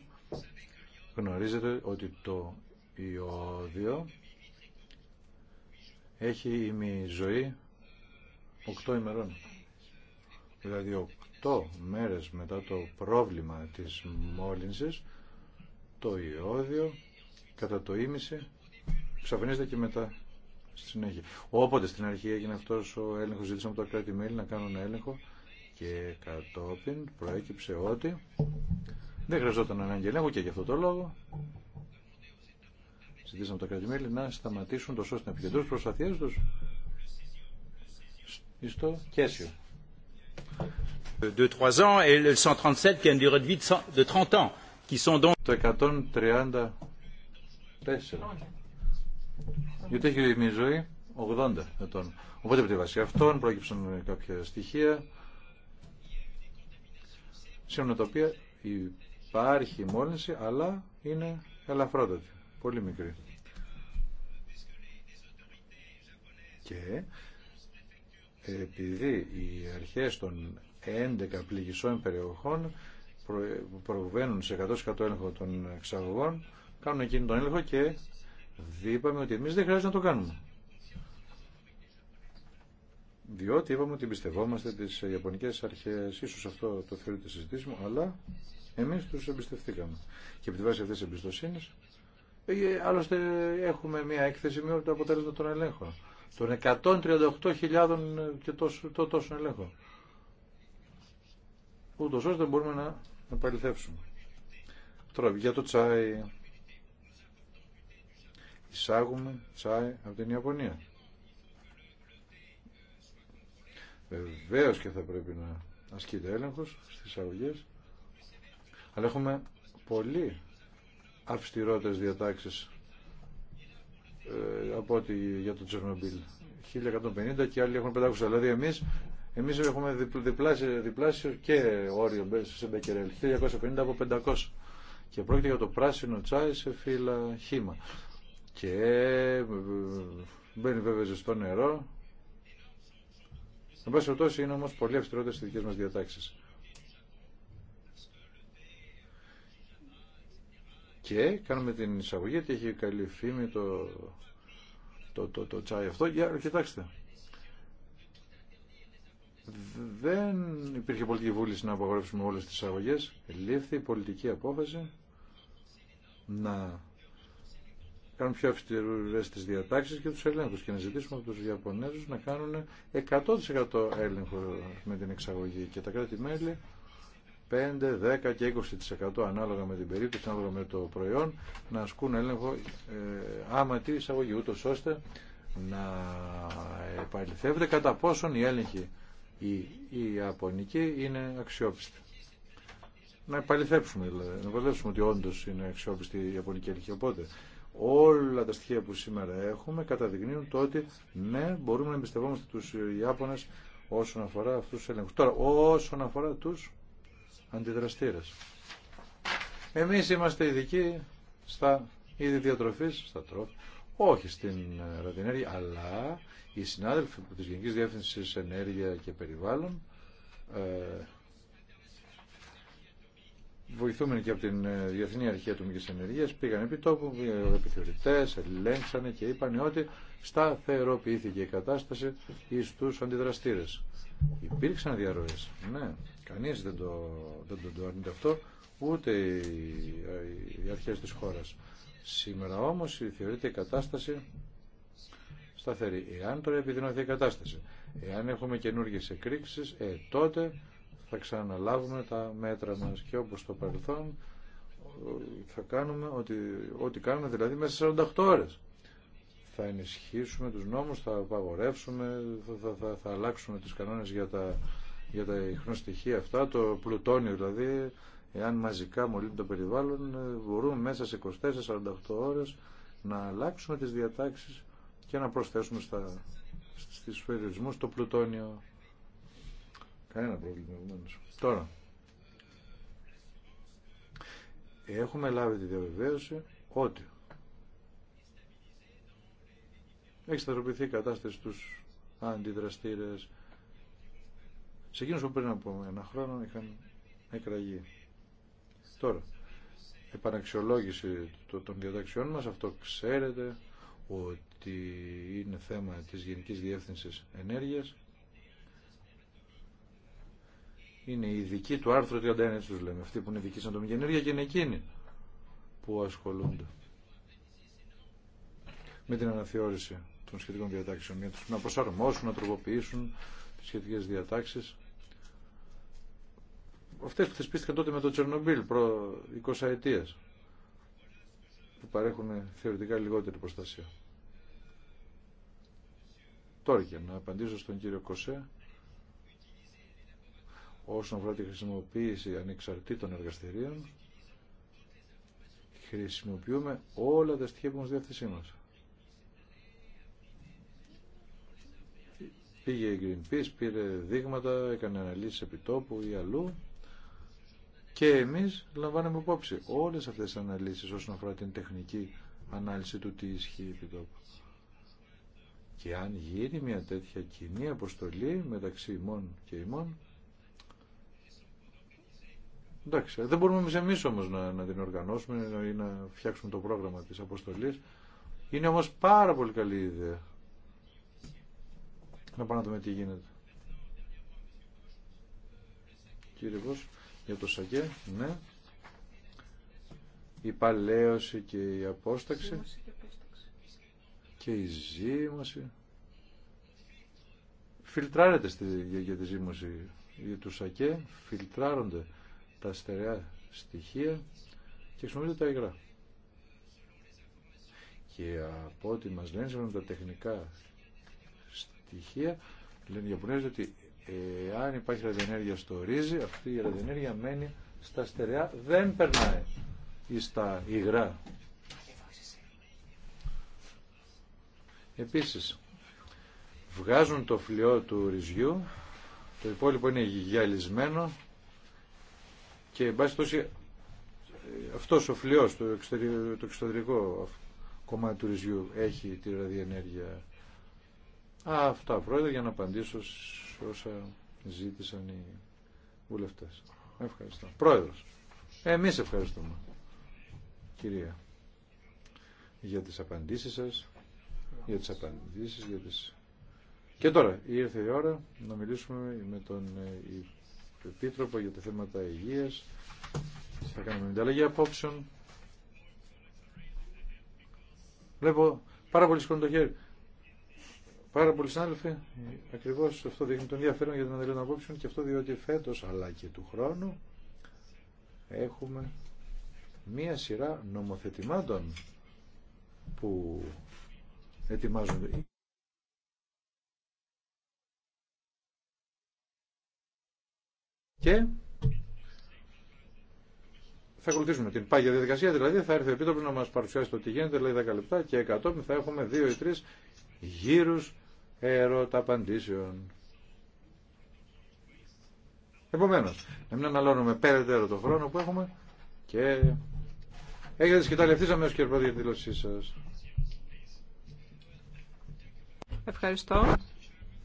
γνωρίζετε ότι το ιόδιο έχει ημιζωή οκτώ ημερών. Δηλαδή 8 μέρες μετά το πρόβλημα της μόλυνσης, το ιόδιο κατά το ίμιση ξαφνίζεται και μετά στη συνέχεια. Όποτε στην αρχή έγινε αυτός ο έλεγχος, ζήτησα από τα κράτη-μέλη να κάνουν έλεγχο και κατόπιν προέκυψε ότι δεν χρειαζόταν ανάγκη ελέγχου και γι' αυτό το λόγο ζητήσαμε από τα κράτη-μέλη να σταματήσουν το στην επικεντρώσει προσπαθειές τους Justo Chiesio. De 3 ans et le 137 qui a une durée 30 ans, Το 134. Γιατί έχει μια ζωή 80 ετών. Οπότε από τη αυτών προέκυψαν κάποια στοιχεία. Σύμφωνα τα οποία υπάρχει μόλυνση, αλλά είναι ελαφρότατη. Πολύ μικρή. Και επειδή οι αρχές των 11 πληγισών περιοχών προβαίνουν σε 100% έλεγχο των εξαγωγών, κάνουν εκείνη τον έλεγχο και είπαμε ότι εμείς δεν χρειάζεται να το κάνουμε. Διότι είπαμε ότι εμπιστευόμαστε τις Ιαπωνικές αρχές, ίσως αυτό το θεωρείται συζητήσιμο, αλλά εμείς τους εμπιστευτήκαμε. Και επί τη βάση αυτής της εμπιστοσύνης, ε, άλλωστε έχουμε μια έκθεση με όλο το αποτέλεσμα των ελέγχων των 138.000 και τόσο, τόσο ελέγχων. Ούτω ώστε μπορούμε να παληθεύσουμε. Τώρα, για το τσάι. Εισάγουμε τσάι από την Ιαπωνία. Βεβαίω και θα πρέπει να ασκείται έλεγχο στις αγωγέ. Αλλά έχουμε πολύ αυστηρότερες διατάξει. Ε, από ότι για το Τσερνομπίλ. 1150 και άλλοι έχουν 500. Δηλαδή εμείς, εμείς έχουμε διπλάσιο, διπλάσιο και όριο σε Μπεκερέλ. 1250 από 500. Και πρόκειται για το πράσινο τσάι σε φύλλα χήμα. Και ε, μπαίνει βέβαια ζεστό νερό. Εν πάση περιπτώσει είναι όμως πολύ αυστηρότερε οι δικές μας διατάξει. και κάνουμε την εισαγωγή γιατί έχει καλή φήμη το, το, το, το τσάι αυτό. Για, κοιτάξτε, δεν υπήρχε πολιτική βούληση να απαγορεύσουμε όλες τις εισαγωγές. Λήφθη η πολιτική απόφαση να κάνουν πιο αυστηρέ τι διατάξει και του ελέγχου και να ζητήσουμε από του Ιαπωνέζου να κάνουν 100% έλεγχο με την εξαγωγή. Και τα κράτη-μέλη 5, 10 και 20% ανάλογα με την περίπτωση, ανάλογα με το προϊόν, να ασκούν έλεγχο ε, άμα τη εισαγωγή, ούτως ώστε να επαληθεύεται κατά πόσον η έλεγχη η, η είναι αξιόπιστη. Να επαληθεύσουμε δηλαδή, να επαληθεύσουμε ότι όντω είναι αξιόπιστη η Ιαπωνική έλεγχη. Οπότε όλα τα στοιχεία που σήμερα έχουμε καταδεικνύουν το ότι ναι, μπορούμε να εμπιστευόμαστε τους Ιάπωνες όσον αφορά αυτούς τους έλεγχους. Τώρα, όσον αφορά τους αντιδραστήρες. Εμείς είμαστε ειδικοί στα είδη διατροφής, στα τρόφιμα, όχι στην ε, ραδιενέργεια, αλλά οι συνάδελφοι της Γενικής Διεύθυνσης Ενέργεια και Περιβάλλον ε, βοηθούμενοι και από την ε, Διεθνή Αρχή Ατομικής Ενεργείας πήγαν επί τόπου, ε, επιθεωρητές, ελέγξανε και είπαν ότι σταθεροποιήθηκε η κατάσταση τους αντιδραστήρες. Υπήρξαν διαρροές, ναι. Κανείς δεν το, δεν το, το αρνείται αυτό, ούτε οι, οι αρχές της χώρας. Σήμερα όμως θεωρείται η κατάσταση σταθερή. Εάν τώρα επιδεινωθεί η κατάσταση, εάν έχουμε καινούργιες εκρήξεις, ε, τότε θα ξαναλάβουμε τα μέτρα μας και όπως το παρελθόν θα κάνουμε ότι, ό,τι κάνουμε δηλαδή μέσα σε 48 ώρες. Θα ενισχύσουμε τους νόμους, θα απαγορεύσουμε, θα, θα, θα, θα αλλάξουμε τις κανόνες για τα για τα ίχνο στοιχεία αυτά, το πλουτόνιο δηλαδή, εάν μαζικά μολύνει το περιβάλλον, ε, μπορούμε μέσα σε 24-48 ώρες να αλλάξουμε τις διατάξεις και να προσθέσουμε στα, στις περιορισμούς το πλουτόνιο. Κανένα πρόβλημα Τώρα, έχουμε λάβει τη διαβεβαίωση ότι έχει σταθεροποιηθεί η κατάσταση στους αντιδραστήρες, σε εκείνους που πριν από ένα χρόνο είχαν εκραγεί. Τώρα, επαναξιολόγηση των διαταξιών μας, αυτό ξέρετε ότι είναι θέμα της Γενικής Διεύθυνσης Ενέργειας. Είναι η ειδική του άρθρου 31, έτσι τους λέμε, Αυτή που είναι ειδικοί σαν ατομική ενέργεια και είναι εκείνοι που ασχολούνται με την αναθεώρηση των σχετικών διατάξεων, για να προσαρμόσουν, να τροποποιήσουν τις σχετικές διατάξεις αυτές που θεσπίστηκαν τότε με το Τσερνομπίλ προ 20 ετίας που παρέχουν θεωρητικά λιγότερη προστασία. Τώρα και να απαντήσω στον κύριο Κωσέ όσον αφορά τη χρησιμοποίηση ανεξαρτήτων εργαστηρίων χρησιμοποιούμε όλα τα στοιχεία που μας διάθεσή Πήγε η Greenpeace, πήρε δείγματα, έκανε αναλύσεις επιτόπου ή αλλού και εμείς λαμβάνουμε υπόψη όλες αυτές τις αναλύσεις όσον αφορά την τεχνική ανάλυση του τι ισχύει επί τόπου. Και αν γίνει μια τέτοια κοινή αποστολή μεταξύ ημών και ημών, εντάξει, δεν μπορούμε εμείς, εμείς όμως να, την οργανώσουμε ή να φτιάξουμε το πρόγραμμα της αποστολής. Είναι όμως πάρα πολύ καλή ιδέα. Να πάμε να δούμε τι γίνεται. Κύριε για το ΣΑΚΕ, ναι. Η παλαίωση και η απόσταξη και η ζήμωση. Φιλτράρεται στη, για, τη ζήμωση για του ΣΑΚΕ, φιλτράρονται τα στερεά στοιχεία και χρησιμοποιούνται τα υγρά. Και από ό,τι μας λένε, σύμφωνα τα τεχνικά στοιχεία, λένε οι Ιαπωνέζοι ότι αν υπάρχει ραδιενέργεια στο ρύζι, αυτή η ραδιενέργεια μένει στα στερεά, δεν περνάει ή στα υγρά. Επίσης, βγάζουν το φλοιό του ρυζιού, το υπόλοιπο είναι γυαλισμένο και εν πάση τόση, αυτός ο φλοιός, το εξωτερικό, το εξωτερικό κομμάτι του ρυζιού έχει τη ραδιενέργεια. Α, αυτά πρόεδρε για να απαντήσω όσα ζήτησαν οι βουλευτές. Ευχαριστώ. Πρόεδρος, εμείς ευχαριστούμε, κυρία, για τις απαντήσεις σας, για τις απαντήσεις, για τις... Και τώρα ήρθε η ώρα να μιλήσουμε με τον ε, Επίτροπο για τα θέματα υγείας. Θα κάνουμε ανταλλαγή απόψεων. Βλέπω πάρα πολύ σηκώνει το χέρι. Πάρα πολύ συνάδελφοι, ακριβώ αυτό δείχνει τον ενδιαφέρον για την ανταλλαγή απόψεων και αυτό διότι φέτο αλλά και του χρόνου έχουμε μία σειρά νομοθετημάτων που ετοιμάζονται. Και θα ακολουθήσουμε την πάγια διαδικασία, δηλαδή θα έρθει ο Επίτροπος να μας παρουσιάσει το τι γίνεται, δηλαδή 10 λεπτά και 100 θα έχουμε δύο ή 3 γύρους ερώτα απαντήσεων. Επομένως, να μην αναλώνουμε περαιτέρω το χρόνο που έχουμε και έχετε σκητάλη αυτής αμέσως κύριε Πρόεδρε για τη δήλωσή σας. Ευχαριστώ,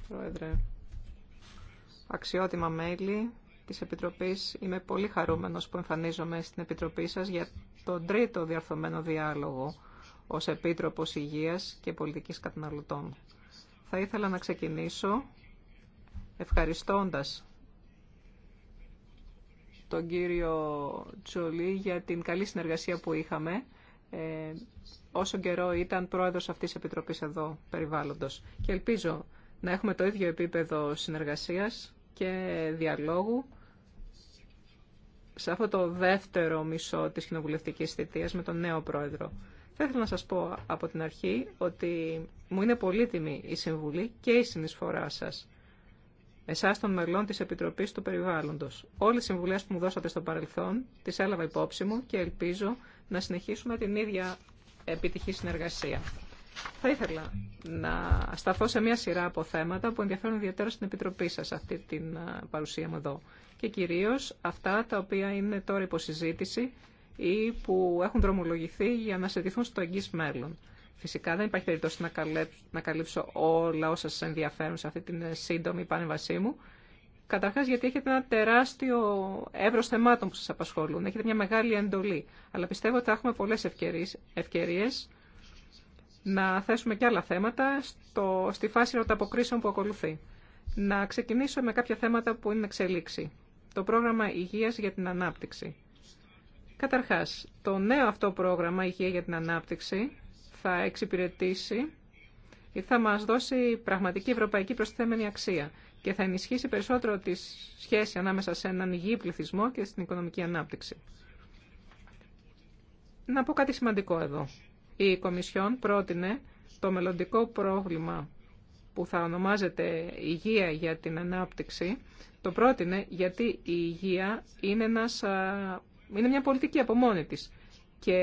Πρόεδρε. Αξιότιμα μέλη της Επιτροπής, είμαι πολύ χαρούμενος που εμφανίζομαι στην Επιτροπή σας για τον τρίτο διαρθωμένο διάλογο ως Επίτροπος Υγείας και Πολιτικής Καταναλωτών. Θα ήθελα να ξεκινήσω ευχαριστώντας τον κύριο Τζολί για την καλή συνεργασία που είχαμε ε, όσο καιρό ήταν πρόεδρος αυτής της Επιτροπής εδώ περιβάλλοντος. Και ελπίζω να έχουμε το ίδιο επίπεδο συνεργασίας και διαλόγου σε αυτό το δεύτερο μισό της κοινοβουλευτικής θητείας με τον νέο πρόεδρο. Θα ήθελα να σας πω από την αρχή ότι μου είναι πολύτιμη η συμβουλή και η συνεισφορά σας, εσάς των μελών τη επιτροπή του περιβάλλοντο. Όλε οι συμβουλέ που μου δώσατε στο παρελθόν τις έλαβα υπόψη μου και ελπίζω να συνεχίσουμε την ίδια επιτυχή συνεργασία. Θα ήθελα να σταθώ σε μια σειρά από θέματα που ενδιαφέρουν ιδιαίτερα στην Επιτροπή σα αυτή την παρουσία μου εδώ και κυρίω αυτά τα οποία είναι τώρα υποσυζήτηση ή που έχουν δρομολογηθεί για να συζητηθούν στο εγγύς μέλλον. Φυσικά δεν υπάρχει περίπτωση να καλύψω όλα όσα σας ενδιαφέρουν σε αυτή την σύντομη πανεβασή μου. Καταρχάς γιατί έχετε ένα τεράστιο εύρος θεμάτων που σας απασχολούν. Έχετε μια μεγάλη εντολή. Αλλά πιστεύω ότι θα έχουμε πολλές ευκαιρίες να θέσουμε και άλλα θέματα στο, στη φάση ρωταποκρίσεων που ακολουθεί. Να ξεκινήσω με κάποια θέματα που είναι εξελίξη. Το πρόγραμμα υγείας για την ανάπτυξη. Καταρχάς, το νέο αυτό πρόγραμμα Υγεία για την Ανάπτυξη θα εξυπηρετήσει ή θα μας δώσει πραγματική ευρωπαϊκή προσθέμενη αξία και θα ενισχύσει περισσότερο τη σχέση ανάμεσα σε έναν υγιή πληθυσμό και στην οικονομική ανάπτυξη. Να πω κάτι σημαντικό εδώ. Η Κομισιόν πρότεινε το μελλοντικό πρόβλημα που θα ονομάζεται Υγεία για την Ανάπτυξη. Το πρότεινε γιατί η υγεία είναι ένας είναι μια πολιτική από μόνη της. Και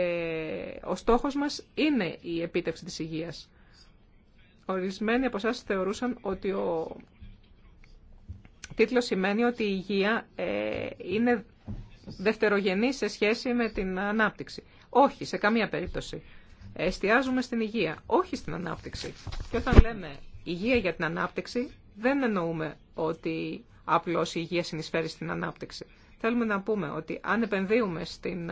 ο στόχος μας είναι η επίτευξη της υγείας. Ορισμένοι από εσά θεωρούσαν ότι ο τίτλος σημαίνει ότι η υγεία ε, είναι δευτερογενή σε σχέση με την ανάπτυξη. Όχι, σε καμία περίπτωση. Εστιάζουμε στην υγεία, όχι στην ανάπτυξη. Και όταν λέμε υγεία για την ανάπτυξη, δεν εννοούμε ότι απλώς η υγεία συνεισφέρει στην ανάπτυξη θέλουμε να πούμε ότι αν επενδύουμε στην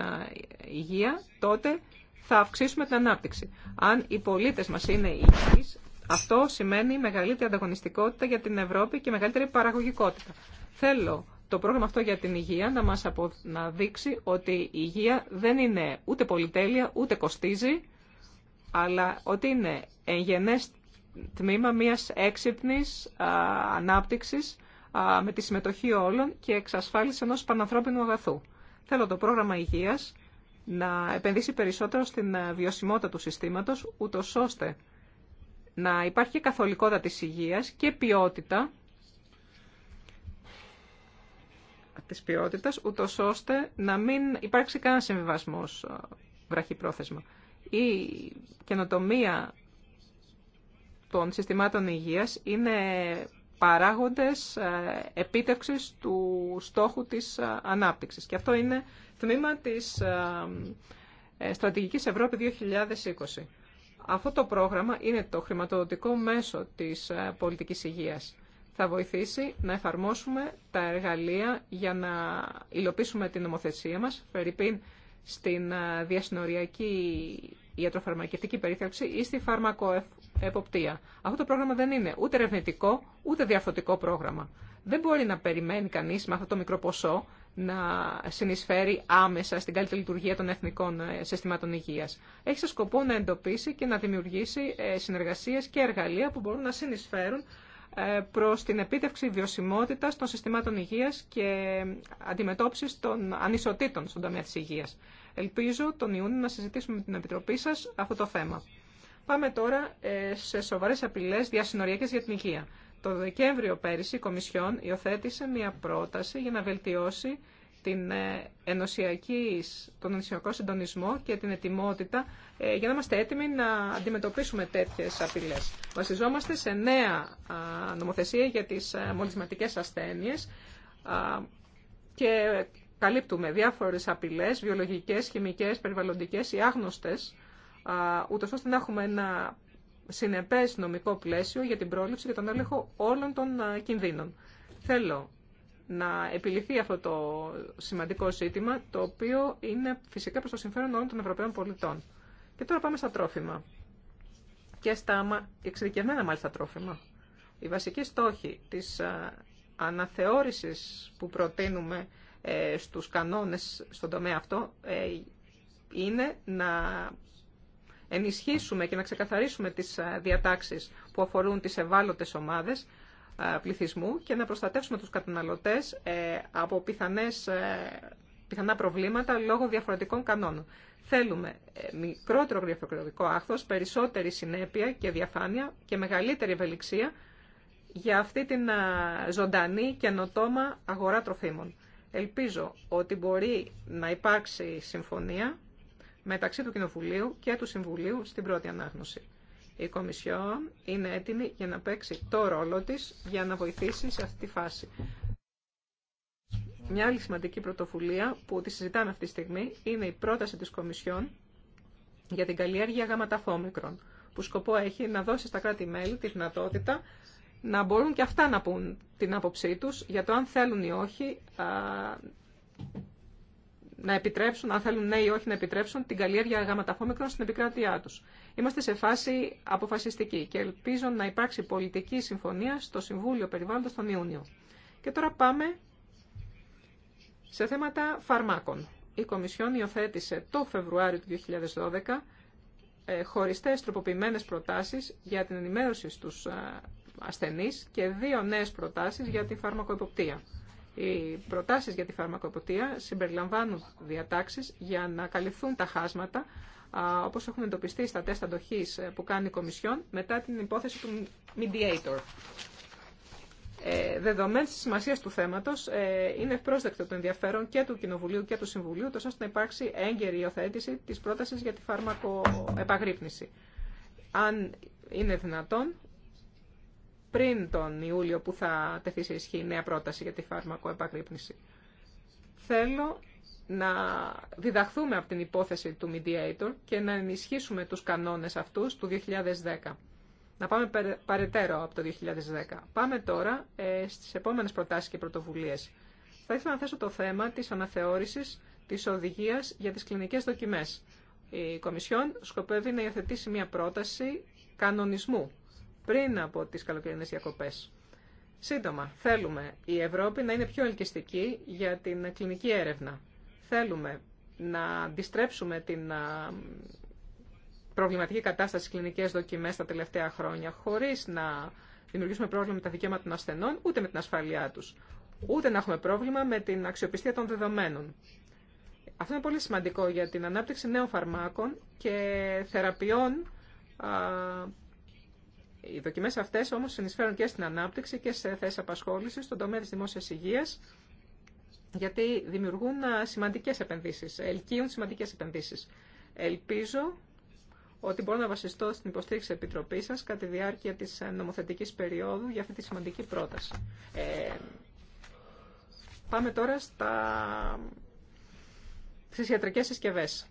υγεία, τότε θα αυξήσουμε την ανάπτυξη. Αν οι πολίτες μας είναι υγιείς, αυτό σημαίνει μεγαλύτερη ανταγωνιστικότητα για την Ευρώπη και μεγαλύτερη παραγωγικότητα. Θέλω το πρόγραμμα αυτό για την υγεία να μας απο να δείξει ότι η υγεία δεν είναι ούτε πολυτέλεια, ούτε κοστίζει, αλλά ότι είναι εγγενές τμήμα μιας έξυπνης ανάπτυξης με τη συμμετοχή όλων και εξασφάλιση ενός πανανθρώπινου αγαθού. Θέλω το πρόγραμμα υγείας να επενδύσει περισσότερο στην ε, βιωσιμότητα του συστήματος, ούτω ώστε να υπάρχει καθολικότητα της υγείας και ποιότητα της ποιότητας, ούτω ώστε να μην υπάρξει κανένα συμβιβασμό ε, βραχυπρόθεσμα. Η καινοτομία των συστημάτων υγείας είναι παράγοντες ε, επίτευξης του στόχου της ε, ανάπτυξης. Και αυτό είναι τμήμα της ε, Στρατηγικής Ευρώπη 2020. Αυτό το πρόγραμμα είναι το χρηματοδοτικό μέσο της πολιτικής υγείας. Θα βοηθήσει να εφαρμόσουμε τα εργαλεία για να υλοποιήσουμε την νομοθεσία μας, φερειπίν στην διασυνοριακή ιατροφαρμακευτική περίθαλψη ή στη φαρμακοεποπτεία. Αυτό το πρόγραμμα δεν είναι ούτε ερευνητικό, ούτε διαρθωτικό πρόγραμμα. Δεν μπορεί να περιμένει κανεί με αυτό το μικρό ποσό να συνεισφέρει άμεσα στην καλύτερη λειτουργία των εθνικών ε, συστημάτων υγεία. Έχει σε σκοπό να εντοπίσει και να δημιουργήσει ε, συνεργασίε και εργαλεία που μπορούν να συνεισφέρουν ε, προ την επίτευξη βιωσιμότητα των συστημάτων υγεία και αντιμετώπιση των ανισοτήτων στον τομέα τη υγεία. Ελπίζω τον Ιούνιο να συζητήσουμε με την Επιτροπή σας αυτό το θέμα. Πάμε τώρα ε, σε σοβαρές απειλές διασυνοριακές για την υγεία. Το Δεκέμβριο πέρυσι η Κομισιόν υιοθέτησε μια πρόταση για να βελτιώσει την ε, ενωσιακή, τον ενωσιακό συντονισμό και την ετοιμότητα ε, για να είμαστε έτοιμοι να αντιμετωπίσουμε τέτοιες απειλές. Βασιζόμαστε σε νέα νομοθεσία για τις μολυσματικές ασθένειες και καλύπτουμε διάφορες απειλές, βιολογικές, χημικές, περιβαλλοντικές ή άγνωστες, ούτως ώστε να έχουμε ένα συνεπές νομικό πλαίσιο για την πρόληψη και τον έλεγχο όλων των κινδύνων. Θέλω να επιληθεί αυτό το σημαντικό ζήτημα, το οποίο είναι φυσικά προς το συμφέρον όλων των Ευρωπαίων πολιτών. Και τώρα πάμε στα τρόφιμα. Και στα εξειδικευμένα μάλιστα τρόφιμα. Οι βασικοί στόχοι της αναθεώρησης που προτείνουμε ε, στους κανόνες στον τομέα αυτό ε, είναι να ενισχύσουμε και να ξεκαθαρίσουμε τις ε, διατάξεις που αφορούν τις ευάλωτες ομάδες πληθυσμού και να προστατεύσουμε τους καταναλωτές από πιθανές, πιθανά προβλήματα λόγω διαφορετικών κανόνων. Θέλουμε μικρότερο γραφειοκρατικό άχθος, περισσότερη συνέπεια και διαφάνεια και μεγαλύτερη ευελιξία για αυτή την ζωντανή και αγορά τροφίμων. Ελπίζω ότι μπορεί να υπάρξει συμφωνία μεταξύ του Κοινοβουλίου και του Συμβουλίου στην πρώτη ανάγνωση. Η Κομισιόν είναι έτοιμη για να παίξει το ρόλο της για να βοηθήσει σε αυτή τη φάση. Μια άλλη σημαντική πρωτοβουλία που τη συζητάμε αυτή τη στιγμή είναι η πρόταση της Κομισιόν για την καλλιέργεια γαματαφόμικρων, που σκοπό έχει να δώσει στα κράτη-μέλη τη δυνατότητα να μπορούν και αυτά να πούν την άποψή τους για το αν θέλουν ή όχι να επιτρέψουν, αν θέλουν ναι ή όχι να επιτρέψουν την καλλιέργεια γαματαφόμικρων στην επικράτειά τους. Είμαστε σε φάση αποφασιστική και ελπίζω να υπάρξει πολιτική συμφωνία στο Συμβούλιο Περιβάλλοντος τον Ιούνιο. Και τώρα πάμε σε θέματα φαρμάκων. Η Κομισιόν υιοθέτησε το Φεβρουάριο του 2012 ε, χωριστές τροποποιημένες προτάσεις για την ενημέρωση στους ασθενείς και δύο νέες προτάσεις για τη φαρμακοεποπτεία. Οι προτάσεις για τη φαρμακοεποπτεία συμπεριλαμβάνουν διατάξεις για να καλυφθούν τα χάσματα όπως έχουν εντοπιστεί στα τεστ αντοχής ε, που κάνει η Κομισιόν μετά την υπόθεση του Mediator. Ε, Δεδομένη τη σημασία του θέματο, ε, είναι ευπρόσδεκτο το ενδιαφέρον και του Κοινοβουλίου και του Συμβουλίου, τόσο ώστε να υπάρξει έγκαιρη υιοθέτηση τη πρόταση για τη φάρμακο Αν είναι δυνατόν, πριν τον Ιούλιο που θα τεθεί σε ισχύ η νέα πρόταση για τη φάρμακοεπαγρύπνηση. Θέλω να διδαχθούμε από την υπόθεση του Mediator και να ενισχύσουμε τους κανόνες αυτούς του 2010. Να πάμε παρετέρω από το 2010. Πάμε τώρα ε, στις επόμενες προτάσεις και πρωτοβουλίες. Θα ήθελα να θέσω το θέμα της αναθεώρησης της οδηγίας για τις κλινικές δοκιμές. Η Κομισιόν σκοπεύει να υιοθετήσει μια πρόταση κανονισμού πριν από τι καλοκαιρινές διακοπέ. Σύντομα, θέλουμε η Ευρώπη να είναι πιο ελκυστική για την κλινική έρευνα. Θέλουμε να αντιστρέψουμε την προβληματική κατάσταση στις κλινικές δοκιμές τα τελευταία χρόνια, χωρίς να δημιουργήσουμε πρόβλημα με τα δικαίωμα των ασθενών, ούτε με την ασφαλειά τους, ούτε να έχουμε πρόβλημα με την αξιοπιστία των δεδομένων. Αυτό είναι πολύ σημαντικό για την ανάπτυξη νέων φαρμάκων και θεραπείων οι δοκιμέ αυτές όμως συνεισφέρουν και στην ανάπτυξη και σε θέσεις απασχόλησης στον τομέα της δημόσια υγεία, γιατί δημιουργούν σημαντικές επενδύσεις, ελκύουν σημαντικές επενδύσεις. Ελπίζω ότι μπορώ να βασιστώ στην υποστήριξη της Επιτροπής σας κατά τη διάρκεια της νομοθετικής περίοδου για αυτή τη σημαντική πρόταση. Ε, πάμε τώρα στα... στις ιατρικές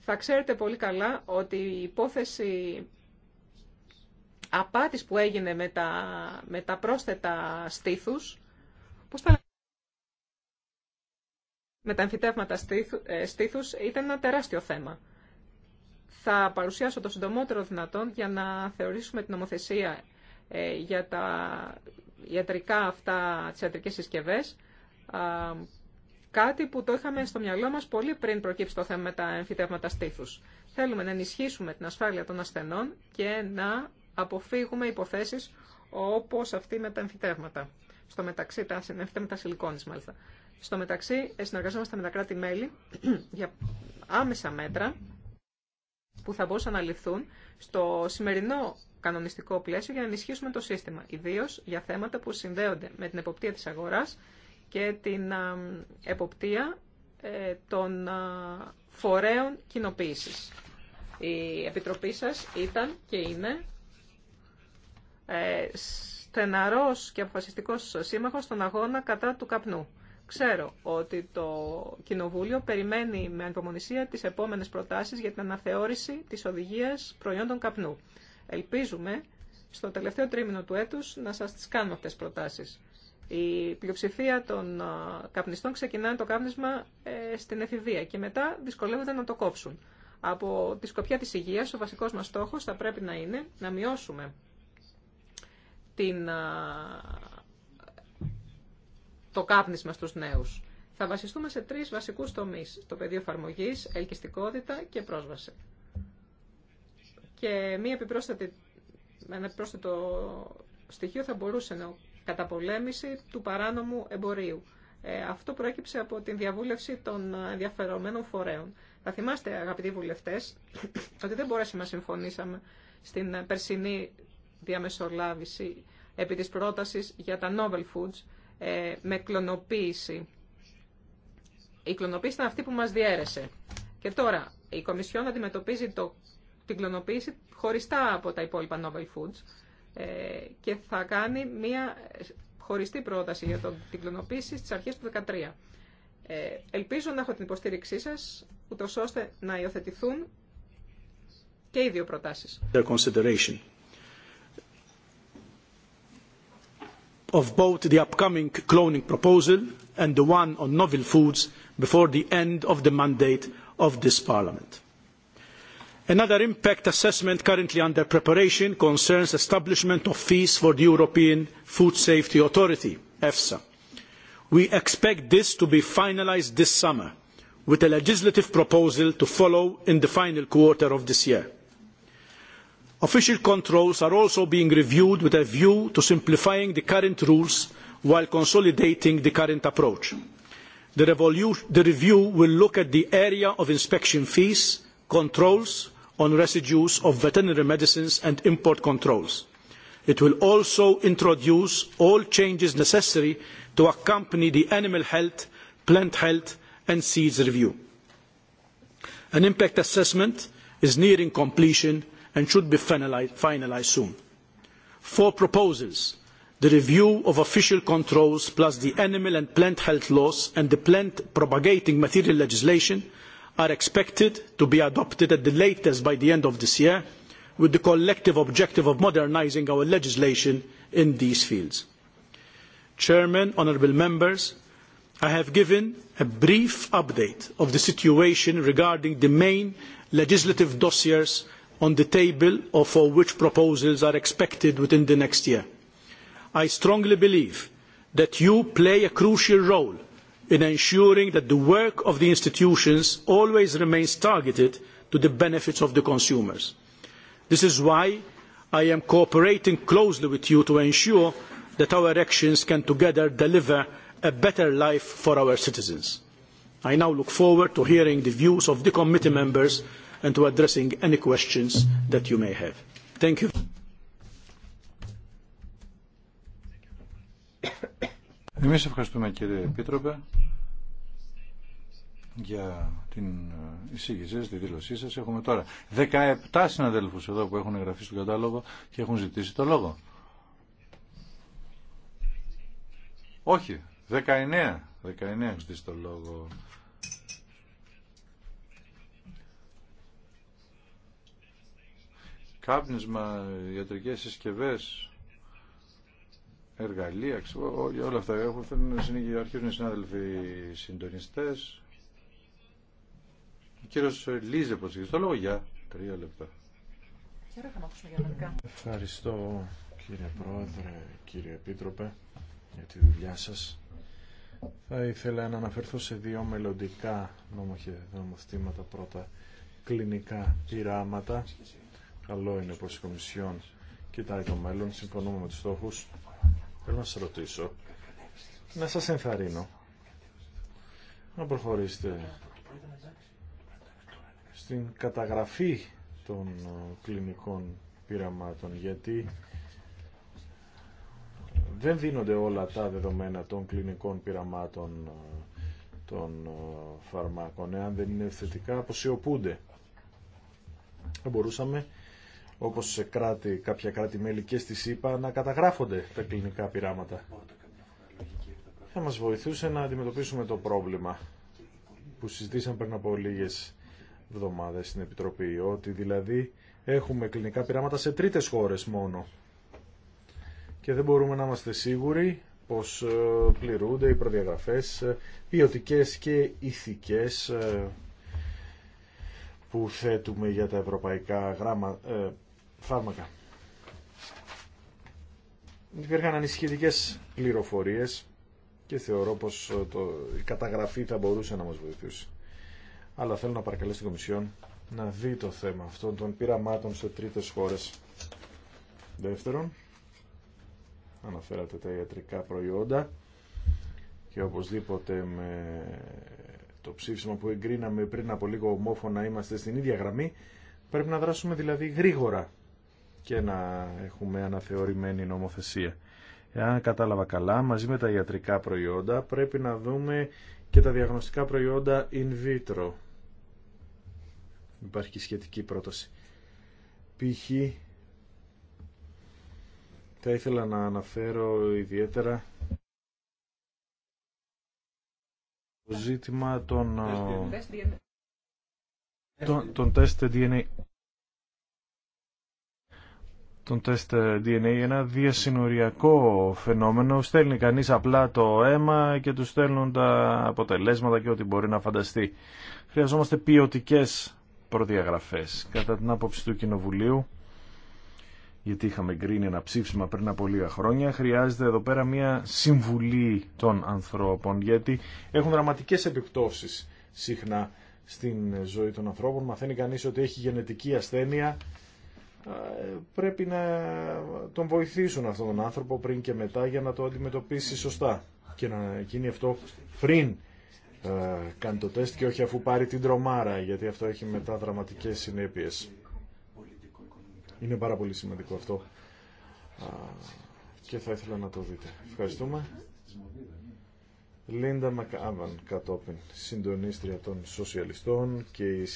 Θα ξέρετε πολύ καλά ότι η υπόθεση απάτης που έγινε με τα, με τα πρόσθετα στήθους, πώς τα... με τα εμφυτεύματα στήθου, ε, στήθους, ήταν ένα τεράστιο θέμα. Θα παρουσιάσω το συντομότερο δυνατόν για να θεωρήσουμε την νομοθεσία ε, για τα ιατρικά αυτά, τις ιατρικές συσκευές, κάτι που το είχαμε στο μυαλό μας πολύ πριν προκύψει το θέμα με τα εμφυτεύματα στήθους. Θέλουμε να ενισχύσουμε την ασφάλεια των ασθενών και να αποφύγουμε υποθέσεις όπως αυτή με τα εμφυτεύματα. Στο μεταξύ, τα εμφυτεύματα σιλικόνης μάλιστα. Στο μεταξύ, συνεργαζόμαστε με τα κράτη-μέλη για άμεσα μέτρα που θα μπορούσαν να ληφθούν στο σημερινό κανονιστικό πλαίσιο για να ενισχύσουμε το σύστημα, ιδίω για θέματα που συνδέονται με την εποπτεία τη αγορά και την εποπτεία ε, των φορέων κοινοποίησης. Η Επιτροπή σας ήταν και είναι ε, στεναρός και αποφασιστικός σύμμαχος στον αγώνα κατά του καπνού. Ξέρω ότι το Κοινοβούλιο περιμένει με ανυπομονησία τις επόμενες προτάσεις για την αναθεώρηση της οδηγίας προϊόντων καπνού. Ελπίζουμε στο τελευταίο τρίμηνο του έτους να σας τις κάνουμε αυτές τις προτάσεις. Η πλειοψηφία των ε, καπνιστών ξεκινάει το κάπνισμα ε, στην εφηβεία και μετά δυσκολεύονται να το κόψουν. Από τη σκοπιά της υγείας, ο βασικός μας στόχος θα πρέπει να είναι να μειώσουμε την, το κάπνισμα στους νέους. Θα βασιστούμε σε τρεις βασικούς τομείς. Το πεδίο εφαρμογή, ελκυστικότητα και πρόσβαση. Και μία επιπρόσθετη, ένα επιπρόσθετο στοιχείο θα μπορούσε να καταπολέμηση του παράνομου εμπορίου. Ε, αυτό προέκυψε από την διαβούλευση των ενδιαφερομένων φορέων. Θα θυμάστε, αγαπητοί βουλευτέ, ότι δεν μπορέσαμε να συμφωνήσαμε στην ε, περσινή διαμεσολάβηση επί της πρότασης για τα novel foods ε, με κλωνοποίηση. Η κλωνοποίηση ήταν αυτή που μας διέρεσε. Και τώρα η Κομισιόν αντιμετωπίζει το, την κλωνοποίηση χωριστά από τα υπόλοιπα novel foods ε, και θα κάνει μία χωριστή πρόταση για το, την κλωνοποίηση στις αρχές του 2013. Ε, ελπίζω να έχω την υποστήριξή σας, ούτως ώστε να υιοθετηθούν και οι δύο προτάσεις. of both the upcoming cloning proposal and the one on novel foods before the end of the mandate of this Parliament. Another impact assessment currently under preparation concerns the establishment of fees for the European Food Safety Authority, EFSA. We expect this to be finalised this summer, with a legislative proposal to follow in the final quarter of this year. Official controls are also being reviewed with a view to simplifying the current rules while consolidating the current approach. The review will look at the area of inspection fees, controls on residues of veterinary medicines and import controls. It will also introduce all changes necessary to accompany the animal health, plant health and seeds review. An impact assessment is nearing completion and should be finalised soon. Four proposals the review of official controls plus the animal and plant health laws and the plant propagating material legislation are expected to be adopted at the latest by the end of this year with the collective objective of modernising our legislation in these fields. Chairman, honourable members, I have given a brief update of the situation regarding the main legislative dossiers on the table or for which proposals are expected within the next year. I strongly believe that you play a crucial role in ensuring that the work of the institutions always remains targeted to the benefits of the consumers. This is why I am cooperating closely with you to ensure that our actions can together deliver a better life for our citizens. I now look forward to hearing the views of the committee members and to addressing any questions that you may have. Thank you. Εμείς ευχαριστούμε κύριε Επίτροπε για την ε, εισήγησή τη δήλωσή σας. Έχουμε τώρα 17 συναδέλφους εδώ που έχουν εγγραφεί στον κατάλογο και έχουν ζητήσει το λόγο. Όχι, 19. 19 έχουν ζητήσει το λόγο. κάπνισμα, ιατρικές συσκευές, εργαλεία, ξέρω, όλα αυτά έχουν, θέλουν, αρχίζουν οι συνάδελφοι συντονιστές. Ο κύριος Λίζε ειχε το λόγο για τρία λεπτά. Ευχαριστώ κύριε Πρόεδρε, κύριε Επίτροπε για τη δουλειά σας. Θα ήθελα να αναφερθώ σε δύο μελλοντικά νομοθήματα πρώτα κλινικά πειράματα καλό είναι πως η Κομισιόν κοιτάει το μέλλον, συμφωνούμε με τους στόχους. Θέλω να σας ρωτήσω, να σας ενθαρρύνω, να προχωρήσετε στην καταγραφή των ε, κλινικών πειραμάτων, γιατί δεν δίνονται όλα τα δεδομένα των κλινικών πειραμάτων ε, των ε, φαρμάκων. Εάν δεν είναι θετικά, αποσιωπούνται. Θα μπορούσαμε Όπω σε κράτη, κάποια κράτη-μέλη και στη ΣΥΠΑ, να καταγράφονται τα κλινικά πειράματα. Θα μας βοηθούσε να αντιμετωπίσουμε το πρόβλημα που συζητήσαμε πριν από λίγες εβδομάδε στην Επιτροπή, ότι δηλαδή έχουμε κλινικά πειράματα σε τρίτε χώρες μόνο και δεν μπορούμε να είμαστε σίγουροι πως ε, πληρούνται οι προδιαγραφές ε, ποιοτικέ και ηθικές ε, που θέτουμε για τα ευρωπαϊκά γράμμα, φάρμακα. Υπήρχαν ανησυχητικέ πληροφορίε και θεωρώ πω ε, η καταγραφή θα μπορούσε να μα βοηθήσει. Αλλά θέλω να παρακαλέσω την Κομισιόν να δει το θέμα αυτών των πειραμάτων σε τρίτε χώρε. Δεύτερον, αναφέρατε τα ιατρικά προϊόντα και οπωσδήποτε με το ψήφισμα που εγκρίναμε πριν από λίγο ομόφωνα είμαστε στην ίδια γραμμή. Πρέπει να δράσουμε δηλαδή γρήγορα και να έχουμε αναθεωρημένη νομοθεσία. Εάν κατάλαβα καλά, μαζί με τα ιατρικά προϊόντα πρέπει να δούμε και τα διαγνωστικά προϊόντα in vitro. Υπάρχει και σχετική πρόταση. Π.χ. θα ήθελα να αναφέρω ιδιαίτερα το ζήτημα των, των, των τεστ DNA των τεστ ε, DNA ένα διασυνοριακό φαινόμενο. Στέλνει κανείς απλά το αίμα και του στέλνουν τα αποτελέσματα και ό,τι μπορεί να φανταστεί. Χρειαζόμαστε ποιοτικέ προδιαγραφές κατά την άποψη του Κοινοβουλίου γιατί είχαμε γκρίνει ένα ψήφισμα πριν από λίγα χρόνια, χρειάζεται εδώ πέρα μια συμβουλή των ανθρώπων, γιατί έχουν δραματικές επιπτώσεις συχνά στην ζωή των ανθρώπων. Μαθαίνει κανείς ότι έχει γενετική ασθένεια ε, πρέπει να τον βοηθήσουν αυτόν τον άνθρωπο πριν και μετά για να το αντιμετωπίσει σωστά και να γίνει αυτό πριν ε, κάνει το τεστ και όχι αφού πάρει την τρομάρα γιατί αυτό έχει μετά δραματικές συνέπειες. Είναι πάρα πολύ σημαντικό αυτό και θα ήθελα να το δείτε. Ευχαριστούμε. Λίντα Μακάβαν κατόπιν συντονίστρια των σοσιαλιστών και η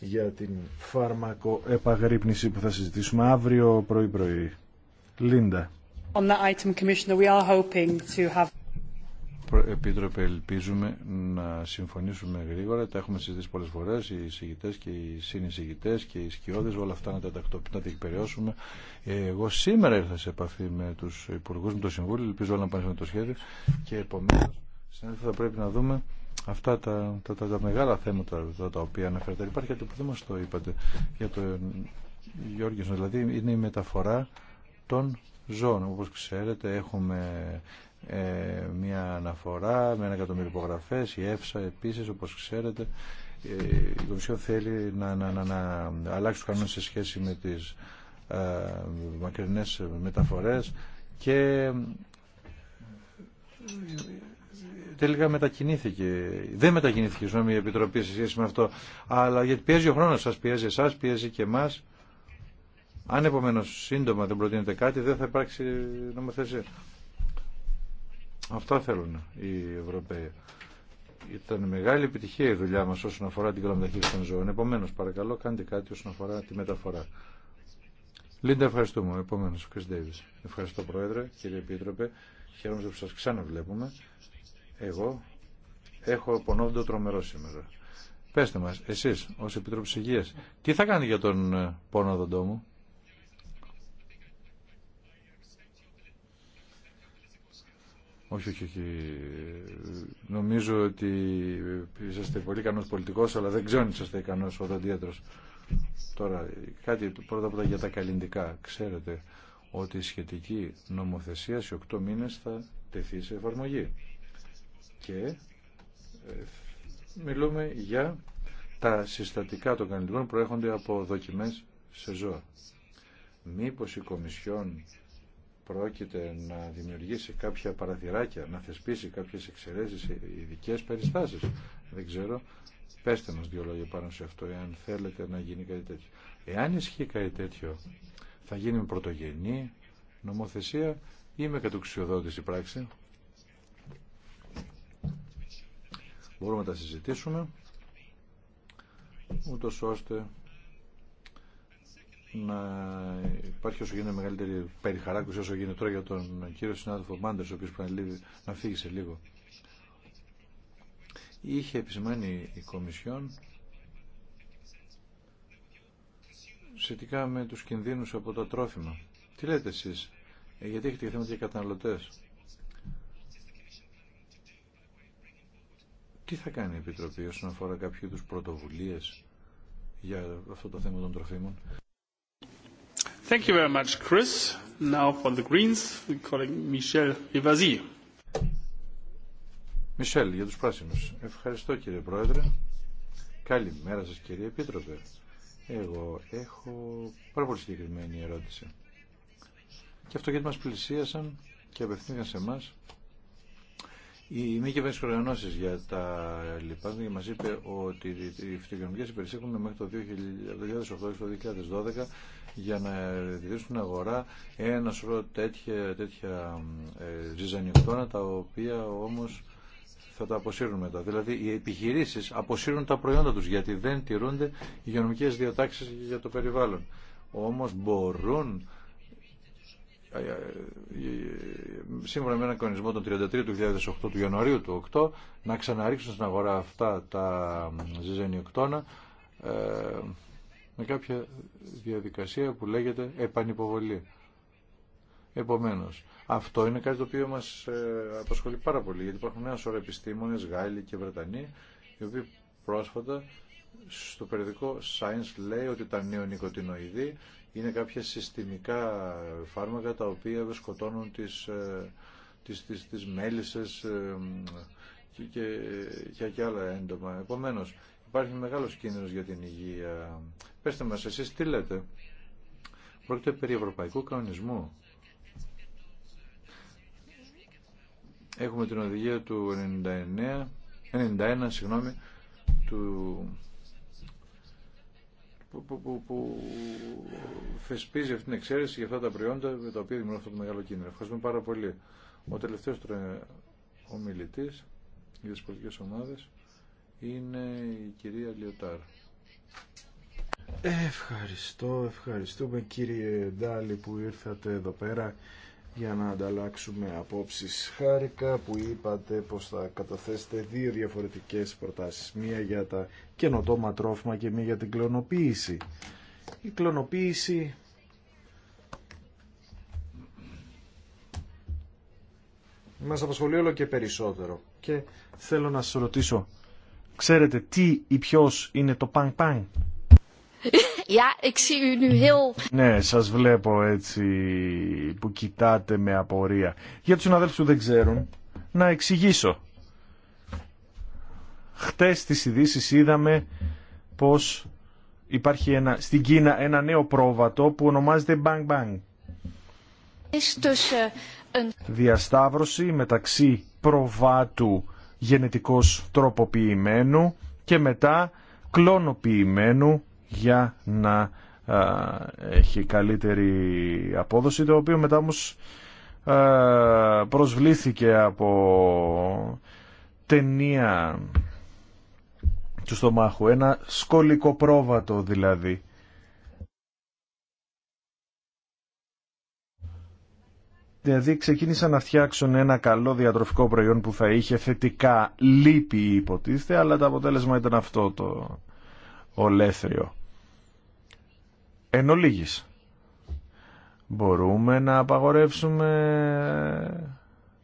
για την φάρμακο-επαγρύπνηση που θα συζητήσουμε αύριο πρωί-πρωί. Λίντα. On that item, Commissioner, we are hoping to have... Επίτροπε, ελπίζουμε να συμφωνήσουμε γρήγορα. Τα έχουμε συζητήσει πολλές φορές, οι συγητές και οι συνεισυγητέ και οι σκιώδες, όλα αυτά να τα τακτοποιήσουμε, να τα Εγώ σήμερα ήρθα σε επαφή με τους υπουργούς, με το Συμβούλιο, ελπίζω όλα να πάνε με το σχέδιο και επομένως θα πρέπει να δούμε αυτά τα, τα, τα, μεγάλα θέματα τα, τα οποία αναφέρατε. Υπάρχει κάτι που δεν μας το είπατε για το ε, Γιώργης, δηλαδή είναι η μεταφορά των ζώων. Όπως ξέρετε έχουμε ε, μια αναφορά με ένα εκατομμύριο υπογραφέ, η ΕΦΣΑ επίσης όπως ξέρετε ε, η Κομισιόν θέλει να, να, να, να αλλάξει τους κανόνες σε σχέση με τις ε, μακρινές μεταφορές και τελικά μετακινήθηκε. Δεν μετακινήθηκε συγγνώμη, η Επιτροπή σε σχέση με αυτό. Αλλά γιατί πιέζει ο χρόνο σα, πιέζει εσά, πιέζει και εμά. Αν επομένω σύντομα δεν προτείνετε κάτι, δεν θα υπάρξει νομοθεσία. Αυτά θέλουν οι Ευρωπαίοι. Ήταν μεγάλη επιτυχία η δουλειά μα όσον αφορά την καλομεταχείριση των ζώων. Επομένω, παρακαλώ, κάντε κάτι όσον αφορά τη μεταφορά. Λίντα, ευχαριστούμε. Επομένω, ο Κρι Ευχαριστώ, Πρόεδρε, κύριε Επίτροπε. Χαίρομαι που σα ξαναβλέπουμε. Εγώ έχω πονόντο τρομερό σήμερα. Πέστε μας, εσείς, ως Επιτρόπης Υγείας, τι θα κάνει για τον ε, πόνοδοντό μου. Όχι, όχι, όχι. Νομίζω ότι είσαστε πολύ ικανός πολιτικός, αλλά δεν ξέρω αν είσαστε ικανός οδοντίατρος. Τώρα, κάτι πρώτα απ' όλα για τα καλλιντικά. Ξέρετε ότι η σχετική νομοθεσία σε 8 μήνες θα τεθεί σε εφαρμογή και ε, μιλούμε για τα συστατικά των κανονικών που προέρχονται από δοκιμές σε ζώα. Μήπως η Κομισιόν πρόκειται να δημιουργήσει κάποια παραθυράκια, να θεσπίσει κάποιες εξαιρέσεις, ειδικέ περιστάσεις. Δεν ξέρω. Πέστε μας δύο λόγια πάνω σε αυτό, εάν θέλετε να γίνει κάτι τέτοιο. Εάν ισχύει κάτι τέτοιο, θα γίνει με πρωτογενή νομοθεσία ή με κατοξιοδότηση πράξη. μπορούμε να τα συζητήσουμε ούτως ώστε να υπάρχει όσο γίνεται μεγαλύτερη περιχαράκωση όσο γίνεται τώρα για τον κύριο συνάδελφο Μάντερς ο οποίος πρέπει να φύγει σε λίγο είχε επισημάνει η Κομισιόν σχετικά με τους κινδύνους από τα τρόφιμα τι λέτε εσείς ε, γιατί έχετε θέματα για καταναλωτές Τι θα κάνει η Επιτροπή όσον αφορά κάποιου είδου πρωτοβουλίε για αυτό το θέμα των τροφίμων. Thank you very much, Chris. Now for the Greens, Michel Ivazi. Μισελ, για τους πράσινους. Ευχαριστώ κύριε Πρόεδρε. Καλημέρα σας κύριε Επίτροπε. Εγώ έχω πάρα πολύ συγκεκριμένη ερώτηση. Και αυτό γιατί μας πλησίασαν και απευθύνθηκαν σε εμάς η μη κυβέρνηση οργανώσει για τα λοιπά μα είπε ότι οι φυτογενικέ υπηρεσίε έχουν μέχρι το 2008 και το 2012 για να διδύσουν την αγορά ένα σωρό τέτοια, τέτοια ε, τα οποία όμω θα τα αποσύρουν μετά. Δηλαδή οι επιχειρήσει αποσύρουν τα προϊόντα του γιατί δεν τηρούνται υγειονομικέ διατάξει για το περιβάλλον. Όμω μπορούν ε, ε, ε, σύμφωνα με έναν κανονισμό των 33 του 2008 του Ιανουαρίου του 8 να ξαναρίξουν στην αγορά αυτά τα ε, με κάποια διαδικασία που λέγεται επανυποβολή. Επομένως, αυτό είναι κάτι το οποίο μας απασχολεί πάρα πολύ, γιατί υπάρχουν ένα σωρό επιστήμονες, Γάλλοι και Βρετανοί, οι οποίοι πρόσφατα στο περιοδικό Science λέει ότι τα νοικοτινοειδή είναι κάποια συστημικά φάρμακα τα οποία σκοτώνουν τις, ε, τις, τις, τις μέλισσες ε, και, και, άλλα έντομα. Επομένως, υπάρχει μεγάλος κίνδυνος για την υγεία. Πεςτε μας, εσείς τι λέτε. Πρόκειται περί ευρωπαϊκού κανονισμού. Έχουμε την οδηγία του 99, 91, συγγνώμη, του που, που, που θεσπίζει αυτή την εξαίρεση για αυτά τα προϊόντα με τα οποία δημιουργούν αυτό το μεγάλο κίνδυνο. Ευχαριστούμε πάρα πολύ. Ο τελευταίο ομιλητή για τι πολιτικέ ομάδε είναι η κυρία Λιωτάρ. Ευχαριστώ, ευχαριστούμε κύριε Ντάλη που ήρθατε εδώ πέρα για να ανταλλάξουμε απόψεις. Χάρηκα που είπατε πως θα καταθέσετε δύο διαφορετικές προτάσεις. Μία για τα καινοτόμα τρόφιμα και μία για την κλωνοποίηση. Η κλωνοποίηση μας απασχολεί όλο και περισσότερο. Και θέλω να σας ρωτήσω, ξέρετε τι ή ποιος είναι το πανκ πανκ. Ναι, σας βλέπω έτσι που κοιτάτε με απορία. Για τους συναδέλφους που δεν ξέρουν, να εξηγήσω. Χτες στις ειδήσει είδαμε πως υπάρχει ένα, στην Κίνα ένα νέο πρόβατο που ονομάζεται Bang Bang. Ε, Διασταύρωση μεταξύ προβάτου γενετικώς τροποποιημένου και μετά κλωνοποιημένου για να έχει καλύτερη απόδοση το οποίο μετά όμως προσβλήθηκε από ταινία του στομάχου ένα σκολικό πρόβατο δηλαδή Δηλαδή ξεκίνησαν να φτιάξουν ένα καλό διατροφικό προϊόν που θα είχε θετικά λύπη υποτίθεται, αλλά το αποτέλεσμα ήταν αυτό το ολέθριο. Εν ολίγης, μπορούμε να απαγορεύσουμε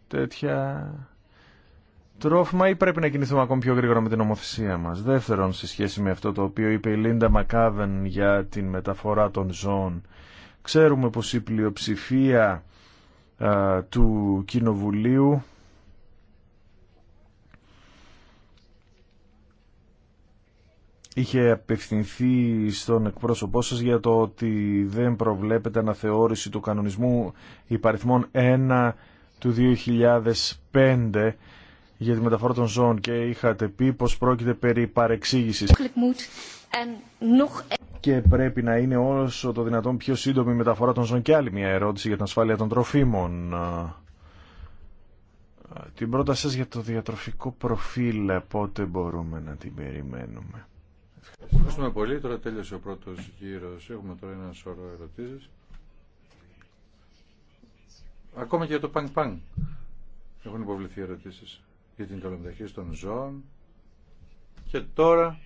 τέτοια τρόφιμα ή πρέπει να κινηθούμε ακόμη πιο γρήγορα με την ομοθεσία μας. Δεύτερον, σε σχέση με αυτό το οποίο είπε η Λίντα Μακάβεν για την μεταφορά των ζώων, ξέρουμε πως η πλειοψηφία α, του Κοινοβουλίου είχε απευθυνθεί στον εκπρόσωπό σας για το ότι δεν προβλέπεται αναθεώρηση του κανονισμού υπαριθμών 1 του 2005 για τη μεταφορά των ζώων και είχατε πει πως πρόκειται περί παρεξήγησης και πρέπει να είναι όσο το δυνατόν πιο σύντομη μεταφορά των ζώων και άλλη μια ερώτηση για την ασφάλεια των τροφίμων την πρόταση σας για το διατροφικό προφίλ πότε μπορούμε να την περιμένουμε Ευχαριστούμε πολύ. Τώρα τέλειωσε ο πρώτο γύρο. Έχουμε τώρα ένα σώρο ερωτήσει. Ακόμα και για το πανκ πανκ έχουν υποβληθεί ερωτήσεις για την καλομεταχείριση των ζώων. Και τώρα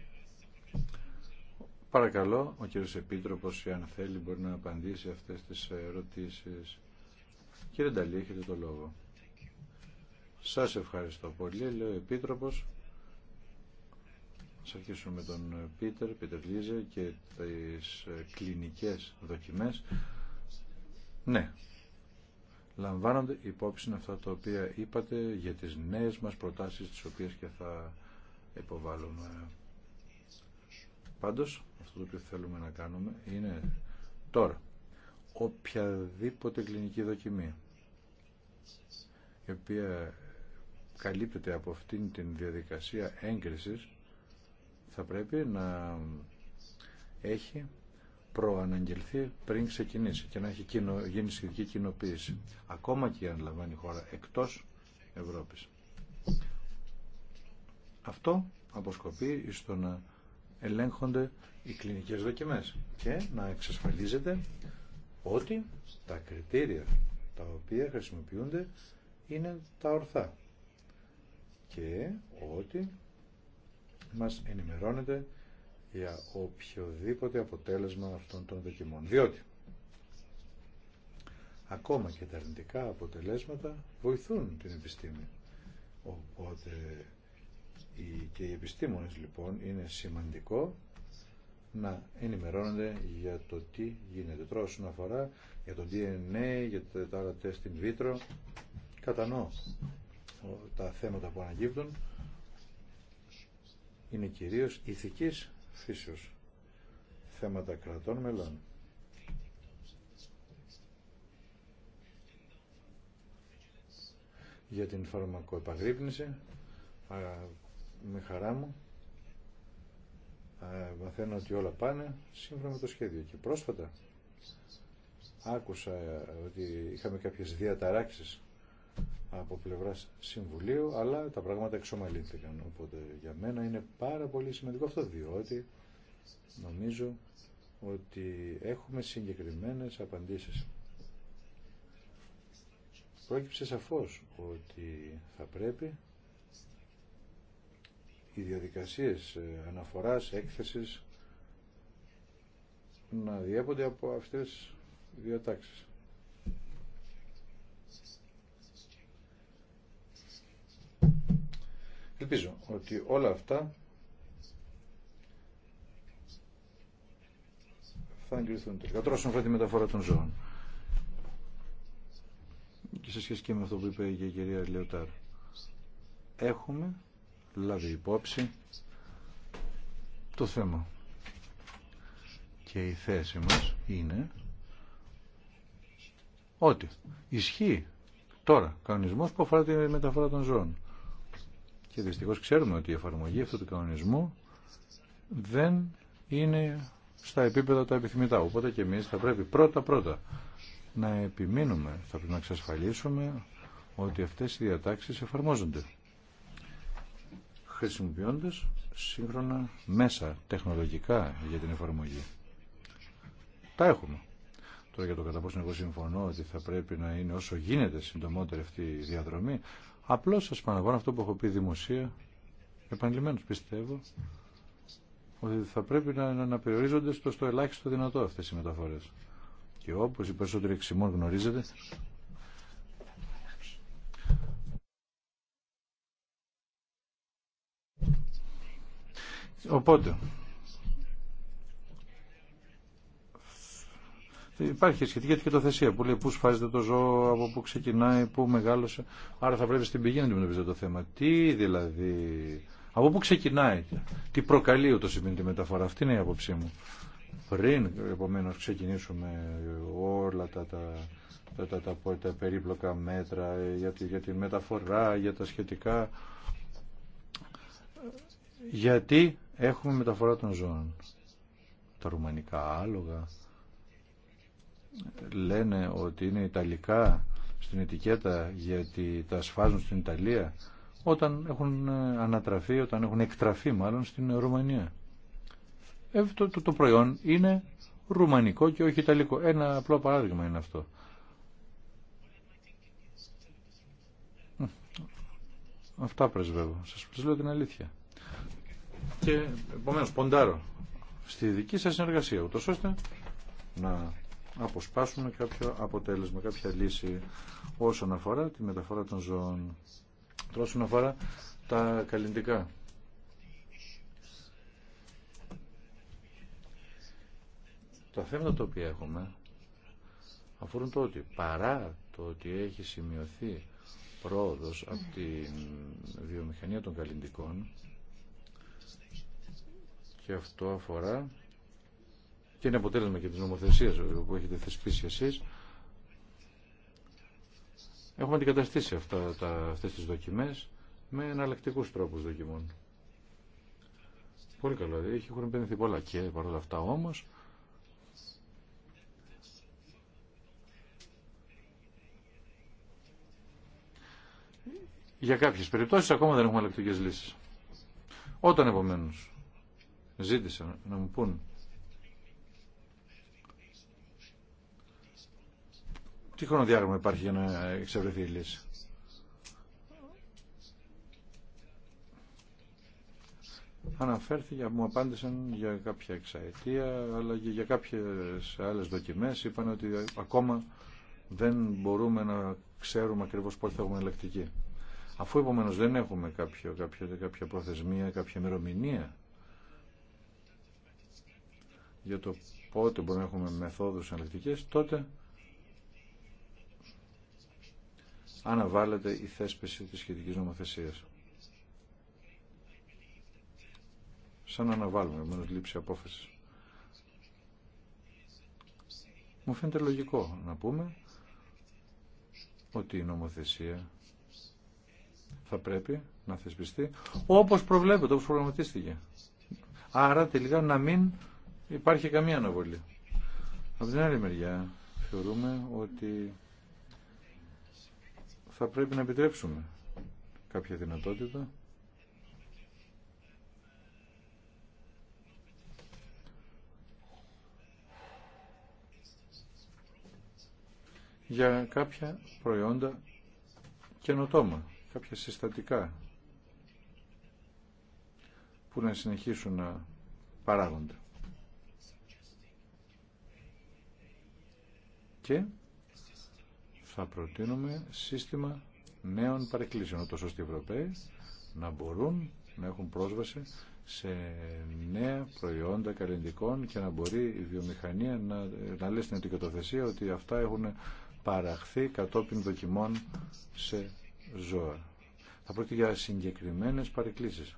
παρακαλώ ο κύριος Επίτροπος αν θέλει μπορεί να απαντήσει αυτές τις ερωτήσεις. Κύριε Νταλή έχετε το λόγο. Σας ευχαριστώ πολύ λέει ο Επίτροπος. Ας αρχίσουμε με τον Πίτερ, Πίτερ Λίζε και τις ε, κλινικές δοκιμές. Ναι, λαμβάνονται υπόψη αυτά τα οποία είπατε για τις νέες μας προτάσεις τις οποίες και θα υποβάλλουμε. Πάντως, αυτό το οποίο θέλουμε να κάνουμε είναι τώρα οποιαδήποτε κλινική δοκιμή η οποία καλύπτεται από αυτήν την διαδικασία έγκρισης θα πρέπει να έχει προαναγγελθεί πριν ξεκινήσει και να έχει γίνει σχετική κοινοποίηση. Ακόμα και αν λαμβάνει χώρα εκτός Ευρώπης. Αυτό αποσκοπεί στο να ελέγχονται οι κλινικές δοκιμές και να εξασφαλίζεται ότι τα κριτήρια τα οποία χρησιμοποιούνται είναι τα ορθά και ότι μας ενημερώνεται για οποιοδήποτε αποτέλεσμα αυτών των δοκιμών. Διότι ακόμα και τα αρνητικά αποτελέσματα βοηθούν την επιστήμη. Οπότε και οι επιστήμονες λοιπόν είναι σημαντικό να ενημερώνονται για το τι γίνεται. Τώρα όσον αφορά για το DNA, για τα άλλα τεστ in vitro, κατανοώ τα θέματα που αναγκύπτουν είναι κυρίως ηθικής φύσεως θέματα κρατών μελών. Για την φαρμακοεπαγρύπνηση, α, με χαρά μου, μαθαίνω ότι όλα πάνε σύμφωνα με το σχέδιο. Και πρόσφατα άκουσα ότι είχαμε κάποιες διαταράξεις από πλευράς Συμβουλίου, αλλά τα πράγματα εξομαλύνθηκαν. Οπότε για μένα είναι πάρα πολύ σημαντικό αυτό, διότι νομίζω ότι έχουμε συγκεκριμένες απαντήσεις. Πρόκειψε σαφώς ότι θα πρέπει οι διαδικασίες ε, αναφοράς, έκθεσης να διέπονται από αυτές δύο τάξεις. Ελπίζω ότι όλα αυτά θα εγκριθούν τελικά. Τώρα όσον τη μεταφορά των ζώων. Και σε σχέση και με αυτό που είπε η κυρία Λεωτάρ. Έχουμε λάβει υπόψη το θέμα. Και η θέση μας είναι ότι ισχύει τώρα κανονισμός που αφορά τη μεταφορά των ζώων. Και δυστυχώ ξέρουμε ότι η εφαρμογή αυτού του κανονισμού δεν είναι στα επίπεδα τα επιθυμητά. Οπότε και εμείς θα πρέπει πρώτα-πρώτα να επιμείνουμε, θα πρέπει να εξασφαλίσουμε ότι αυτές οι διατάξεις εφαρμόζονται χρησιμοποιώντας σύγχρονα μέσα τεχνολογικά για την εφαρμογή. Τα έχουμε. Τώρα για το κατά πόσο εγώ συμφωνώ ότι θα πρέπει να είναι όσο γίνεται συντομότερη αυτή η διαδρομή, Απλώς σας εγώ αυτό που έχω πει δημοσία, επανειλημμένως πιστεύω, ότι θα πρέπει να, να περιορίζονται στο, στο ελάχιστο δυνατό αυτές οι μεταφορές. Και όπως οι περισσότεροι εξημών γνωρίζετε, Οπότε, Υπάρχει σχετική θέσια που λέει πού σφάζεται το ζώο, από πού ξεκινάει, πού μεγάλωσε. Άρα θα πρέπει στην πηγή να αντιμετωπίζετε το θέμα. Τι δηλαδή, από πού ξεκινάει, τι προκαλεί ούτω ή τη μεταφορά. Αυτή είναι η άποψή μου. Πριν επομένω ξεκινήσουμε όλα τα, τα, τα, τα, τα, περίπλοκα μέτρα για για τη μεταφορά, για τα σχετικά. Γιατί έχουμε μεταφορά των ζώων. Τα ρουμανικά άλογα λένε ότι είναι Ιταλικά στην ετικέτα γιατί τα σφάζουν στην Ιταλία όταν έχουν ε, ανατραφεί, όταν έχουν εκτραφεί μάλλον στην Ρουμανία. Ε, το, το, προϊόν είναι ρουμανικό και όχι ιταλικό. Ένα απλό παράδειγμα είναι αυτό. Αυτά πρεσβεύω. Σας λέω την αλήθεια. Και επομένως ποντάρω στη δική σας συνεργασία, ούτως ώστε να αποσπάσουμε κάποιο αποτέλεσμα, κάποια λύση όσον αφορά τη μεταφορά των ζώων. Όσον αφορά τα καλλιντικά. Τα θέματα τα οποία έχουμε αφορούν το ότι παρά το ότι έχει σημειωθεί πρόοδος από τη βιομηχανία των καλλιντικών και αυτό αφορά και είναι αποτέλεσμα και της νομοθεσίας που έχετε θεσπίσει εσείς, έχουμε αντικαταστήσει αυτά, τα, αυτές τις δοκιμές με εναλλακτικού τρόπους δοκιμών. Πολύ καλό. Έχει επενδυθεί πολλά και παρόλα αυτά όμως για κάποιε περιπτώσει ακόμα δεν έχουμε εναλλακτικέ λύσει. Όταν επομένω, ζήτησαν να μου πούν Τι χρονοδιάγραμμα υπάρχει για να εξευρεθεί η λύση. Αναφέρθηκε, μου απάντησαν για κάποια εξαετία, αλλά και για κάποιες άλλες δοκιμές είπαν ότι ακόμα δεν μπορούμε να ξέρουμε ακριβώς πότε θα έχουμε ελεκτική. Αφού επομένω δεν έχουμε κάποιο, κάποιο, κάποια προθεσμία, κάποια ημερομηνία για το πότε μπορούμε να έχουμε μεθόδους ελεκτικές, τότε αναβάλλεται η θέσπιση της σχετικής νομοθεσίας. Σαν να αναβάλουμε μόνος λήψη απόφαση. Μου φαίνεται λογικό να πούμε ότι η νομοθεσία θα πρέπει να θεσπιστεί όπως προβλέπεται, όπως προγραμματίστηκε. Άρα τελικά να μην υπάρχει καμία αναβολή. Από την άλλη μεριά θεωρούμε ότι θα πρέπει να επιτρέψουμε κάποια δυνατότητα για κάποια προϊόντα καινοτόμα, κάποια συστατικά που να συνεχίσουν να παράγονται. Και θα προτείνουμε σύστημα νέων παρεκκλήσεων, ούτως ώστε οι Ευρωπαίοι να μπορούν να έχουν πρόσβαση σε νέα προϊόντα καλλιντικών και να μπορεί η βιομηχανία να, να λέει στην ότι αυτά έχουν παραχθεί κατόπιν δοκιμών σε ζώα. Θα πρόκειται για συγκεκριμένες παρεκκλήσεις.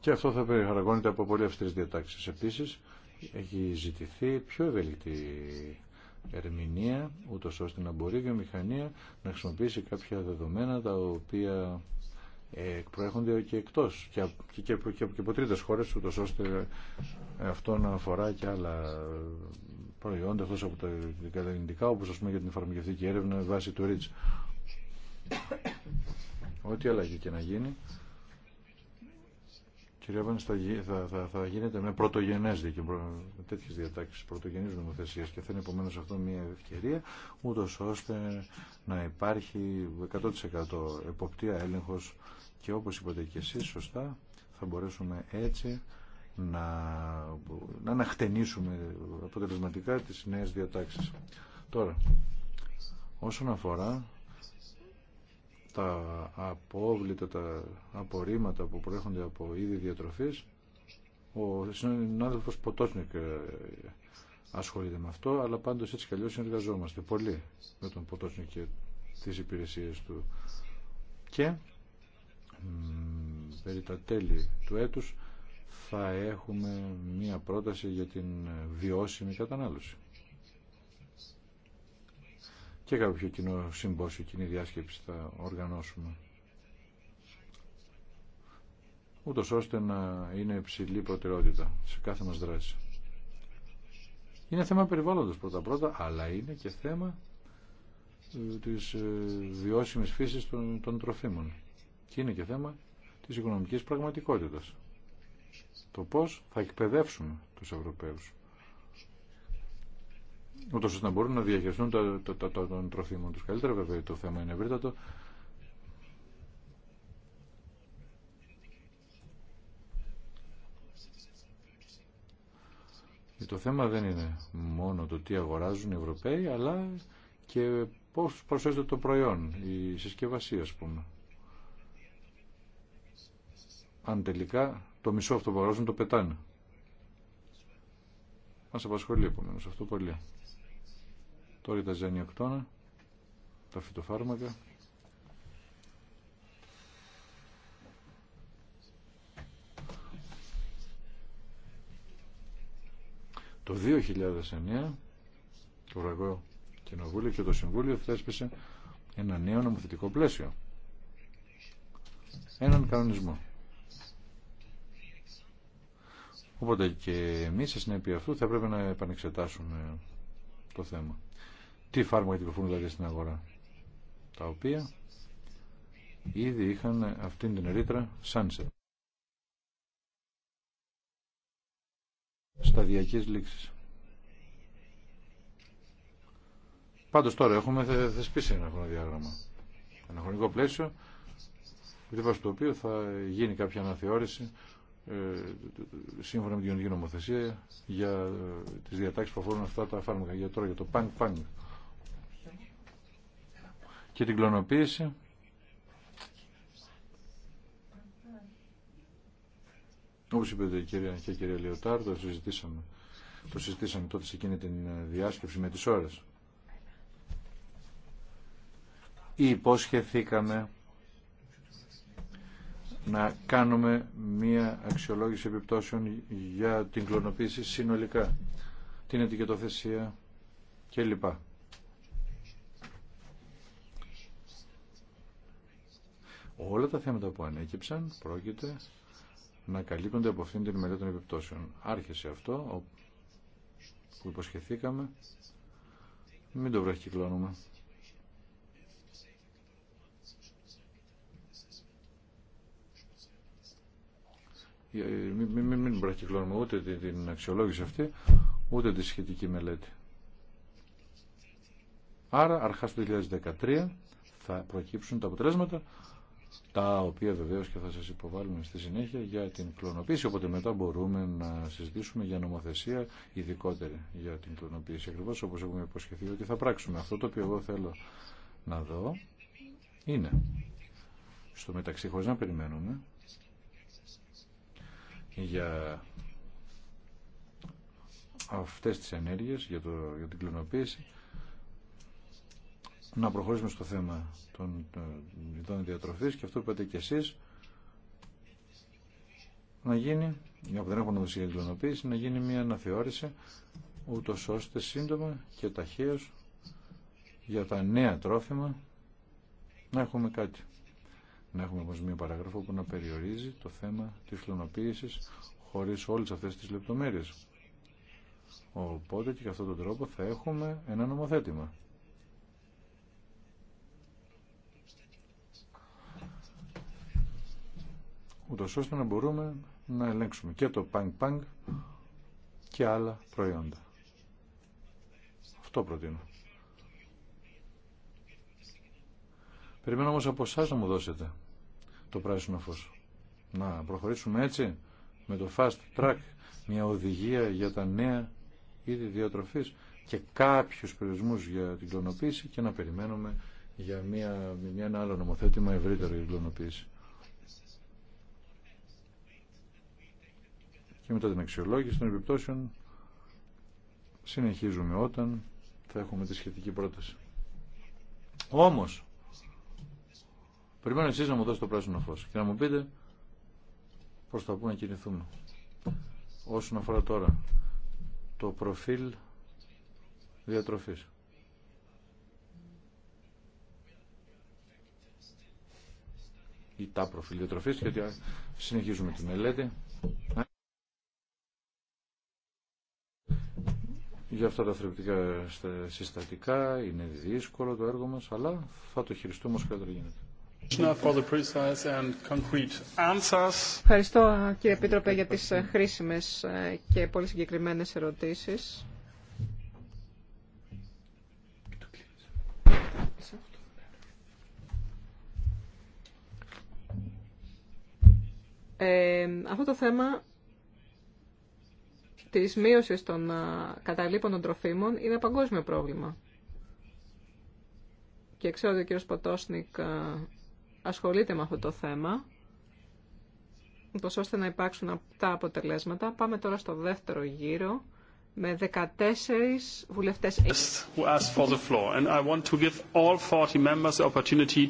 Και αυτό θα περιχαραγώνεται από πολύ αυστηρές διατάξεις. Επίσης, έχει ζητηθεί πιο ευελικτή ερμηνεία, ούτως ώστε να μπορεί η βιομηχανία να χρησιμοποιήσει κάποια δεδομένα τα οποία ε, προέρχονται και εκτός και, και, και, και από τρίτες χώρες, ούτως ώστε αυτό να αφορά και άλλα προϊόντα εκτός από τα ελληνικά, όπως για την φαρμακευτική έρευνα βάσει του REACH. Ό,τι αλλαγή και να γίνει, Κύριε Βάνη, θα, θα, θα, γίνεται με πρωτογενέ δίκαιο, τέτοιε διατάξει πρωτογενή νομοθεσία και θα είναι επομένω αυτό μια ευκαιρία, ούτω ώστε να υπάρχει 100% εποπτεία έλεγχο και όπω είπατε και εσεί σωστά, θα μπορέσουμε έτσι να, να αναχτενίσουμε αποτελεσματικά τι νέε διατάξει. Τώρα, όσον αφορά τα απόβλητα, τα απορρίμματα που προέρχονται από είδη διατροφής. Ο συνάδελφος Ποτόσνικ ε, ασχολείται με αυτό, αλλά πάντως έτσι κι συνεργαζόμαστε πολύ με τον Ποτόσνικ και τις υπηρεσίες του. Και περί τα τέλη του έτους θα έχουμε μία πρόταση για την βιώσιμη κατανάλωση και κάποιο κοινό συμπόσιο, κοινή διάσκεψη θα οργανώσουμε. Ούτω ώστε να είναι υψηλή προτεραιότητα σε κάθε μας δράση. Είναι θέμα περιβάλλοντος πρώτα-πρώτα, αλλά είναι και θέμα ε, της ε, βιώσιμης φύσης των, των τροφίμων. Και είναι και θέμα της οικονομικής πραγματικότητας. Το πώς θα εκπαιδεύσουμε τους Ευρωπαίους ούτως ώστε να μπορούν να διαχειριστούν το το του τροφίμων τους καλύτερα. Βέβαια το θέμα είναι ευρύτατο. Το θέμα δεν είναι μόνο το τι αγοράζουν οι Ευρωπαίοι, αλλά και πώς προσθέτει το προϊόν, η συσκευασία, ας πούμε. Αν τελικά το μισό αυτό που αγοράζουν το πετάνε. Μας απασχολεί επομένως αυτό πολύ. Τώρα τα ζενιοκτώνα, τα φυτοφάρμακα. Το 2009 το Ευρωπαϊκό Κοινοβούλιο και το Συμβούλιο θέσπισε ένα νέο νομοθετικό πλαίσιο. Έναν κανονισμό. Οπότε και εμείς σε συνέπεια αυτού θα πρέπει να επανεξετάσουμε το θέμα τι φάρμακα κυκλοφορούν δηλαδή στην αγορά, τα οποία ήδη είχαν αυτήν την ρήτρα sunset. Σταδιακής λήξης. Πάντως τώρα έχουμε θεσπίσει ένα χρονοδιάγραμμα. Ένα χρονικό πλαίσιο, βάσει το οποίο θα γίνει κάποια αναθεώρηση ε, σύμφωνα με την κοινωνική νομοθεσία για ε, τις διατάξεις που αφορούν αυτά τα φάρμακα. Για τώρα για το πανκ-πανκ και την κλωνοποίηση. Όπως είπε η κυρία και η κυρία Λιωτάρ, το συζητήσαμε, το συζητήσαμε τότε σε εκείνη την ε, διάσκεψη με τις ώρες. ή Υπόσχεθήκαμε να κάνουμε μία αξιολόγηση επιπτώσεων για την κλωνοποίηση συνολικά, την ετικετοθεσία κλπ. Όλα τα θέματα που ανέκυψαν πρόκειται να καλύπτονται από αυτήν την μελέτη των επιπτώσεων. Άρχισε αυτό που υποσχεθήκαμε. Μην το βραχυκλώνουμε. Ε, ε, μην, μην, μην βραχυκλώνουμε ούτε την αξιολόγηση αυτή, ούτε τη σχετική μελέτη. Άρα, αρχάς το 2013 θα προκύψουν τα αποτελέσματα τα οποία βεβαίω και θα σας υποβάλουμε στη συνέχεια για την κλωνοποίηση, οπότε μετά μπορούμε να συζητήσουμε για νομοθεσία ειδικότερη για την κλωνοποίηση, ακριβώ, όπως έχουμε υποσχεθεί ότι θα πράξουμε. Αυτό το οποίο εγώ θέλω να δω είναι, στο μεταξύ χωρίς να περιμένουμε, για αυτές τις ενέργειες, για, το, για την κλωνοποίηση, να προχωρήσουμε στο θέμα των ειδών διατροφής και αυτό που είπατε και εσείς να γίνει, για που δεν έχουν την κλωνοποίηση να γίνει μια αναθεώρηση ούτω ώστε σύντομα και ταχαίως για τα νέα τρόφιμα να έχουμε κάτι. Να έχουμε όμως μια παραγράφο που να περιορίζει το θέμα της κλωνοποίησης χωρίς όλες αυτές τις λεπτομέρειες. Οπότε και γι' αυτόν τον τρόπο θα έχουμε ένα νομοθέτημα. ούτως ώστε να μπορούμε να ελέγξουμε και το πανκ πανκ και άλλα προϊόντα. Αυτό προτείνω. Περιμένω όμως από εσά να μου δώσετε το πράσινο φως. Να προχωρήσουμε έτσι με το fast track μια οδηγία για τα νέα είδη διατροφής και κάποιους περιορισμούς για την κλωνοποίηση και να περιμένουμε για μια, μια ένα άλλο νομοθέτημα ευρύτερο για την κλωνοποίηση. και μετά την αξιολόγηση των επιπτώσεων συνεχίζουμε όταν θα έχουμε τη σχετική πρόταση. Όμως, περιμένω εσείς να μου δώσετε το πράσινο φως και να μου πείτε πώς θα πούμε να κινηθούμε. Όσον αφορά τώρα το προφίλ διατροφής. Ή τα προφίλ διατροφής, γιατί συνεχίζουμε τη μελέτη. για αυτά τα θρεπτικά συστατικά. Είναι δύσκολο το έργο μας, αλλά θα το χειριστούμε όσο καλύτερα γίνεται. Ευχαριστώ κύριε Επίτροπε για τις ε, χρήσιμες ε, και πολύ συγκεκριμένες ερωτήσεις. Ε, αυτό το θέμα Τη μείωση των καταλήπων των τροφίμων είναι παγκόσμιο πρόβλημα. Και ξέρω ότι ο κύριος Ποτόσνικ ασχολείται με αυτό το θέμα, ώστε να υπάρξουν τα αποτελέσματα. Πάμε τώρα στο δεύτερο γύρο με 14 βουλευτές.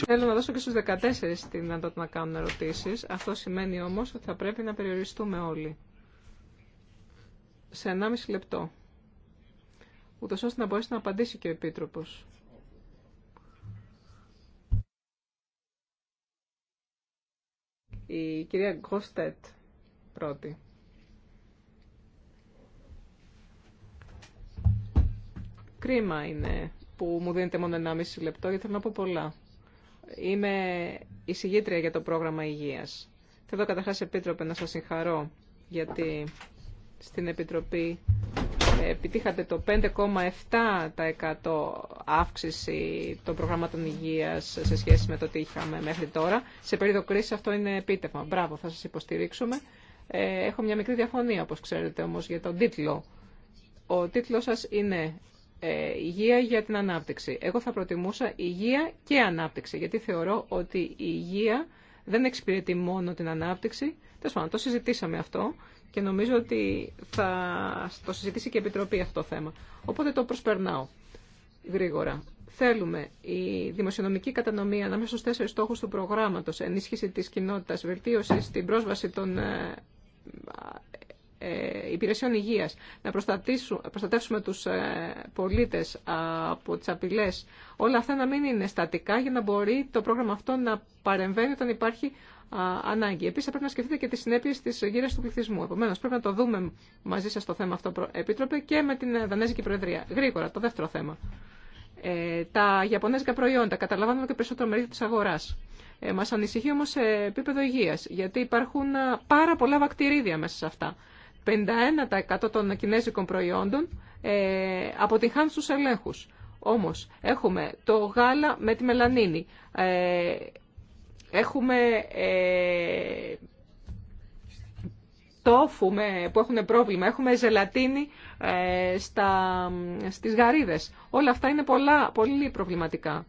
Θέλω να δώσω και στους 14 την δυνατότητα να κάνουν ερωτήσεις. Αυτό σημαίνει όμως ότι θα πρέπει να περιοριστούμε όλοι σε 1,5 λεπτό, ούτω ώστε να μπορέσει να απαντήσει και ο Επίτροπος. Η κυρία Γκοστέτ πρώτη. Κρίμα είναι που μου δίνετε μόνο 1,5 λεπτό γιατί θέλω να πω πολλά. Είμαι εισηγήτρια για το πρόγραμμα υγείας. Θέλω καταρχάς, Επίτροπε, να σας συγχαρώ γιατί στην Επιτροπή ε, επιτύχατε το 5,7% αύξηση των προγραμμάτων υγείας σε σχέση με το τι είχαμε μέχρι τώρα. Σε περίοδο κρίσης αυτό είναι επίτευγμα. Μπράβο, θα σας υποστηρίξουμε. Ε, έχω μια μικρή διαφωνία, όπως ξέρετε, όμως, για τον τίτλο. Ο τίτλος σας είναι ε, «Υγεία για την ανάπτυξη». Εγώ θα προτιμούσα «Υγεία και ανάπτυξη», γιατί θεωρώ ότι η υγεία δεν εξυπηρετεί μόνο την ανάπτυξη. Τέλος πάντων, το συζητήσαμε αυτό και νομίζω ότι θα το συζητήσει και η Επιτροπή αυτό το θέμα. Οπότε το προσπερνάω γρήγορα. Θέλουμε η δημοσιονομική κατανομή ανάμεσα στους τέσσερις στόχους του προγράμματος, ενίσχυση της κοινότητας, βελτίωση στην πρόσβαση των ε, ε, ε, υπηρεσιών υγείας, να προστατεύσουμε τους πολίτες από τις απειλές, όλα αυτά να μην είναι στατικά για να μπορεί το πρόγραμμα αυτό να παρεμβαίνει όταν υπάρχει ανάγκη. Επίση, πρέπει να σκεφτείτε και τι συνέπειε τη γύρα του πληθυσμού. Επομένω, πρέπει να το δούμε μαζί σα το θέμα αυτό, Επίτροπε, και με την Δανέζικη Προεδρία. Γρήγορα, το δεύτερο θέμα. Ε, τα Ιαπωνέζικα προϊόντα καταλαμβάνουν και περισσότερο μερίδιο τη αγορά. Ε, Μα ανησυχεί όμω σε επίπεδο υγεία, γιατί υπάρχουν πάρα πολλά βακτηρίδια μέσα σε αυτά. 51% των κινέζικων προϊόντων ε, αποτυγχάνουν στου ελέγχου. Όμω, έχουμε το γάλα με τη μελανίνη, ε, Έχουμε ε, τόφου που έχουν πρόβλημα, έχουμε ζελατίνη ε, στα, στις γαρίδες. Όλα αυτά είναι πολλά, πολύ προβληματικά,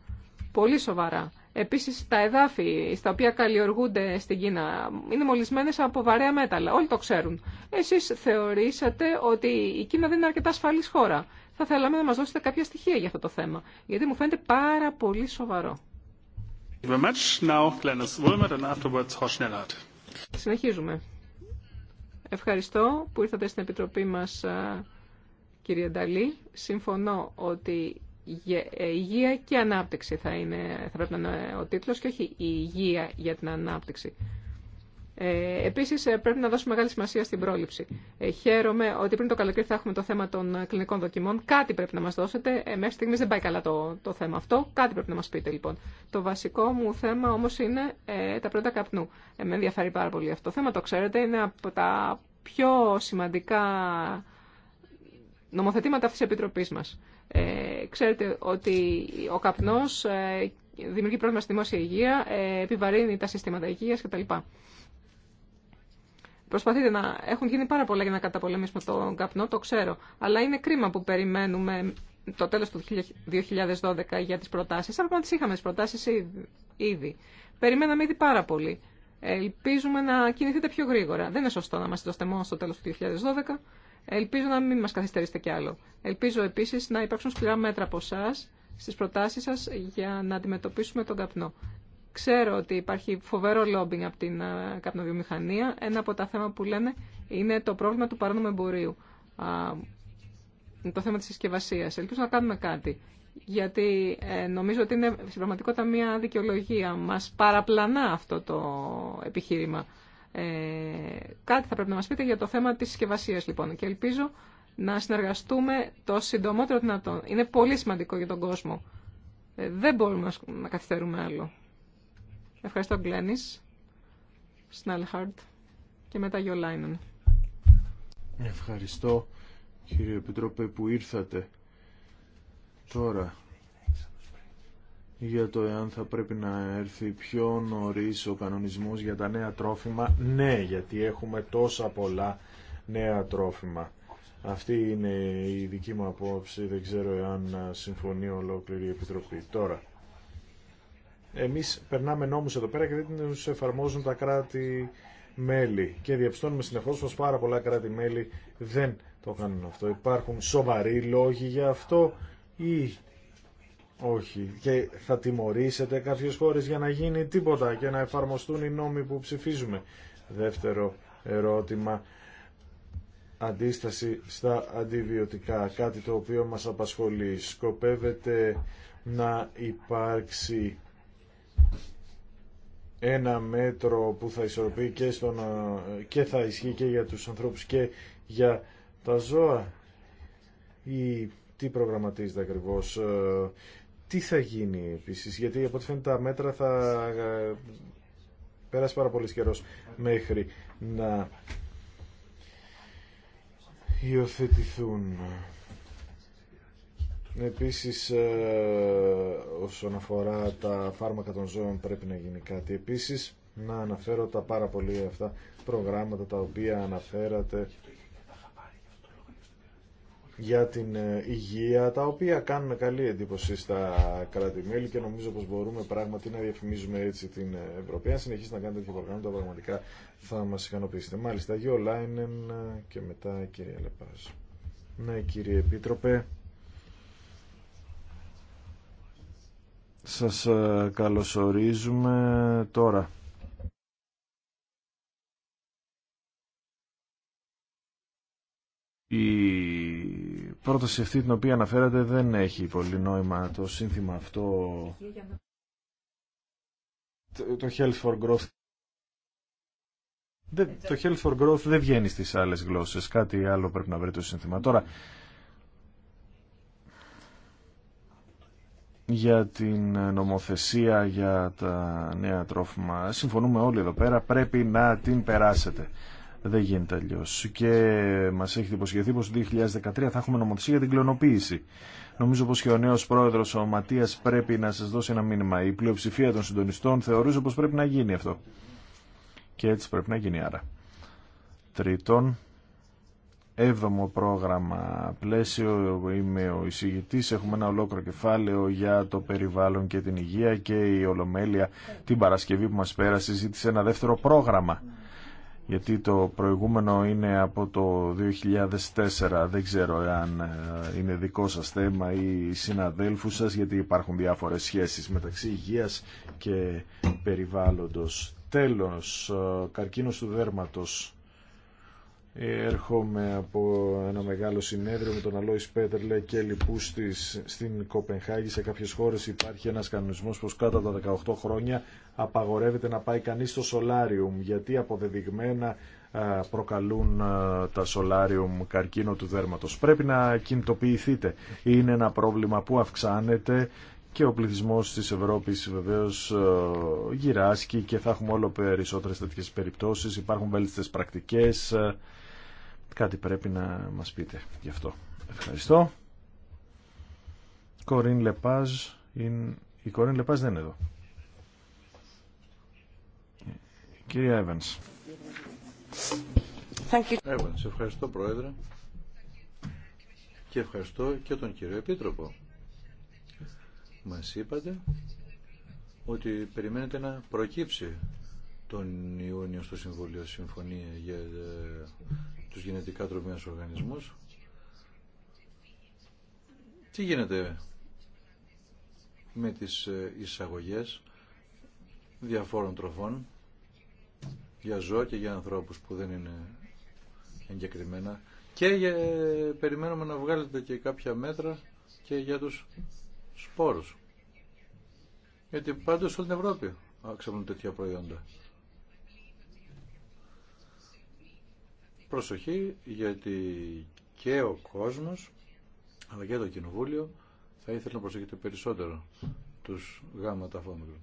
πολύ σοβαρά. Επίσης τα εδάφη στα οποία καλλιεργούνται στην Κίνα είναι μολυσμένες από βαρέα μέταλλα. Όλοι το ξέρουν. Εσείς θεωρήσατε ότι η Κίνα δεν είναι αρκετά ασφαλής χώρα. Θα θέλαμε να μας δώσετε κάποια στοιχεία για αυτό το θέμα, γιατί μου φαίνεται πάρα πολύ σοβαρό. Συνεχίζουμε. Ευχαριστώ που ήρθατε στην Επιτροπή μας, κύριε Νταλή. Συμφωνώ ότι ε, υγεία και ανάπτυξη θα, είναι, θα πρέπει να είναι ο τίτλος και όχι η υγεία για την ανάπτυξη. Ε, Επίση, ε, πρέπει να δώσουμε μεγάλη σημασία στην πρόληψη. Ε, χαίρομαι ότι πριν το καλοκαίρι θα έχουμε το θέμα των κλινικών δοκιμών. Κάτι πρέπει να μα δώσετε. Μέχρι στιγμή δεν πάει καλά το, το θέμα αυτό. Κάτι πρέπει να μα πείτε λοιπόν. Το βασικό μου θέμα όμω είναι ε, τα πρώτα καπνού. Ε, με ενδιαφέρει πάρα πολύ αυτό. Το θέμα το ξέρετε είναι από τα πιο σημαντικά νομοθετήματα αυτής της Επιτροπής μας. Ε, ξέρετε ότι ο καπνός δημιουργεί πρόβλημα στη δημόσια υγεία, επιβαρύνει τα συστήματα υγεία κτλ. Προσπαθείτε να έχουν γίνει πάρα πολλά για να καταπολεμήσουμε τον καπνό, το ξέρω. Αλλά είναι κρίμα που περιμένουμε το τέλο του 2012 για τι προτάσει, αλλά να τι είχαμε τι προτάσεις ήδη. Περιμέναμε ήδη πάρα πολύ. Ελπίζουμε να κινηθείτε πιο γρήγορα. Δεν είναι σωστό να μας δώσετε μόνο στο τέλο του 2012. Ελπίζω να μην μα καθυστερήσετε κι άλλο. Ελπίζω επίση να υπάρξουν σκληρά μέτρα από εσά στι προτάσει σα για να αντιμετωπίσουμε τον καπνό. Ξέρω ότι υπάρχει φοβερό λόμπινγκ από την ε, καπνοβιομηχανία. Ένα από τα θέματα που λένε είναι το πρόβλημα του παράνομου εμπορίου. Το θέμα τη συσκευασία. Ελπίζω να κάνουμε κάτι. Γιατί ε, νομίζω ότι είναι στην πραγματικότητα μια δικαιολογία. μα παραπλανά αυτό το επιχείρημα. Ε, κάτι θα πρέπει να μα πείτε για το θέμα τη συσκευασία λοιπόν. Και ελπίζω να συνεργαστούμε το συντομότερο δυνατόν. Είναι πολύ σημαντικό για τον κόσμο. Ε, δεν μπορούμε να καθυστερούμε άλλο. Ευχαριστώ, Γκλένις, Σνέλχαρντ και μετά Γιολάινεν. Ευχαριστώ, κύριε Επιτρόπε, που ήρθατε τώρα για το εάν θα πρέπει να έρθει πιο νωρίς ο κανονισμός για τα νέα τρόφιμα. Ναι, γιατί έχουμε τόσα πολλά νέα τρόφιμα. Αυτή είναι η δική μου απόψη, δεν ξέρω εάν συμφωνεί ολόκληρη η Επιτροπή. Τώρα, εμείς περνάμε νόμους εδώ πέρα και δεν του εφαρμόζουν τα κράτη-μέλη. Και διαπιστώνουμε συνεχώς πως πάρα πολλά κράτη-μέλη δεν το κάνουν αυτό. Υπάρχουν σοβαροί λόγοι για αυτό ή όχι. Και θα τιμωρήσετε κάποιε χώρε για να γίνει τίποτα και να εφαρμοστούν οι νόμοι που ψηφίζουμε. Δεύτερο ερώτημα. Αντίσταση στα αντιβιωτικά, κάτι το οποίο μας απασχολεί. σκοπεύεται να υπάρξει ένα μέτρο που θα ισορροπεί και, στον, ε, και θα ισχύει και για τους ανθρώπους και για τα ζώα ή τι προγραμματίζεται ακριβώς ε, τι θα γίνει επίσης γιατί από ό,τι φαίνεται τα μέτρα θα ε, περάσει πάρα πολύ καιρό μέχρι να υιοθετηθούν Επίσης, ε, όσον αφορά τα φάρμακα των ζώων πρέπει να γίνει κάτι. Επίσης, να αναφέρω τα πάρα πολύ αυτά προγράμματα τα οποία αναφέρατε για την ε, υγεία, τα οποία κάνουν καλή εντύπωση στα κράτη-μέλη και νομίζω πως μπορούμε πράγματι να διαφημίζουμε έτσι την Ευρωπαία. Αν συνεχίσετε να κάνετε τέτοια προγράμματα, πραγματικά θα μας ικανοποιήσετε. Μάλιστα, Γιώλα Λάινεν και μετά η κυρία Λεπάζ. Ναι, κύριε Επίτροπε. Σας ε, καλωσορίζουμε τώρα. Η πρόταση αυτή την οποία αναφέρατε δεν έχει πολύ νόημα το σύνθημα αυτό το Health for Growth το Health for Growth δεν βγαίνει στις άλλες γλώσσες κάτι άλλο πρέπει να βρείτε το σύνθημα τώρα για την νομοθεσία για τα νέα τρόφιμα. Συμφωνούμε όλοι εδώ πέρα, πρέπει να την περάσετε. Δεν γίνεται αλλιώ. Και μα έχει υποσχεθεί πω το 2013 θα έχουμε νομοθεσία για την κλωνοποίηση. Νομίζω πω και ο νέο πρόεδρο, ο Ματία, πρέπει να σα δώσει ένα μήνυμα. Η πλειοψηφία των συντονιστών θεωρούσε πω πρέπει να γίνει αυτό. Και έτσι πρέπει να γίνει άρα. Τρίτον, έβδομο πρόγραμμα πλαίσιο, είμαι ο εισηγητής, έχουμε ένα ολόκληρο κεφάλαιο για το περιβάλλον και την υγεία και η Ολομέλεια την Παρασκευή που μας πέρασε ζήτησε ένα δεύτερο πρόγραμμα. Γιατί το προηγούμενο είναι από το 2004, δεν ξέρω αν ε, είναι δικό σας θέμα ή συναδέλφου σας, γιατί υπάρχουν διάφορες σχέσεις μεταξύ υγείας και περιβάλλοντος. Τέλος, ε, καρκίνος του δέρματος Έρχομαι από ένα μεγάλο συνέδριο με τον Αλόης Πέτερλε και λοιπούς της, στην Κοπενχάγη. Σε κάποιες χώρες υπάρχει ένας κανονισμός πως κάτω από τα 18 χρόνια απαγορεύεται να πάει κανείς στο σολάριουμ γιατί αποδεδειγμένα προκαλούν τα σολάριουμ καρκίνο του δέρματος. Πρέπει να κινητοποιηθείτε. Είναι ένα πρόβλημα που αυξάνεται και ο πληθυσμός της Ευρώπης βεβαίως γυράσκει και θα έχουμε όλο περισσότερες τέτοιες περιπτώσεις. Υπάρχουν βέλτιστες πρακτικές Κάτι πρέπει να μας πείτε γι' αυτό. Ευχαριστώ. Κορίν Λεπάζ, είναι... η Κορίν Λεπάζ δεν είναι εδώ. Κυρία Evans. Thank ευχαριστώ Πρόεδρε και ευχαριστώ και τον κύριο Επίτροπο. Μας είπατε ότι περιμένετε να προκύψει τον Ιούνιο στο Συμβούλιο Συμφωνία για ε, τους γενετικά τρομμένους οργανισμούς. Τι γίνεται με τις ε, εισαγωγές διαφόρων τροφών για ζώα και για ανθρώπους που δεν είναι εγκεκριμένα και ε, περιμένουμε να βγάλετε και κάποια μέτρα και για τους σπόρους. Γιατί πάντως όλη την Ευρώπη ξαπλούν τέτοια προϊόντα. προσοχή γιατί και ο κόσμος αλλά και το κοινοβούλιο θα ήθελε να προσέχετε περισσότερο τους γάμματα φόμικρον.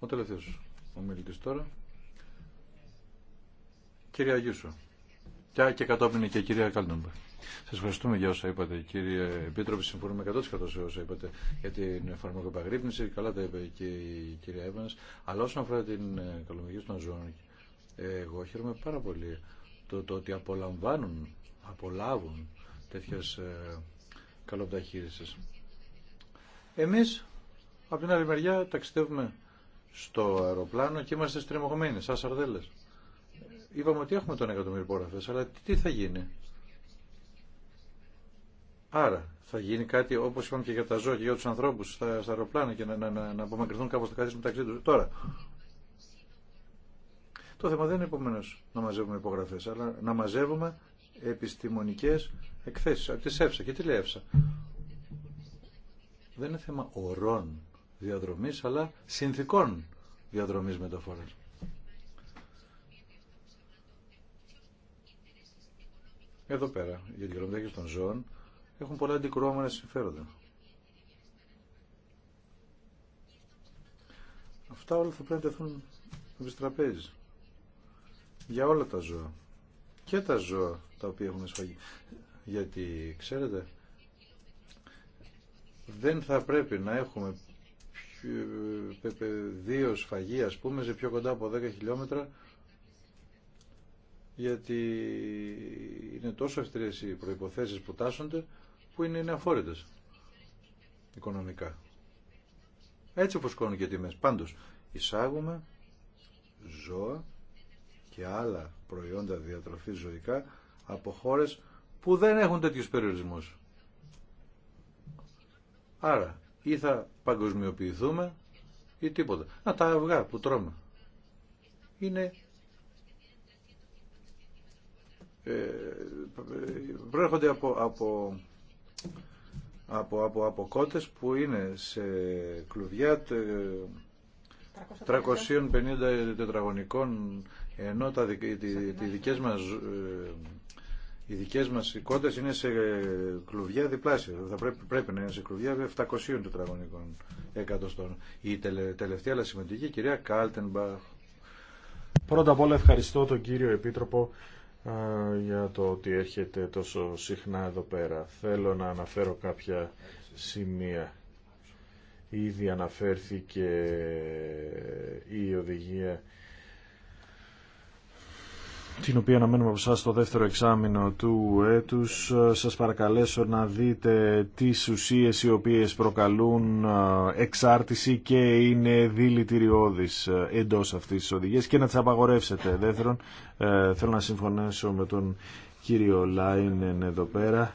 Ο τελευταίος ομιλητής τώρα. Κυρία Γιούσο. Και, και κατόπιν και η κυρία Καλνούμπα. Σα ευχαριστούμε για όσα είπατε, κύριε Επίτροπε. Συμφωνούμε 100% σε όσα είπατε για την φαρμακοπαγρύπνηση. Καλά τα είπε και η κυρία Έβανε. Αλλά όσον αφορά την ε, καλομηγία των ζώων εγώ χαίρομαι πάρα πολύ το, το ότι απολαμβάνουν, απολάβουν τέτοιες ε, Εμεί Εμείς, από την άλλη μεριά, ταξιδεύουμε στο αεροπλάνο και είμαστε στριμωγμένοι, σαν σαρδέλες. Είπαμε ότι έχουμε τον εκατομμύριο υπόγραφες, αλλά τι θα γίνει. Άρα, θα γίνει κάτι όπως είπαμε και για τα ζώα και για τους ανθρώπους στα, στα αεροπλάνα και να, να, να, να απομακρυνθούν κάπως τα καθίσματα μεταξύ τους. Τώρα, το θέμα δεν είναι επομένω να μαζεύουμε υπογραφέ, αλλά να μαζεύουμε επιστημονικέ εκθέσει από τη ΕΦΣΑ. Και τι λέει ΕΦΣΑ. Δεν είναι θέμα ορών διαδρομή, αλλά συνθήκων διαδρομή μεταφορά. Εδώ πέρα, για τη κλωμδιακή των ζώων, έχουν πολλά αντικρουόμενα συμφέροντα. Αυτά όλα θα πρέπει να τεθούν τραπέζι για όλα τα ζώα και τα ζώα τα οποία έχουν σφαγεί. Γιατί ξέρετε, δεν θα πρέπει να έχουμε δύο σφαγή ας πούμε σε πιο κοντά από 10 χιλιόμετρα γιατί είναι τόσο αυστηρές οι προϋποθέσεις που τάσσονται που είναι, είναι οικονομικά. Έτσι κόνουν και τιμές. Πάντως εισάγουμε ζώα για άλλα προϊόντα διατροφής ζωικά από χώρες που δεν έχουν τέτοιους περιορισμούς. Άρα, ή θα παγκοσμιοποιηθούμε ή τίποτα. Να τα αυγά που τρώμε. Είναι ε, προέρχονται από, από, από, από, από κότες που είναι σε κλουδιά 350 τετραγωνικών ενώ τα, οι δικές μας ε, οι δικές μας είναι σε κλουβιά διπλάσια. Θα πρέπει, πρέπει να είναι σε κλουβιά 700 τετραγωνικών εκατοστών. Η τελευταία αλλά σημαντική κυρία Κάλτενμπαχ. Πρώτα απ' όλα ευχαριστώ τον κύριο Επίτροπο ε, για το ότι έρχεται τόσο συχνά εδώ πέρα. Θέλω να αναφέρω κάποια σημεία. Ήδη αναφέρθηκε η οδηγία την οποία αναμένουμε από εσά το δεύτερο εξάμεινο του έτους. Σας παρακαλέσω να δείτε τις ουσίες οι οποίες προκαλούν ε, εξάρτηση και είναι δηλητηριώδεις ε, εντός αυτής της οδηγίας και να τις απαγορεύσετε. Δεύτερον, ε, θέλω να συμφωνήσω με τον κύριο Λάινεν εδώ πέρα.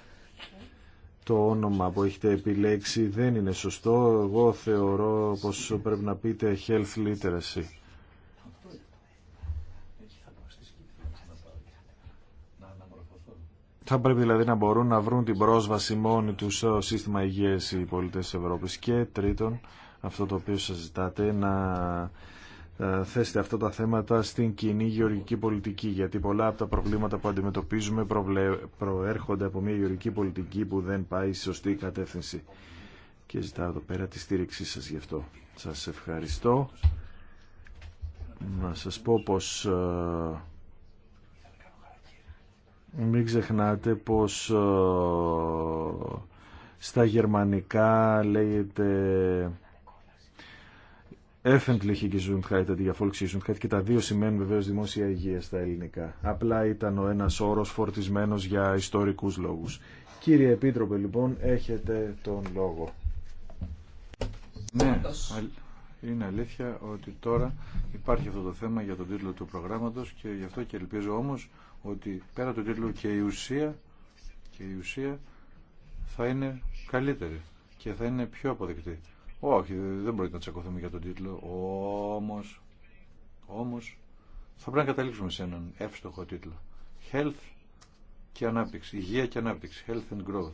Το όνομα που έχετε επιλέξει δεν είναι σωστό. Εγώ θεωρώ πως πρέπει να πείτε health literacy Θα πρέπει δηλαδή να μπορούν να βρουν την πρόσβαση μόνοι του στο σύστημα υγείας οι πολίτες της Ευρώπης. Και τρίτον, αυτό το οποίο σα ζητάτε, να ε, θέσετε αυτά τα θέματα στην κοινή γεωργική πολιτική, γιατί πολλά από τα προβλήματα που αντιμετωπίζουμε προέρχονται από μια γεωργική πολιτική που δεν πάει στη σωστή κατεύθυνση. Και ζητάω εδώ πέρα τη στήριξή σα γι' αυτό. Σα ευχαριστώ. Να σας πω πως... Ε, μην ξεχνάτε πως ε, στα γερμανικά λέγεται Öffentliche Gesundheit αντί για Volksgesundheit και τα δύο σημαίνουν βεβαίω δημόσια υγεία στα ελληνικά. Απλά ήταν ο ένα όρο φορτισμένο για ιστορικού λόγου. Κύριε Επίτροπε, λοιπόν, έχετε τον λόγο. Ναι, είναι αλήθεια ότι τώρα υπάρχει αυτό το θέμα για τον τίτλο του προγράμματο και γι' αυτό και ελπίζω όμω ότι πέρα το τίτλου και η ουσία και η ουσία θα είναι καλύτερη και θα είναι πιο αποδεκτή. Όχι, δεν πρόκειται να τσακωθούμε για τον τίτλο, όμως, όμως θα πρέπει να καταλήξουμε σε έναν εύστοχο τίτλο. Health και ανάπτυξη, υγεία και ανάπτυξη, health and growth.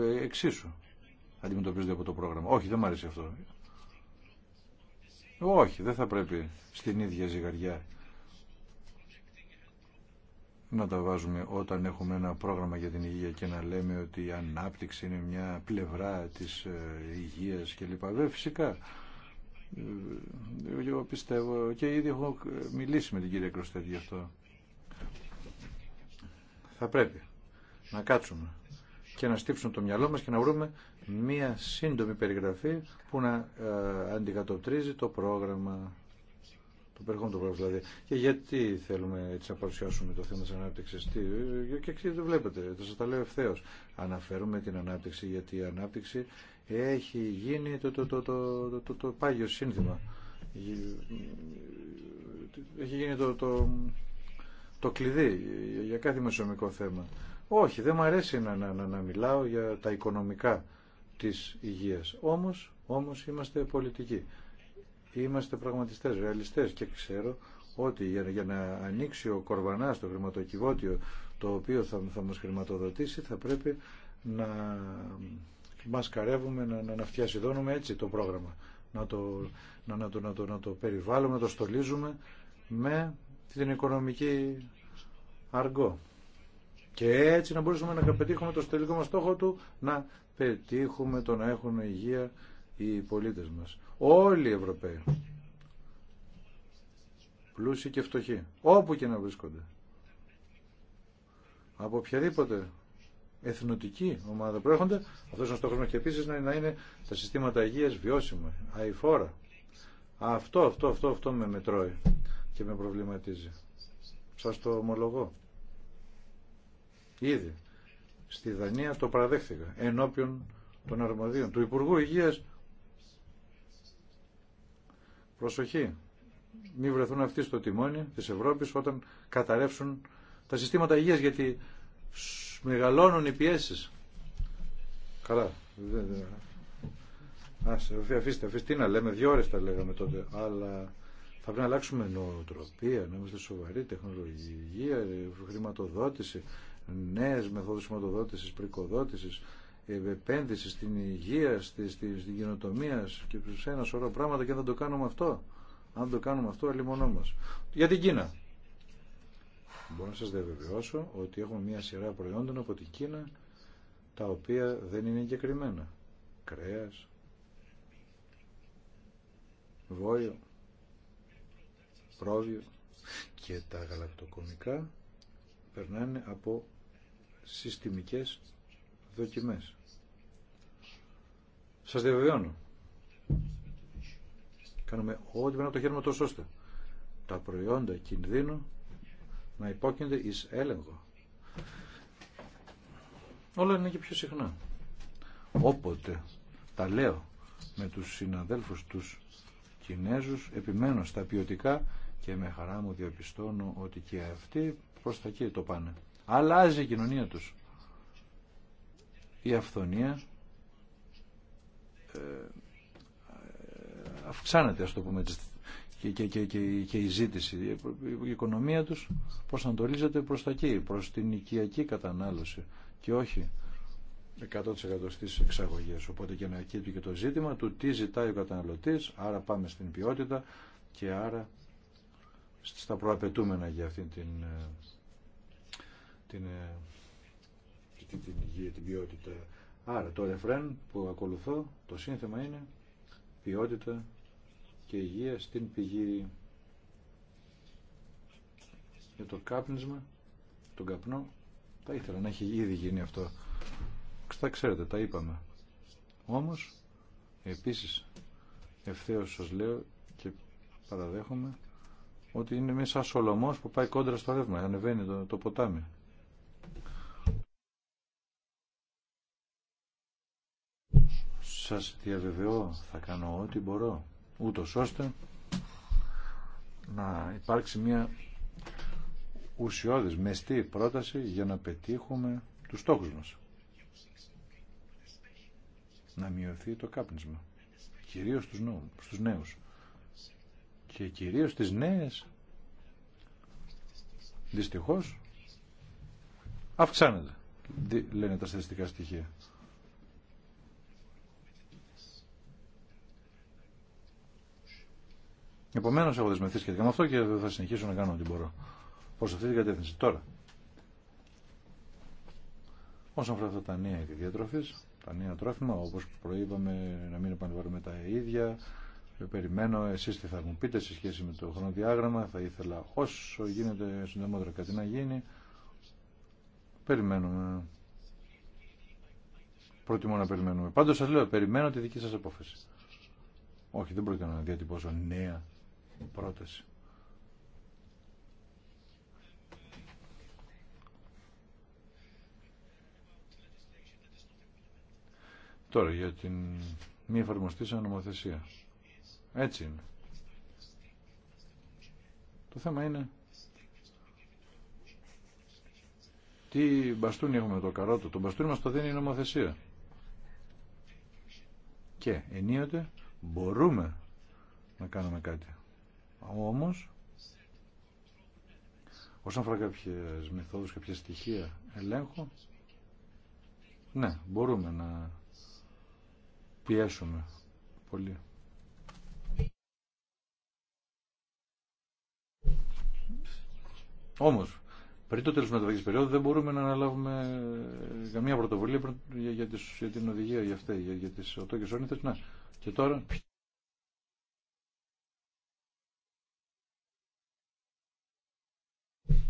Ε, εξίσου αντιμετωπίζονται από το πρόγραμμα. Όχι, δεν μου αρέσει αυτό. Όχι, δεν θα πρέπει στην ίδια ζυγαριά να τα βάζουμε όταν έχουμε ένα πρόγραμμα για την υγεία και να λέμε ότι η ανάπτυξη είναι μια πλευρά της ε, υγείας κλπ. Βέβαια, φυσικά. Ε, εγώ πιστεύω και ήδη έχω μιλήσει με την κυρία Κροστέτ γι' αυτό. Θα πρέπει να κάτσουμε και να στύψουμε το μυαλό μας και να βρούμε μία σύντομη περιγραφή που να ε, αντικατοπτρίζει το πρόγραμμα το περιεχόμενο πρόγραμμα δηλαδή. Και γιατί θέλουμε έτσι να παρουσιάσουμε το θέμα ανάπτυξης; ανάπτυξη. Ε, και, εκεί το βλέπετε, θα σας τα λέω ευθέω. Αναφέρουμε την ανάπτυξη γιατί η ανάπτυξη έχει γίνει το, το, το, το, το, το, πάγιο σύνθημα. Ε, έχει γίνει το, το, το κλειδί για κάθε μεσομικό θέμα. Όχι, δεν μου αρέσει να, να, να, να μιλάω για τα οικονομικά της υγείας. Όμως, όμως είμαστε πολιτικοί. Είμαστε πραγματιστές, ρεαλιστές και ξέρω ότι για, να ανοίξει ο Κορβανάς το χρηματοκιβώτιο το οποίο θα, θα μας χρηματοδοτήσει θα πρέπει να μας καρεύουμε, να, να, να φτιασιδώνουμε έτσι το πρόγραμμα. Να το, να, να, το, να, το, να το περιβάλλουμε, να το στολίζουμε με την οικονομική αργό. Και έτσι να μπορούσαμε να πετύχουμε το τελικό μας στόχο του να πετύχουμε το να έχουν υγεία οι πολίτες μας. Όλοι οι Ευρωπαίοι. Πλούσιοι και φτωχοί. Όπου και να βρίσκονται. Από οποιαδήποτε εθνοτική ομάδα προέρχονται, αυτός ο στόχος μας και επίσης να είναι τα συστήματα υγείας βιώσιμα, αηφόρα. Αυτό, αυτό, αυτό, αυτό με μετρώει και με προβληματίζει. Σας το ομολογώ. Ήδη στη Δανία το παραδέχθηκα ενώπιον των αρμοδίων του Υπουργού Υγείας προσοχή μην βρεθούν αυτοί στο τιμόνι της Ευρώπης όταν καταρρεύσουν τα συστήματα υγείας γιατί μεγαλώνουν οι πιέσεις καλά Ας, αφήστε, αφήστε, να λέμε, δύο ώρες τα λέγαμε τότε, αλλά θα πρέπει να αλλάξουμε νοοτροπία, να είμαστε σοβαροί, τεχνολογία, χρηματοδότηση, νέες μεθόδους σηματοδότησης, πρικοδότησης, ε, επένδυση στην υγεία, στη, στη, στην κοινοτομία και σε ένα σωρό πράγματα και δεν το κάνουμε αυτό. Αν το κάνουμε αυτό, αλλημονό μας. Για την Κίνα. Μπορώ να σας διαβεβαιώσω ότι έχουμε μια σειρά προϊόντων από την Κίνα τα οποία δεν είναι εγκεκριμένα. Κρέας, βόλιο, πρόβιο και τα γαλακτοκομικά περνάνε από συστημικές δοκιμές. Σας διαβεβαιώνω. Κάνουμε ό,τι πρέπει να το χαίρουμε τόσο ώστε τα προϊόντα κινδύνου να υπόκεινται εις έλεγχο. Όλα είναι και πιο συχνά. Όποτε τα λέω με τους συναδέλφους τους Κινέζους επιμένω στα ποιοτικά και με χαρά μου διαπιστώνω ότι και αυτοί προς τα εκεί το πάνε. Αλλάζει η κοινωνία τους. Η αυθονία ε, αυξάνεται, ας το πούμε, και, και, και, και, η ζήτηση. Η οικονομία τους προσανατολίζεται προς τα εκεί, προς την οικιακή κατανάλωση και όχι 100% στις εξαγωγές. Οπότε και να και το ζήτημα του τι ζητάει ο καταναλωτής, άρα πάμε στην ποιότητα και άρα στα προαπαιτούμενα για αυτήν την, ε, ε, την, την, την υγεία, την ποιότητα. Άρα το ρεφρέν που ακολουθώ, το σύνθεμα είναι ποιότητα και υγεία στην πηγή για το κάπνισμα, τον καπνό. Τα ήθελα να έχει ήδη γίνει αυτό. Τα ξέρετε, τα είπαμε. Όμως, επίσης, ευθέως σας λέω και παραδέχομαι ότι είναι μέσα σολομός που πάει κόντρα στο ρεύμα, ανεβαίνει το, το ποτάμι. Σας διαβεβαιώ, θα κάνω ό,τι μπορώ, ούτω ώστε να υπάρξει μια ουσιώδης, μεστή πρόταση για να πετύχουμε τους στόχους μας. Να μειωθεί το κάπνισμα, κυρίως στους, στους νέους και κυρίως τις νέες δυστυχώς αυξάνεται λένε τα στατιστικά στοιχεία Επομένως έχω δεσμευθεί σχετικά με αυτό και θα συνεχίσω να κάνω ό,τι μπορώ προς αυτή την κατεύθυνση τώρα όσον αφορά αυτά τα νέα διατροφής τα νέα τρόφιμα όπως προείπαμε να μην επαναλαμβάνουμε τα ίδια ε, περιμένω εσείς τι θα μου πείτε σε σχέση με το χρονοδιάγραμμα. Θα ήθελα όσο γίνεται συντομότερα κάτι να γίνει. Περιμένουμε. Προτιμώ να περιμένουμε. Πάντως σας λέω, περιμένω τη δική σας απόφαση. Όχι, δεν πρόκειται να διατυπώσω νέα πρόταση. Τώρα για την μη εφαρμοστή σαν νομοθεσία. Έτσι είναι. Το θέμα είναι τι μπαστούνι έχουμε το καρότο. Το μπαστούνι μας το δίνει η νομοθεσία. Και ενίοτε μπορούμε να κάνουμε κάτι. Όμως, όσον αφορά κάποιες μεθόδους, κάποια στοιχεία ελέγχου, ναι, μπορούμε να πιέσουμε πολύ. Όμως, πριν το τέλος της μεταβατικής περίοδου δεν μπορούμε να αναλάβουμε καμία πρωτοβουλία για, τις, την οδηγία για αυτή, για, για τις οτόκες όνειτες. και τώρα...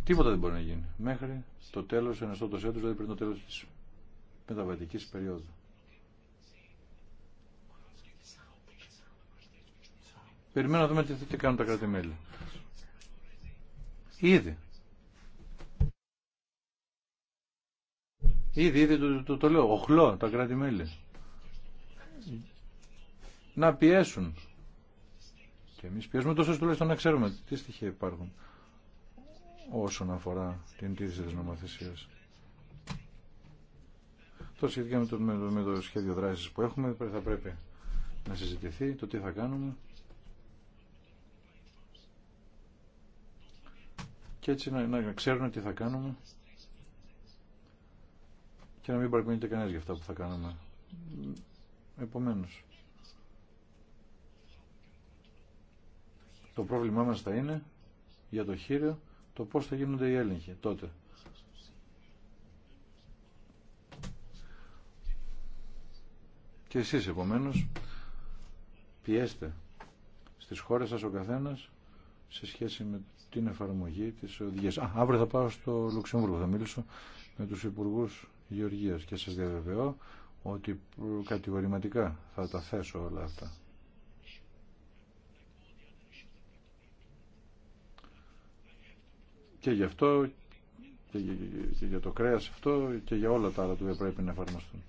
Τίποτα δεν μπορεί να γίνει μέχρι το τέλος ενός ότος έτους, δηλαδή πριν το τέλος της μεταβατικής περίοδου. Περιμένω να δούμε τι, τι κάνουν τα κράτη-μέλη. Ήδη Ήδη, ήδη το, το, το λέω, οχλώ τα κράτη-μέλη. Να πιέσουν. Και εμείς πιέζουμε τόσο τουλάχιστον να ξέρουμε τι στοιχεία υπάρχουν όσον αφορά την τήρηση της νομοθεσίας. Το σχετικά με το, με, σχέδιο δράσης που έχουμε θα πρέπει να συζητηθεί το τι θα κάνουμε. Και έτσι να, να τι θα κάνουμε και να μην παρακολουθείτε κανένα για αυτά που θα κάνουμε. Επομένω, το πρόβλημά μα θα είναι για το χείριο το πώ θα γίνονται οι έλεγχοι τότε. Και εσείς επομένως πιέστε στις χώρες σας ο καθένας σε σχέση με την εφαρμογή της οδηγίας. Α, αύριο θα πάω στο Λουξεμβούργο, θα μιλήσω με τους υπουργούς Γεωργίας και σας διαβεβαιώ ότι κατηγορηματικά θα τα θέσω όλα αυτά. Και γι' αυτό και για το κρέας αυτό και για όλα τα άλλα που πρέπει να εφαρμοστούν.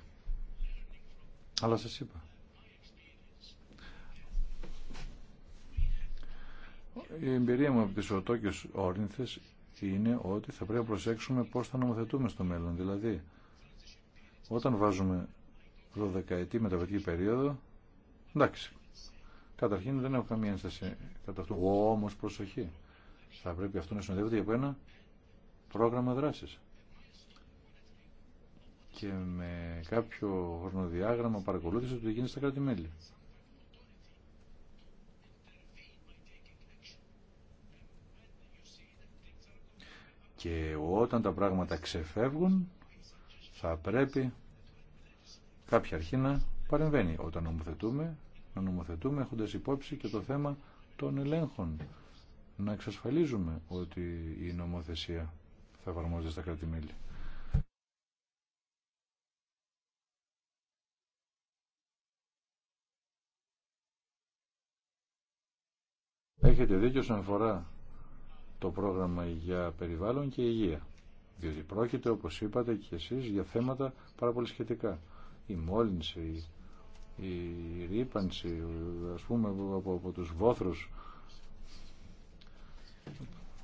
Αλλά σας είπα. Η εμπειρία μου από τις οτόκες όρνηθες είναι ότι θα πρέπει να προσέξουμε πώς θα νομοθετούμε στο μέλλον. Δηλαδή, όταν βάζουμε 12 ετή μεταβατική περίοδο, εντάξει. Καταρχήν δεν έχω καμία ένσταση κατά αυτού. Όμω προσοχή. Θα πρέπει αυτό να συνοδεύεται από ένα πρόγραμμα δράση. Και με κάποιο χρονοδιάγραμμα παρακολούθηση του γίνεται στα κράτη-μέλη. Και όταν τα πράγματα ξεφεύγουν, θα πρέπει κάποια αρχή να παρεμβαίνει. Όταν νομοθετούμε, να νομοθετούμε έχοντας υπόψη και το θέμα των ελέγχων. Να εξασφαλίζουμε ότι η νομοθεσία θα εφαρμόζεται στα κράτη-μέλη. Έχετε δίκιο σαν αφορά το πρόγραμμα για περιβάλλον και υγεία. Διότι πρόκειται, όπως είπατε και εσείς, για θέματα πάρα πολύ σχετικά. Η μόλυνση, η ρήπανση, ας πούμε, από, από, τους βόθρους.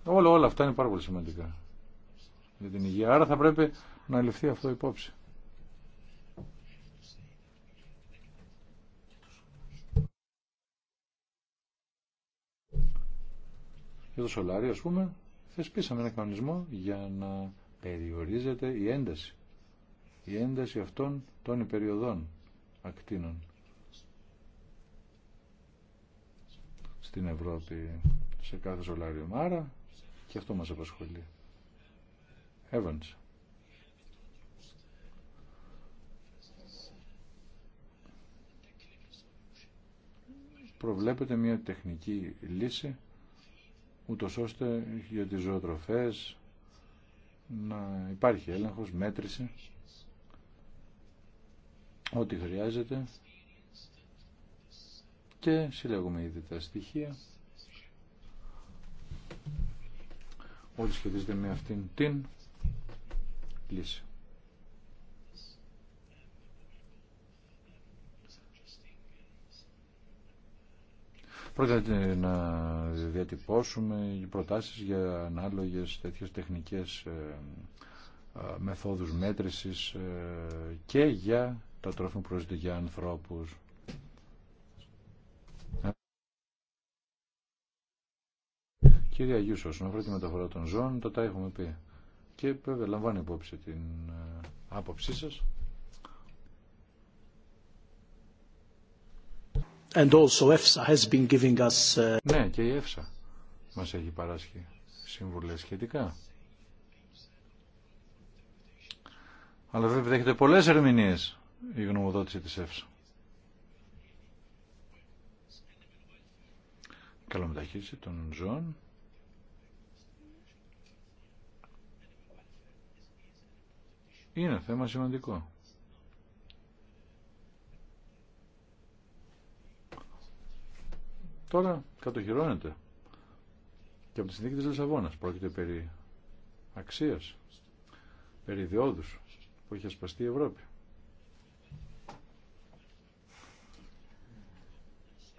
Όλα, όλα αυτά είναι πάρα πολύ σημαντικά για την υγεία. Άρα θα πρέπει να ληφθεί αυτό υπόψη. Για το σολάρι, ας πούμε, θεσπίσαμε ένα κανονισμό για να περιορίζεται η ένταση. Η ένταση αυτών των υπεριοδών ακτίνων στην Ευρώπη σε κάθε σολάριο. μάρα και αυτό μας απασχολεί. Evans. Προβλέπεται μια τεχνική λύση ούτως ώστε για τις ζωοτροφές να υπάρχει έλεγχος, μέτρηση, ό,τι χρειάζεται και συλλέγουμε ήδη τα στοιχεία. Ό,τι σχετίζεται με αυτήν την λύση. Πρόκειται ε, να διατυπώσουμε προτάσεις για ανάλογες τέτοιες τεχνικές ε, ε, μεθόδους μέτρησης και για τα τρόφιμα προσδίδει για ανθρώπους. Κυρία Αγίους, όσον αφορά τη μεταφορά των ζώων, το τα έχουμε πει. Και βέβαια λαμβάνει υπόψη την άποψή σας. Uh, ναι, και η ΕΦΣΑ μας έχει παράσχει συμβουλές σχετικά. Αλλά βέβαια έχετε πολλές ερμηνείες η γνωμοδότηση της ΕΦΣΑ. Καλό μεταχείριση των ζώων. Είναι θέμα σημαντικό. τώρα κατοχυρώνεται και από τη συνθήκη της Λισαβόνας πρόκειται περί αξίας περί ιδιόδους που είχε ασπαστεί η Ευρώπη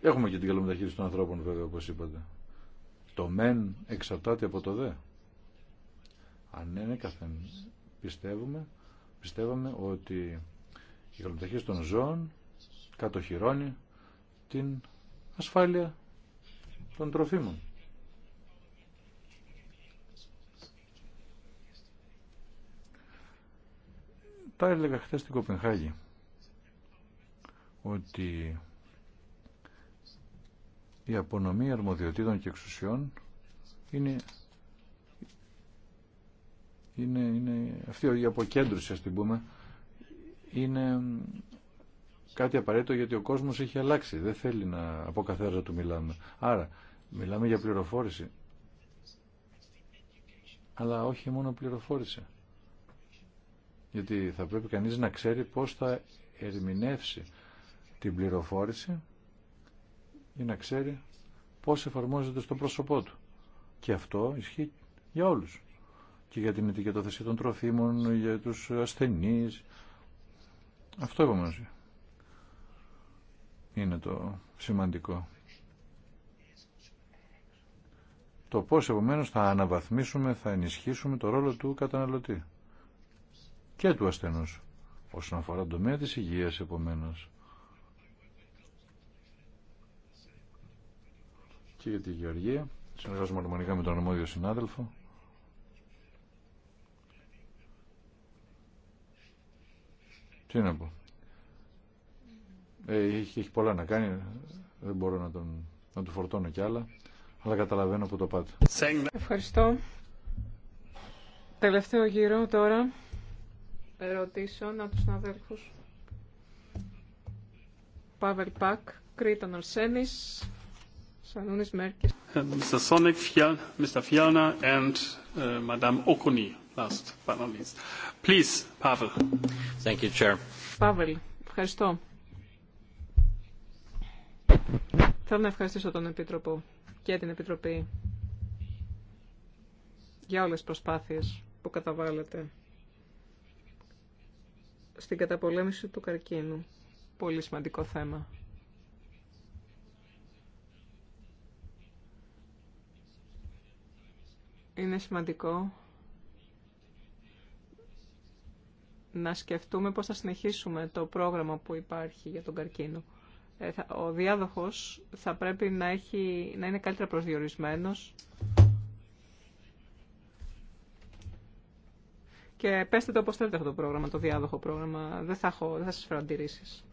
έχουμε και την καλομεταχείριση των ανθρώπων βέβαια όπως είπατε το μεν εξαρτάται από το δε αν είναι ναι, καθεν πιστεύουμε πιστεύαμε ότι η καλομεταχείριση των ζώων κατοχυρώνει την ασφάλεια των τροφίμων. Τα έλεγα χθε στην Κοπενχάγη ότι η απονομή αρμοδιοτήτων και εξουσιών είναι, είναι, είναι αυτή η αποκέντρωση ας την πούμε είναι κάτι απαραίτητο γιατί ο κόσμος έχει αλλάξει δεν θέλει να από καθέρα του μιλάμε άρα Μιλάμε για πληροφόρηση. Αλλά όχι μόνο πληροφόρηση. Γιατί θα πρέπει κανείς να ξέρει πώς θα ερμηνεύσει την πληροφόρηση ή να ξέρει πώς εφαρμόζεται στο πρόσωπό του. Και αυτό ισχύει για όλους. Και για την ετικετοθεσία των τροφίμων, για τους ασθενείς. Αυτό επομένως είναι το σημαντικό. το πώς επομένως θα αναβαθμίσουμε, θα ενισχύσουμε το ρόλο του καταναλωτή και του ασθενούς όσον αφορά το τομέα της υγείας επομένως. Και για τη Γεωργία, συνεργάζομαι αρμονικά με τον αρμόδιο συνάδελφο. Τι να πω. Ε, έχει, πολλά να κάνει, δεν μπορώ να, τον, να του φορτώνω κι άλλα αλλά καταλαβαίνω που το πάτε. Ευχαριστώ. Τελευταίο γύρο τώρα Ερωτήσω να τους συναδέλφους. Παύελ Πακ, Κρήτον Αρσένης, Σανούνης Μέρκης. Ε, Mr. Sonic, Mr. Fialna and uh, Madame Okuni, last but not least. Please, Pavel. Thank you, Chair. Pavel, ευχαριστώ. Θέλω να ευχαριστήσω τον Επίτροπο για την Επιτροπή για όλες τις προσπάθειες που καταβάλλετε στην καταπολέμηση του καρκίνου. Πολύ σημαντικό θέμα. Είναι σημαντικό να σκεφτούμε πώς θα συνεχίσουμε το πρόγραμμα που υπάρχει για τον καρκίνο. Ε, ο διάδοχος θα πρέπει να, έχει, να είναι καλύτερα προσδιορισμένος και πέστε το όπως θέλετε αυτό το πρόγραμμα, το διάδοχο πρόγραμμα. Δεν θα, έχω, δεν θα σας φέρω αντιρρήσεις.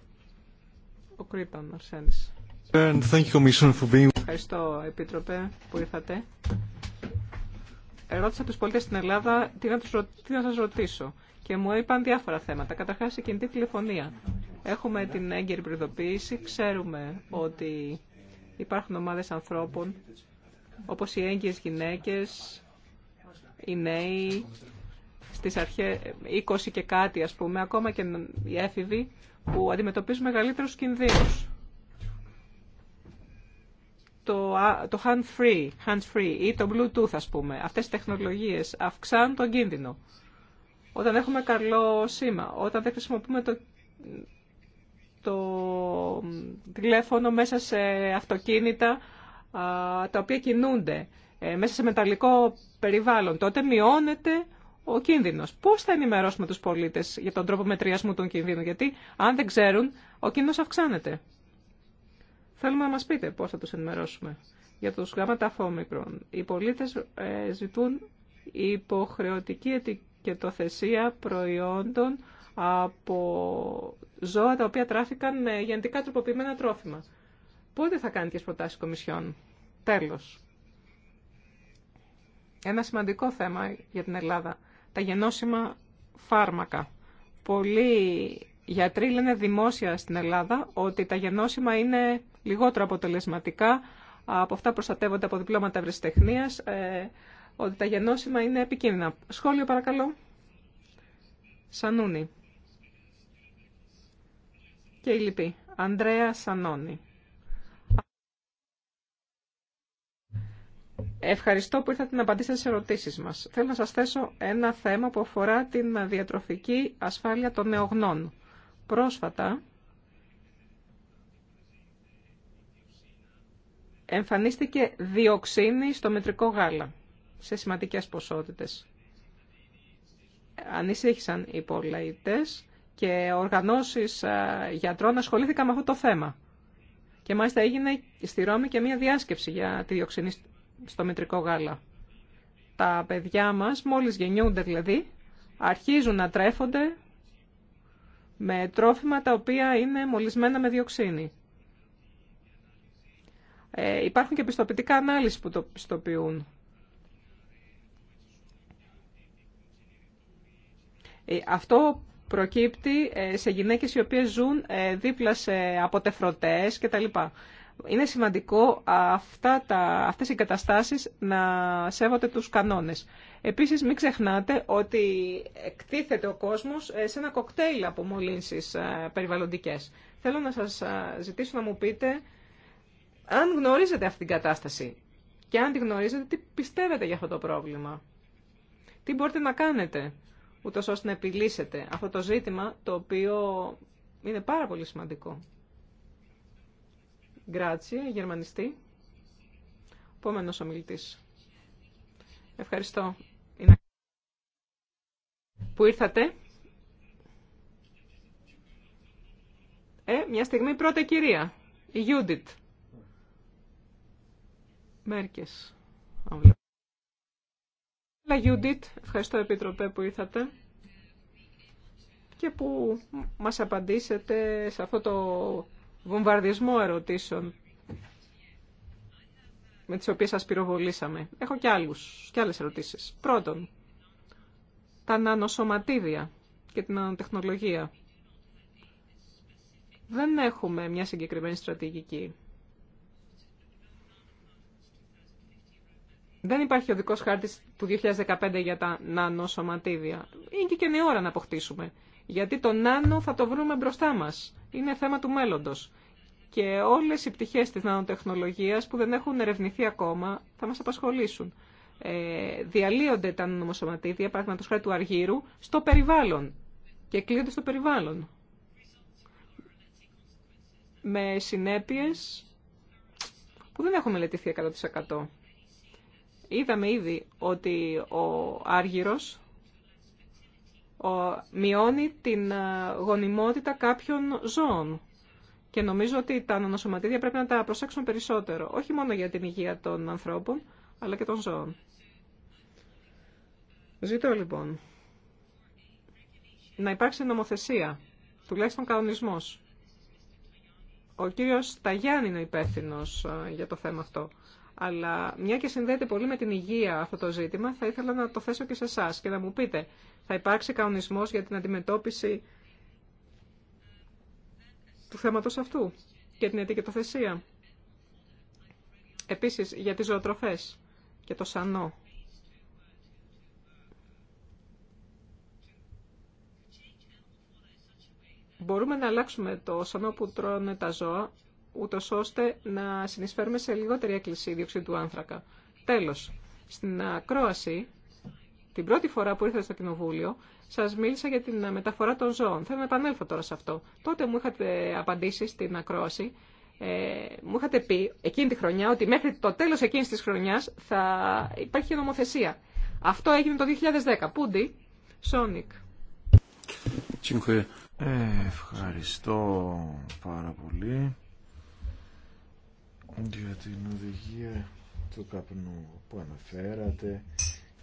Ο Ευχαριστώ, Επίτροπε, που ήρθατε. Ερώτησα τους πολίτες στην Ελλάδα τι να, τους, τι να σας ρωτήσω και μου είπαν διάφορα θέματα. Καταρχάς, η κινητή τηλεφωνία. Έχουμε την έγκαιρη προειδοποίηση. Ξέρουμε ότι υπάρχουν ομάδες ανθρώπων, όπως οι έγκυες γυναίκες, οι νέοι, στις αρχές 20 και κάτι ας πούμε, ακόμα και οι έφηβοι, που αντιμετωπίζουν μεγαλύτερους κινδύνους. Το, το hand-free hand -free ή το bluetooth ας πούμε, αυτές οι τεχνολογίες αυξάνουν τον κίνδυνο. Όταν έχουμε καλό σήμα, όταν δεν χρησιμοποιούμε το το τηλέφωνο, μέσα σε αυτοκίνητα τα οποία κινούνται, ε, μέσα σε μεταλλικό περιβάλλον, τότε μειώνεται ο κίνδυνος. Πώς θα ενημερώσουμε τους πολίτες για τον τρόπο μετριασμού των κινδύνων, Γιατί αν δεν ξέρουν, ο κίνδυνος αυξάνεται. Θέλουμε να μας πείτε πώς θα τους ενημερώσουμε. Για τους γάμματα αφόμικρων, οι πολίτε ε, ζητούν υποχρεωτική ετικετοθεσία προϊόντων από ζώα τα οποία τράφηκαν με γενετικά τροποποιημένα τρόφιμα. Πότε θα κάνει τις προτάσεις Κομισιόν. Τέλος. Ένα σημαντικό θέμα για την Ελλάδα. Τα γενώσιμα φάρμακα. Πολλοί γιατροί λένε δημόσια στην Ελλάδα ότι τα γενώσιμα είναι λιγότερο αποτελεσματικά από αυτά προστατεύονται από διπλώματα ευρεσιτεχνίας, ε, ότι τα γενώσιμα είναι επικίνδυνα. Σχόλιο παρακαλώ. Σανούνι και η λυπη, Ανδρέα Σανώνη. Ευχαριστώ που ήρθατε να απαντήσετε στις ερωτήσεις μας. Θέλω να σας θέσω ένα θέμα που αφορά την διατροφική ασφάλεια των νεογνών. Πρόσφατα εμφανίστηκε διοξίνη στο μετρικό γάλα σε σημαντικές ποσότητες. Ανησύχησαν οι πολίτες και οργανώσεις ε, γιατρών ασχολήθηκαν με αυτό το θέμα. Και μάλιστα έγινε στη Ρώμη και μια διάσκεψη για τη διοξινή στο μητρικό γάλα. Τα παιδιά μας, μόλις γεννιούνται δηλαδή, αρχίζουν να τρέφονται με τρόφιμα τα οποία είναι μολυσμένα με διοξίνη. Ε, υπάρχουν και πιστοποιητικά ανάλυση που το πιστοποιούν. Ε, αυτό προκύπτει ε, σε γυναίκες οι οποίες ζουν ε, δίπλα σε αποτεφρωτές κτλ. Είναι σημαντικό αυτά τα, αυτές οι καταστάσεις να σέβονται τους κανόνες. Επίσης μην ξεχνάτε ότι εκτίθεται ο κόσμος ε, σε ένα κοκτέιλ από μολύνσεις περιβαλλοντικές. Θέλω να σας ζητήσω να μου πείτε αν γνωρίζετε αυτή την κατάσταση και αν τη γνωρίζετε τι πιστεύετε για αυτό το πρόβλημα. Τι μπορείτε να κάνετε ούτω ώστε να επιλύσετε αυτό το ζήτημα το οποίο είναι πάρα πολύ σημαντικό. Γκράτσια, γερμανιστή. Επόμενο ομιλητή. Ευχαριστώ που ήρθατε. Ε, μια στιγμή πρώτη κυρία, η Γιούντιτ. Μέρκες. Γιούντιτ, ευχαριστώ Επίτροπε που ήρθατε και που μας απαντήσετε σε αυτό το βομβαρδισμό ερωτήσεων με τις οποίες σας πυροβολήσαμε. Έχω και, άλλους, και άλλες ερωτήσεις. Πρώτον, τα νανοσωματίδια και την νανοτεχνολογία. Δεν έχουμε μια συγκεκριμένη στρατηγική Δεν υπάρχει δικό χάρτη του 2015 για τα νανοσωματίδια. Είναι και ώρα να αποκτήσουμε. Γιατί το νάνο θα το βρούμε μπροστά μα. Είναι θέμα του μέλλοντο. Και όλε οι πτυχέ τη νανοτεχνολογία που δεν έχουν ερευνηθεί ακόμα θα μα απασχολήσουν. Ε, διαλύονται τα νανοσωματίδια, παράδειγμα χάρη του αργύρου, στο περιβάλλον. Και κλείονται στο περιβάλλον. Με συνέπειε που δεν έχουν μελετηθεί 100%. Είδαμε ήδη ότι ο Άργυρος μειώνει την ε, γονιμότητα κάποιων ζώων. Και νομίζω ότι τα νοσοματίδια πρέπει να τα προσέξουν περισσότερο, όχι μόνο για την υγεία των ανθρώπων, αλλά και των ζώων. Ζητώ λοιπόν να υπάρξει νομοθεσία, τουλάχιστον κανονισμός. Ο κύριος Ταγιάννη είναι υπεύθυνο ε, για το θέμα αυτό. Αλλά μια και συνδέεται πολύ με την υγεία αυτό το ζήτημα, θα ήθελα να το θέσω και σε εσά και να μου πείτε, θα υπάρξει κανονισμό για την αντιμετώπιση του θέματος αυτού και την ετικετοθεσία. Επίσης, για τις ζωοτροφές και το σανό. Μπορούμε να αλλάξουμε το σανό που τρώνε τα ζώα ούτω ώστε να συνεισφέρουμε σε λιγότερη έκκληση δίωξη του άνθρακα. Τέλο. στην ακρόαση, την πρώτη φορά που ήρθατε στο Κοινοβούλιο, σα μίλησα για την μεταφορά των ζώων. Θέλω να επανέλθω τώρα σε αυτό. Τότε μου είχατε απαντήσει στην ακρόαση ε, μου είχατε πει εκείνη τη χρονιά ότι μέχρι το τέλος εκείνης της χρονιάς θα υπάρχει νομοθεσία. Αυτό έγινε το 2010. Πούντι, Σόνικ. Ε, ευχαριστώ πάρα πολύ για την οδηγία του καπνού που αναφέρατε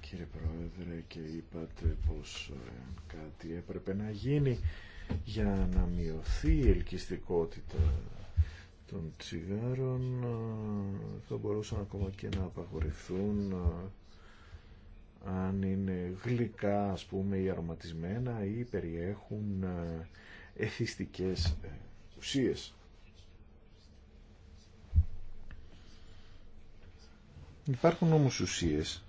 κύριε Πρόεδρε και είπατε πως ε, κάτι έπρεπε να γίνει για να μειωθεί η ελκυστικότητα των τσιγάρων ε, θα μπορούσαν ακόμα και να απαγορηθούν ε, αν είναι γλυκά ας πούμε ή αρωματισμένα ή περιέχουν εθιστικές ουσίες Υπάρχουν όμως ουσίες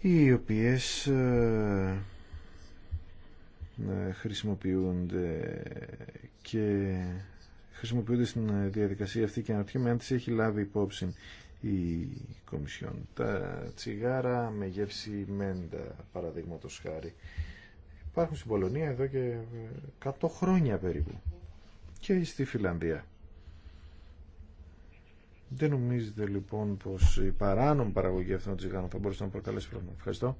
οι οποίες ε, ε, χρησιμοποιούνται και χρησιμοποιούνται στην διαδικασία αυτή και αναρωτιέμαι αν τις έχει λάβει υπόψη η Κομισιόν. Τα τσιγάρα με γεύση μέντα, παραδείγματο χάρη, υπάρχουν στην Πολωνία εδώ και 100 ε, χρόνια περίπου και στη Φιλανδία. Δεν νομίζετε λοιπόν πως η παράνομη παραγωγή αυτών των τσιγάρων θα μπορούσε να προκαλέσει πρόβλημα. Ευχαριστώ.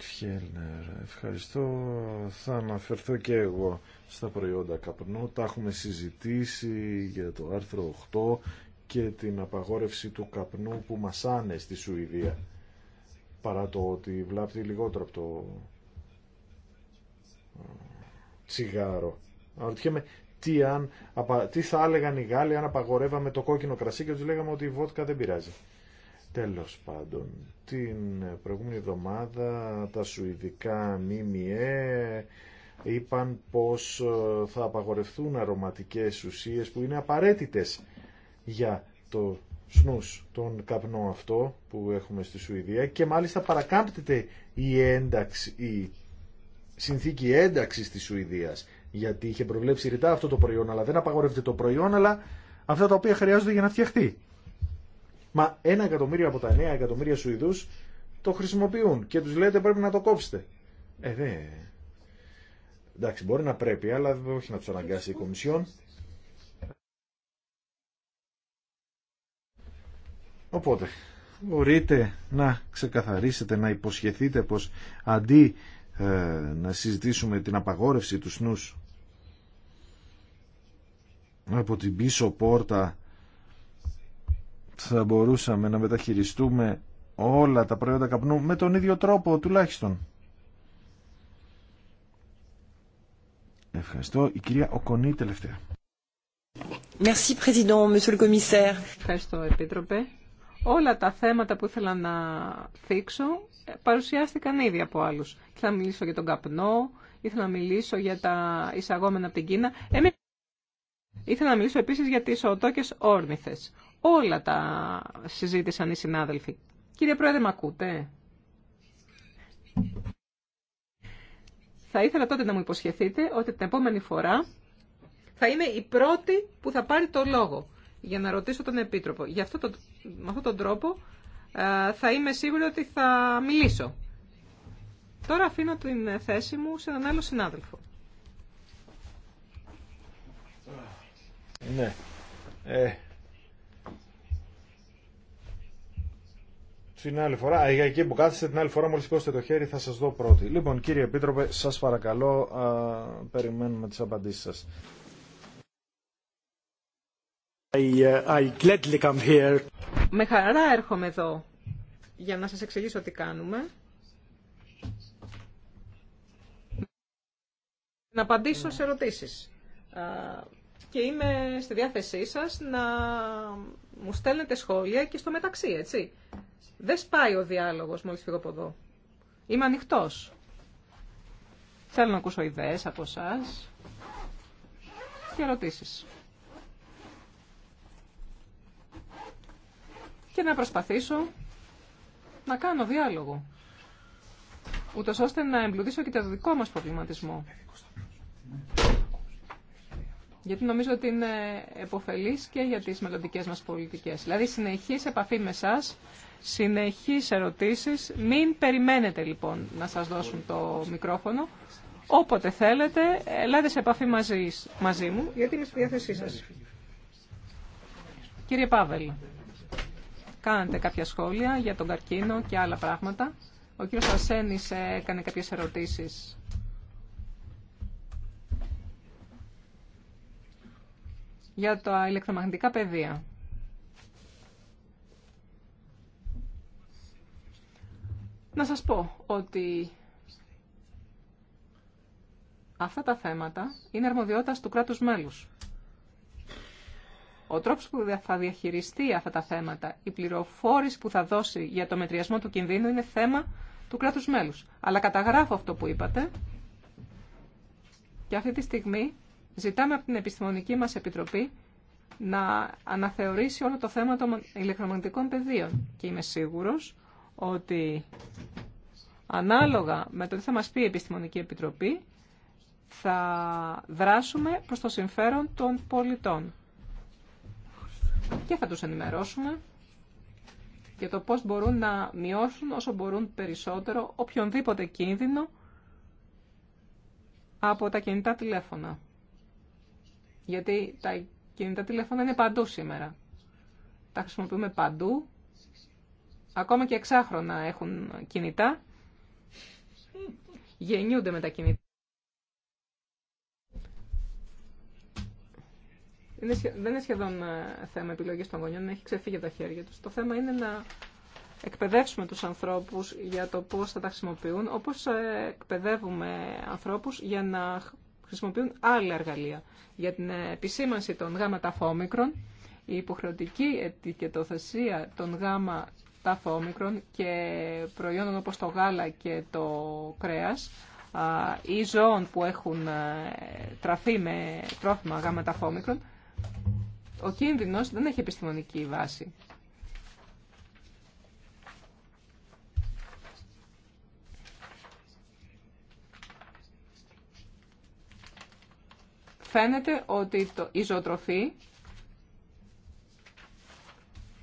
Χέλνερ. ευχαριστώ. Θα αναφερθώ και εγώ στα προϊόντα καπνού. Τα έχουμε συζητήσει για το άρθρο 8 και την απαγόρευση του καπνού που μασάνε στη Σουηδία. Παρά το ότι βλάπτει λιγότερο από το ε, τσιγάρο. Αναρωτιέμαι τι, αν, τι θα έλεγαν οι Γάλλοι αν απαγορεύαμε το κόκκινο κρασί και του λέγαμε ότι η βότκα δεν πειράζει. Τέλο πάντων, την προηγούμενη εβδομάδα τα σουηδικά ΜΜΕ είπαν πως ε, θα απαγορευτούν αρωματικές ουσίες που είναι απαραίτητες για το σνούς, τον καπνό αυτό που έχουμε στη Σουηδία και μάλιστα παρακάμπτεται η, η συνθήκη ένταξης της Σουηδίας γιατί είχε προβλέψει ρητά αυτό το προϊόν, αλλά δεν απαγορεύεται το προϊόν, αλλά αυτά τα οποία χρειάζονται για να φτιαχτεί. Μα ένα εκατομμύριο από τα 9 εκατομμύρια Σουηδού το χρησιμοποιούν και του λέτε πρέπει να το κόψετε. Ε, δε. Ναι. Εντάξει, μπορεί να πρέπει, αλλά όχι να του αναγκάσει η Κομισιόν. Οπότε, μπορείτε να ξεκαθαρίσετε, να υποσχεθείτε πως αντί ε, να συζητήσουμε την απαγόρευση του σνούς από την πίσω πόρτα θα μπορούσαμε να μεταχειριστούμε όλα τα προϊόντα καπνού με τον ίδιο τρόπο τουλάχιστον. Ευχαριστώ. Η κυρία Οκονή τελευταία. Merci, Président, Monsieur le Commissaire. Ευχαριστώ, Επίτροπε. Όλα τα θέματα που ήθελα να θίξω παρουσιάστηκαν ήδη από άλλους. Ήθελα να μιλήσω για τον καπνό, ήθελα να μιλήσω για τα εισαγόμενα από την Κίνα. Ήθελα να μιλήσω επίσης για τις οτόκες όρνηθες. Όλα τα συζήτησαν οι συνάδελφοι. Κύριε Πρόεδρε, με ακούτε. Θα ήθελα τότε να μου υποσχεθείτε ότι την επόμενη φορά θα είμαι η πρώτη που θα πάρει το λόγο για να ρωτήσω τον Επίτροπο. Γι αυτό με αυτόν τον τρόπο ε, θα είμαι σίγουρη ότι θα μιλήσω. Τώρα αφήνω την θέση μου σε έναν άλλο συνάδελφο. Ναι. Ε, την άλλη φορά, για εκεί που κάθεστε την άλλη φορά μόλις σηκώσετε το χέρι θα σας δω πρώτη. Λοιπόν κύριε Επίτροπε, σας παρακαλώ, α, περιμένουμε τις απαντήσεις σας. I, uh, I gladly come here. Με χαρά έρχομαι εδώ για να σας εξηγήσω τι κάνουμε. Να απαντήσω σε ερωτήσεις και είμαι στη διάθεσή σας να μου στέλνετε σχόλια και στο μεταξύ, έτσι. Δεν σπάει ο διάλογος μόλις φύγω από εδώ. Είμαι ανοιχτό. Θέλω να ακούσω ιδέες από εσά και ερωτήσεις. Και να προσπαθήσω να κάνω διάλογο. Ούτως ώστε να εμπλουτίσω και το δικό μας προβληματισμό γιατί νομίζω ότι είναι και για τι μελλοντικέ μας πολιτικές. Δηλαδή, συνεχή επαφή με εσά, συνεχή ερωτήσεις. Μην περιμένετε, λοιπόν, να σα δώσουν το μικρόφωνο. Όποτε θέλετε, ελάτε σε επαφή μαζί, μαζί μου, γιατί είμαι στη διάθεσή σας. Κύριε Πάβελ, κάνετε κάποια σχόλια για τον καρκίνο και άλλα πράγματα. Ο κύριος Ασένης έκανε κάποιες ερωτήσεις για τα ηλεκτρομαγνητικά πεδία. Να σας πω ότι αυτά τα θέματα είναι αρμοδιότητα του κράτους μέλους. Ο τρόπος που θα διαχειριστεί αυτά τα θέματα, η πληροφόρηση που θα δώσει για το μετριασμό του κινδύνου είναι θέμα του κράτους μέλους. Αλλά καταγράφω αυτό που είπατε και αυτή τη στιγμή Ζητάμε από την Επιστημονική μας Επιτροπή να αναθεωρήσει όλο το θέμα των ηλεκτρομαγνητικών πεδίων. Και είμαι σίγουρος ότι ανάλογα με το τι θα μας πει η Επιστημονική Επιτροπή, θα δράσουμε προς το συμφέρον των πολιτών. Και θα τους ενημερώσουμε για το πώς μπορούν να μειώσουν όσο μπορούν περισσότερο οποιονδήποτε κίνδυνο από τα κινητά τηλέφωνα γιατί τα κινητά τηλέφωνα είναι παντού σήμερα. Τα χρησιμοποιούμε παντού. Ακόμα και εξάχρονα έχουν κινητά. Γεννιούνται με τα κινητά. Είναι, δεν είναι σχεδόν ε, θέμα επιλογή των γονιών, έχει ξεφύγει τα χέρια τους. Το θέμα είναι να εκπαιδεύσουμε τους ανθρώπους για το πώ θα τα χρησιμοποιούν, όπως ε, εκπαιδεύουμε ανθρώπου για να χρησιμοποιούν άλλα εργαλεία. Για την επισήμανση των γάμα ταφόμικρων, η υποχρεωτική ετικετοθεσία των γάμα ταφόμικρων και προϊόντων όπως το γάλα και το κρέας ή ζώων που έχουν ε, τραφεί με τρόφιμα γάμα ταφόμικρων, ο κίνδυνος δεν έχει επιστημονική βάση. φαίνεται ότι η ζωοτροφή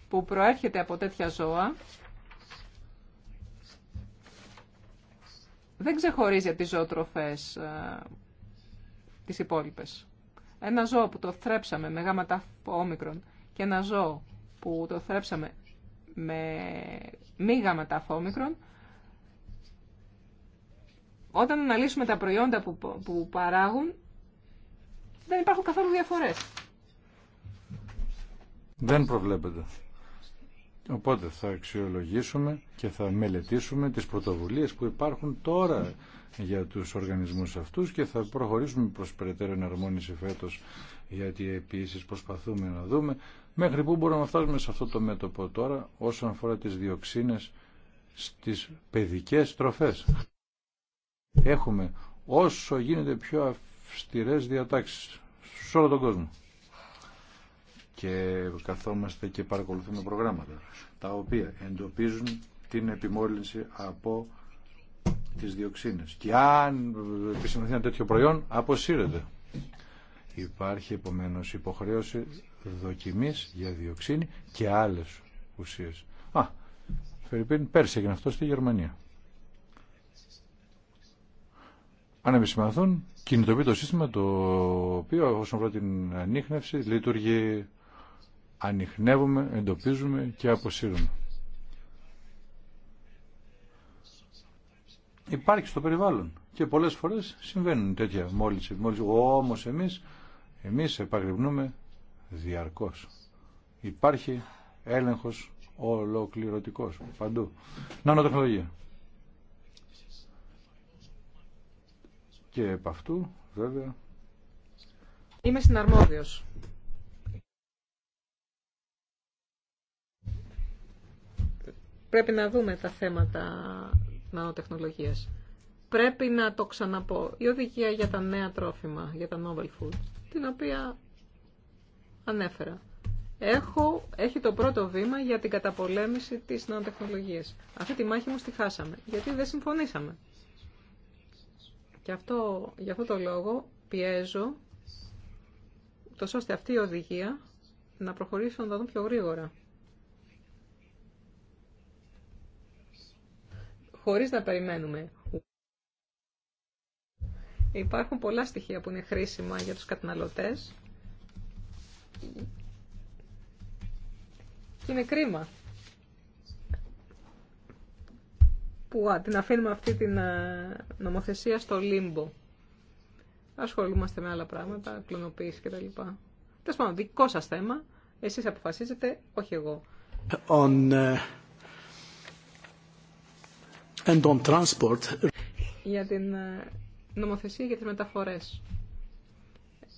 που προέρχεται από τέτοια ζώα δεν ξεχωρίζει τις ζωοτροφές ε, τις υπόλοιπες. Ένα ζώο που το θρέψαμε με γάμα όμικρον και ένα ζώο που το θρέψαμε με μη γάμα όμικρον, όταν αναλύσουμε τα προϊόντα που παράγουν, δεν υπάρχουν καθόλου διαφορές. Δεν προβλέπεται. Οπότε θα αξιολογήσουμε και θα μελετήσουμε τις πρωτοβουλίες που υπάρχουν τώρα για τους οργανισμούς αυτούς και θα προχωρήσουμε προς περαιτέρω εναρμόνιση φέτος γιατί επίσης προσπαθούμε να δούμε μέχρι πού μπορούμε να φτάσουμε σε αυτό το μέτωπο τώρα όσον αφορά τις διοξίνες στις παιδικές τροφές. Έχουμε όσο γίνεται πιο αυστηρές διατάξεις σε όλο τον κόσμο. Και καθόμαστε και παρακολουθούμε προγράμματα τα οποία εντοπίζουν την επιμόλυνση από τις διοξίνες. Και αν επισημαθεί ένα τέτοιο προϊόν, αποσύρεται. Υπάρχει επομένως υποχρέωση δοκιμής για διοξίνη και άλλες ουσίες. Α, Φερρυπίν, πέρσι έγινε αυτό στη Γερμανία. αν επισημανθούν, κινητοποιεί το σύστημα το οποίο όσον αφορά την ανείχνευση λειτουργεί ανοιχνεύουμε, εντοπίζουμε και αποσύρουμε. Υπάρχει στο περιβάλλον και πολλές φορές συμβαίνουν τέτοια μόλις, μόλις. Όμως εμείς, εμείς επαγρυπνούμε διαρκώς. Υπάρχει έλεγχος ολοκληρωτικός παντού. Νανοτεχνολογία. Και επ' αυτού βέβαια... Είμαι συναρμόδιος. Πρέπει να δούμε τα θέματα νανοτεχνολογίας. Πρέπει να το ξαναπώ. Η οδηγία για τα νέα τρόφιμα, για τα novel food, την οποία ανέφερα. Έχω, έχει το πρώτο βήμα για την καταπολέμηση της νανοτεχνολογίας. Αυτή τη μάχη μου τη χάσαμε, γιατί δεν συμφωνήσαμε. Και αυτό, για αυτό το λόγο πιέζω τόσο ώστε αυτή η οδηγία να προχωρήσουν να δουν πιο γρήγορα. Χωρίς να περιμένουμε. Υπάρχουν πολλά στοιχεία που είναι χρήσιμα για τους καταναλωτές. Και είναι κρίμα που την αφήνουμε αυτή την ε, νομοθεσία στο λίμπο. Ασχολούμαστε με άλλα πράγματα, κλωνοποίηση και Τέλο πάντων, δικό σα θέμα. Εσεί αποφασίζετε, όχι εγώ. On, ε, and on transport. Για την ε, νομοθεσία για τις μεταφορές.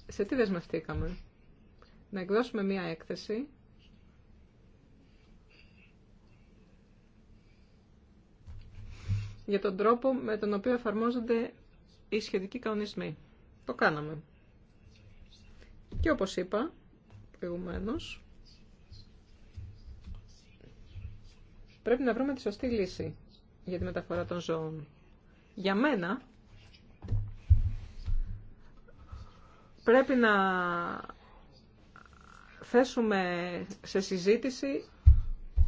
Σε τι δεσμευτήκαμε. Να εκδώσουμε μία έκθεση για τον τρόπο με τον οποίο εφαρμόζονται οι σχετικοί κανονισμοί. Το κάναμε. Και όπως είπα προηγουμένως, πρέπει να βρούμε τη σωστή λύση για τη μεταφορά των ζώων. Για μένα, πρέπει να θέσουμε σε συζήτηση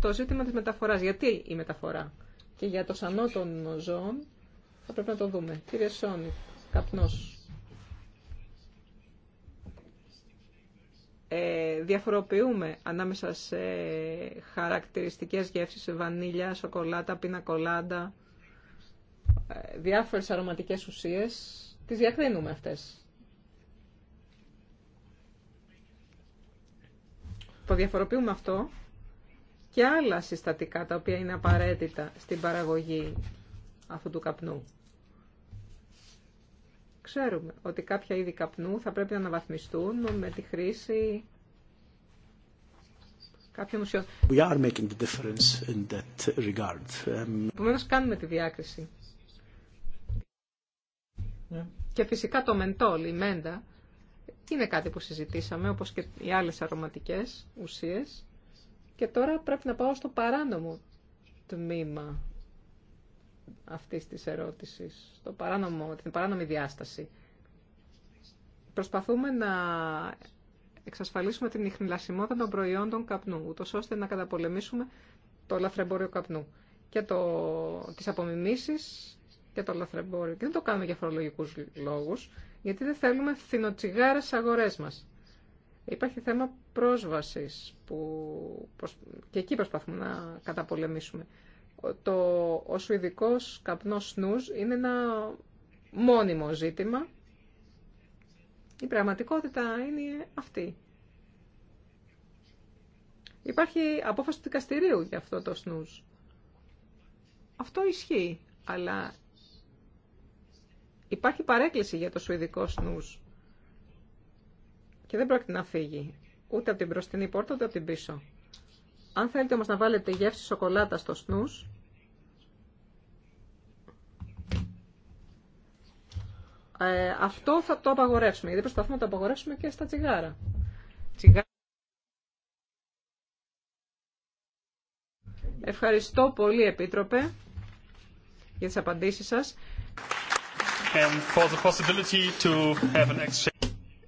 το ζήτημα της μεταφοράς. Γιατί η μεταφορά και για το σανό των ζώων θα πρέπει να το δούμε. Κύριε Σόνι, καπνός. Ε, διαφοροποιούμε ανάμεσα σε χαρακτηριστικές γεύσεις, βανίλια, σοκολάτα, πινακολάντα, ε, διάφορες αρωματικές ουσίες. Τις διακρίνουμε αυτές. Το διαφοροποιούμε αυτό και άλλα συστατικά τα οποία είναι απαραίτητα στην παραγωγή αυτού του καπνού. Ξέρουμε ότι κάποια είδη καπνού θα πρέπει να αναβαθμιστούν με τη χρήση κάποιων ουσιών. We are making the difference in that regard. Um, Επομένως κάνουμε τη διάκριση. Ναι. Και φυσικά το μεντόλ, η μέντα, είναι κάτι που συζητήσαμε, όπως και οι άλλες αρωματικές ουσίες. Και τώρα πρέπει να πάω στο παράνομο τμήμα αυτής της ερώτησης, στο παράνομο, την παράνομη διάσταση. Προσπαθούμε να εξασφαλίσουμε την ιχνηλασιμότητα των προϊόντων καπνού, ούτως ώστε να καταπολεμήσουμε το λαθρεμπόριο καπνού και το, τις απομιμήσεις και το λαθρεμπόριο. Και δεν το κάνουμε για φορολογικούς λόγους, γιατί δεν θέλουμε φθηνοτσιγάρες αγορές μας. Υπάρχει θέμα πρόσβασης που και εκεί προσπαθούμε να καταπολεμήσουμε. Το, ο σουηδικός καπνός σνούς είναι ένα μόνιμο ζήτημα. Η πραγματικότητα είναι αυτή. Υπάρχει απόφαση του δικαστηρίου για αυτό το σνους. Αυτό ισχύει, αλλά υπάρχει παρέκκληση για το σουηδικό σνους και δεν πρόκειται να φύγει ούτε από την μπροστινή πόρτα ούτε από την πίσω. Αν θέλετε όμως να βάλετε γεύση σοκολάτα στο σνούς, ε, αυτό θα το απαγορεύσουμε, γιατί προσπαθούμε να το απαγορεύσουμε και στα τσιγάρα. Ευχαριστώ πολύ, Επίτροπε, για τις απαντήσεις σας. And for the possibility to have an exchange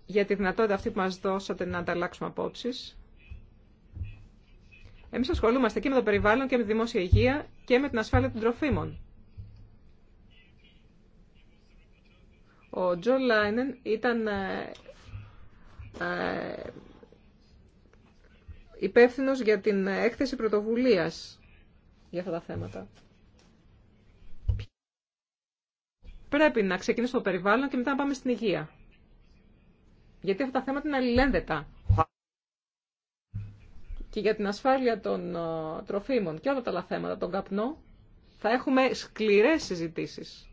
για τη δυνατότητα αυτή που μας δώσατε να ανταλλάξουμε απόψεις. Εμείς ασχολούμαστε και με το περιβάλλον και με τη δημόσια υγεία και με την ασφάλεια των τροφίμων. Ο Τζο Λάινεν ήταν ε, ε, υπεύθυνο για την έκθεση πρωτοβουλίας για αυτά τα θέματα. Πρέπει να ξεκινήσουμε το περιβάλλον και μετά να πάμε στην υγεία. Γιατί αυτά τα θέματα είναι αλληλένδετα. Και για την ασφάλεια των ε, τροφίμων και όλα τα άλλα θέματα, τον καπνό, θα έχουμε σκληρές συζητήσεις.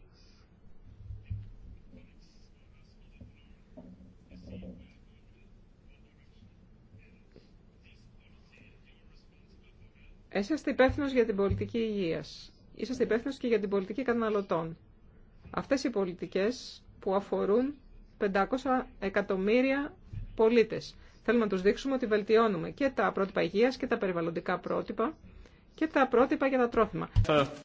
Είσαστε υπεύθυνο για την πολιτική υγεία. Είσαστε υπεύθυνο και για την πολιτική καταναλωτών. Αυτές οι πολιτικέ που αφορούν 500 εκατομμύρια πολίτες. Θέλουμε να τους δείξουμε ότι βελτιώνουμε και τα πρότυπα υγείας και τα περιβαλλοντικά πρότυπα και τα πρότυπα για τα τρόφιμα.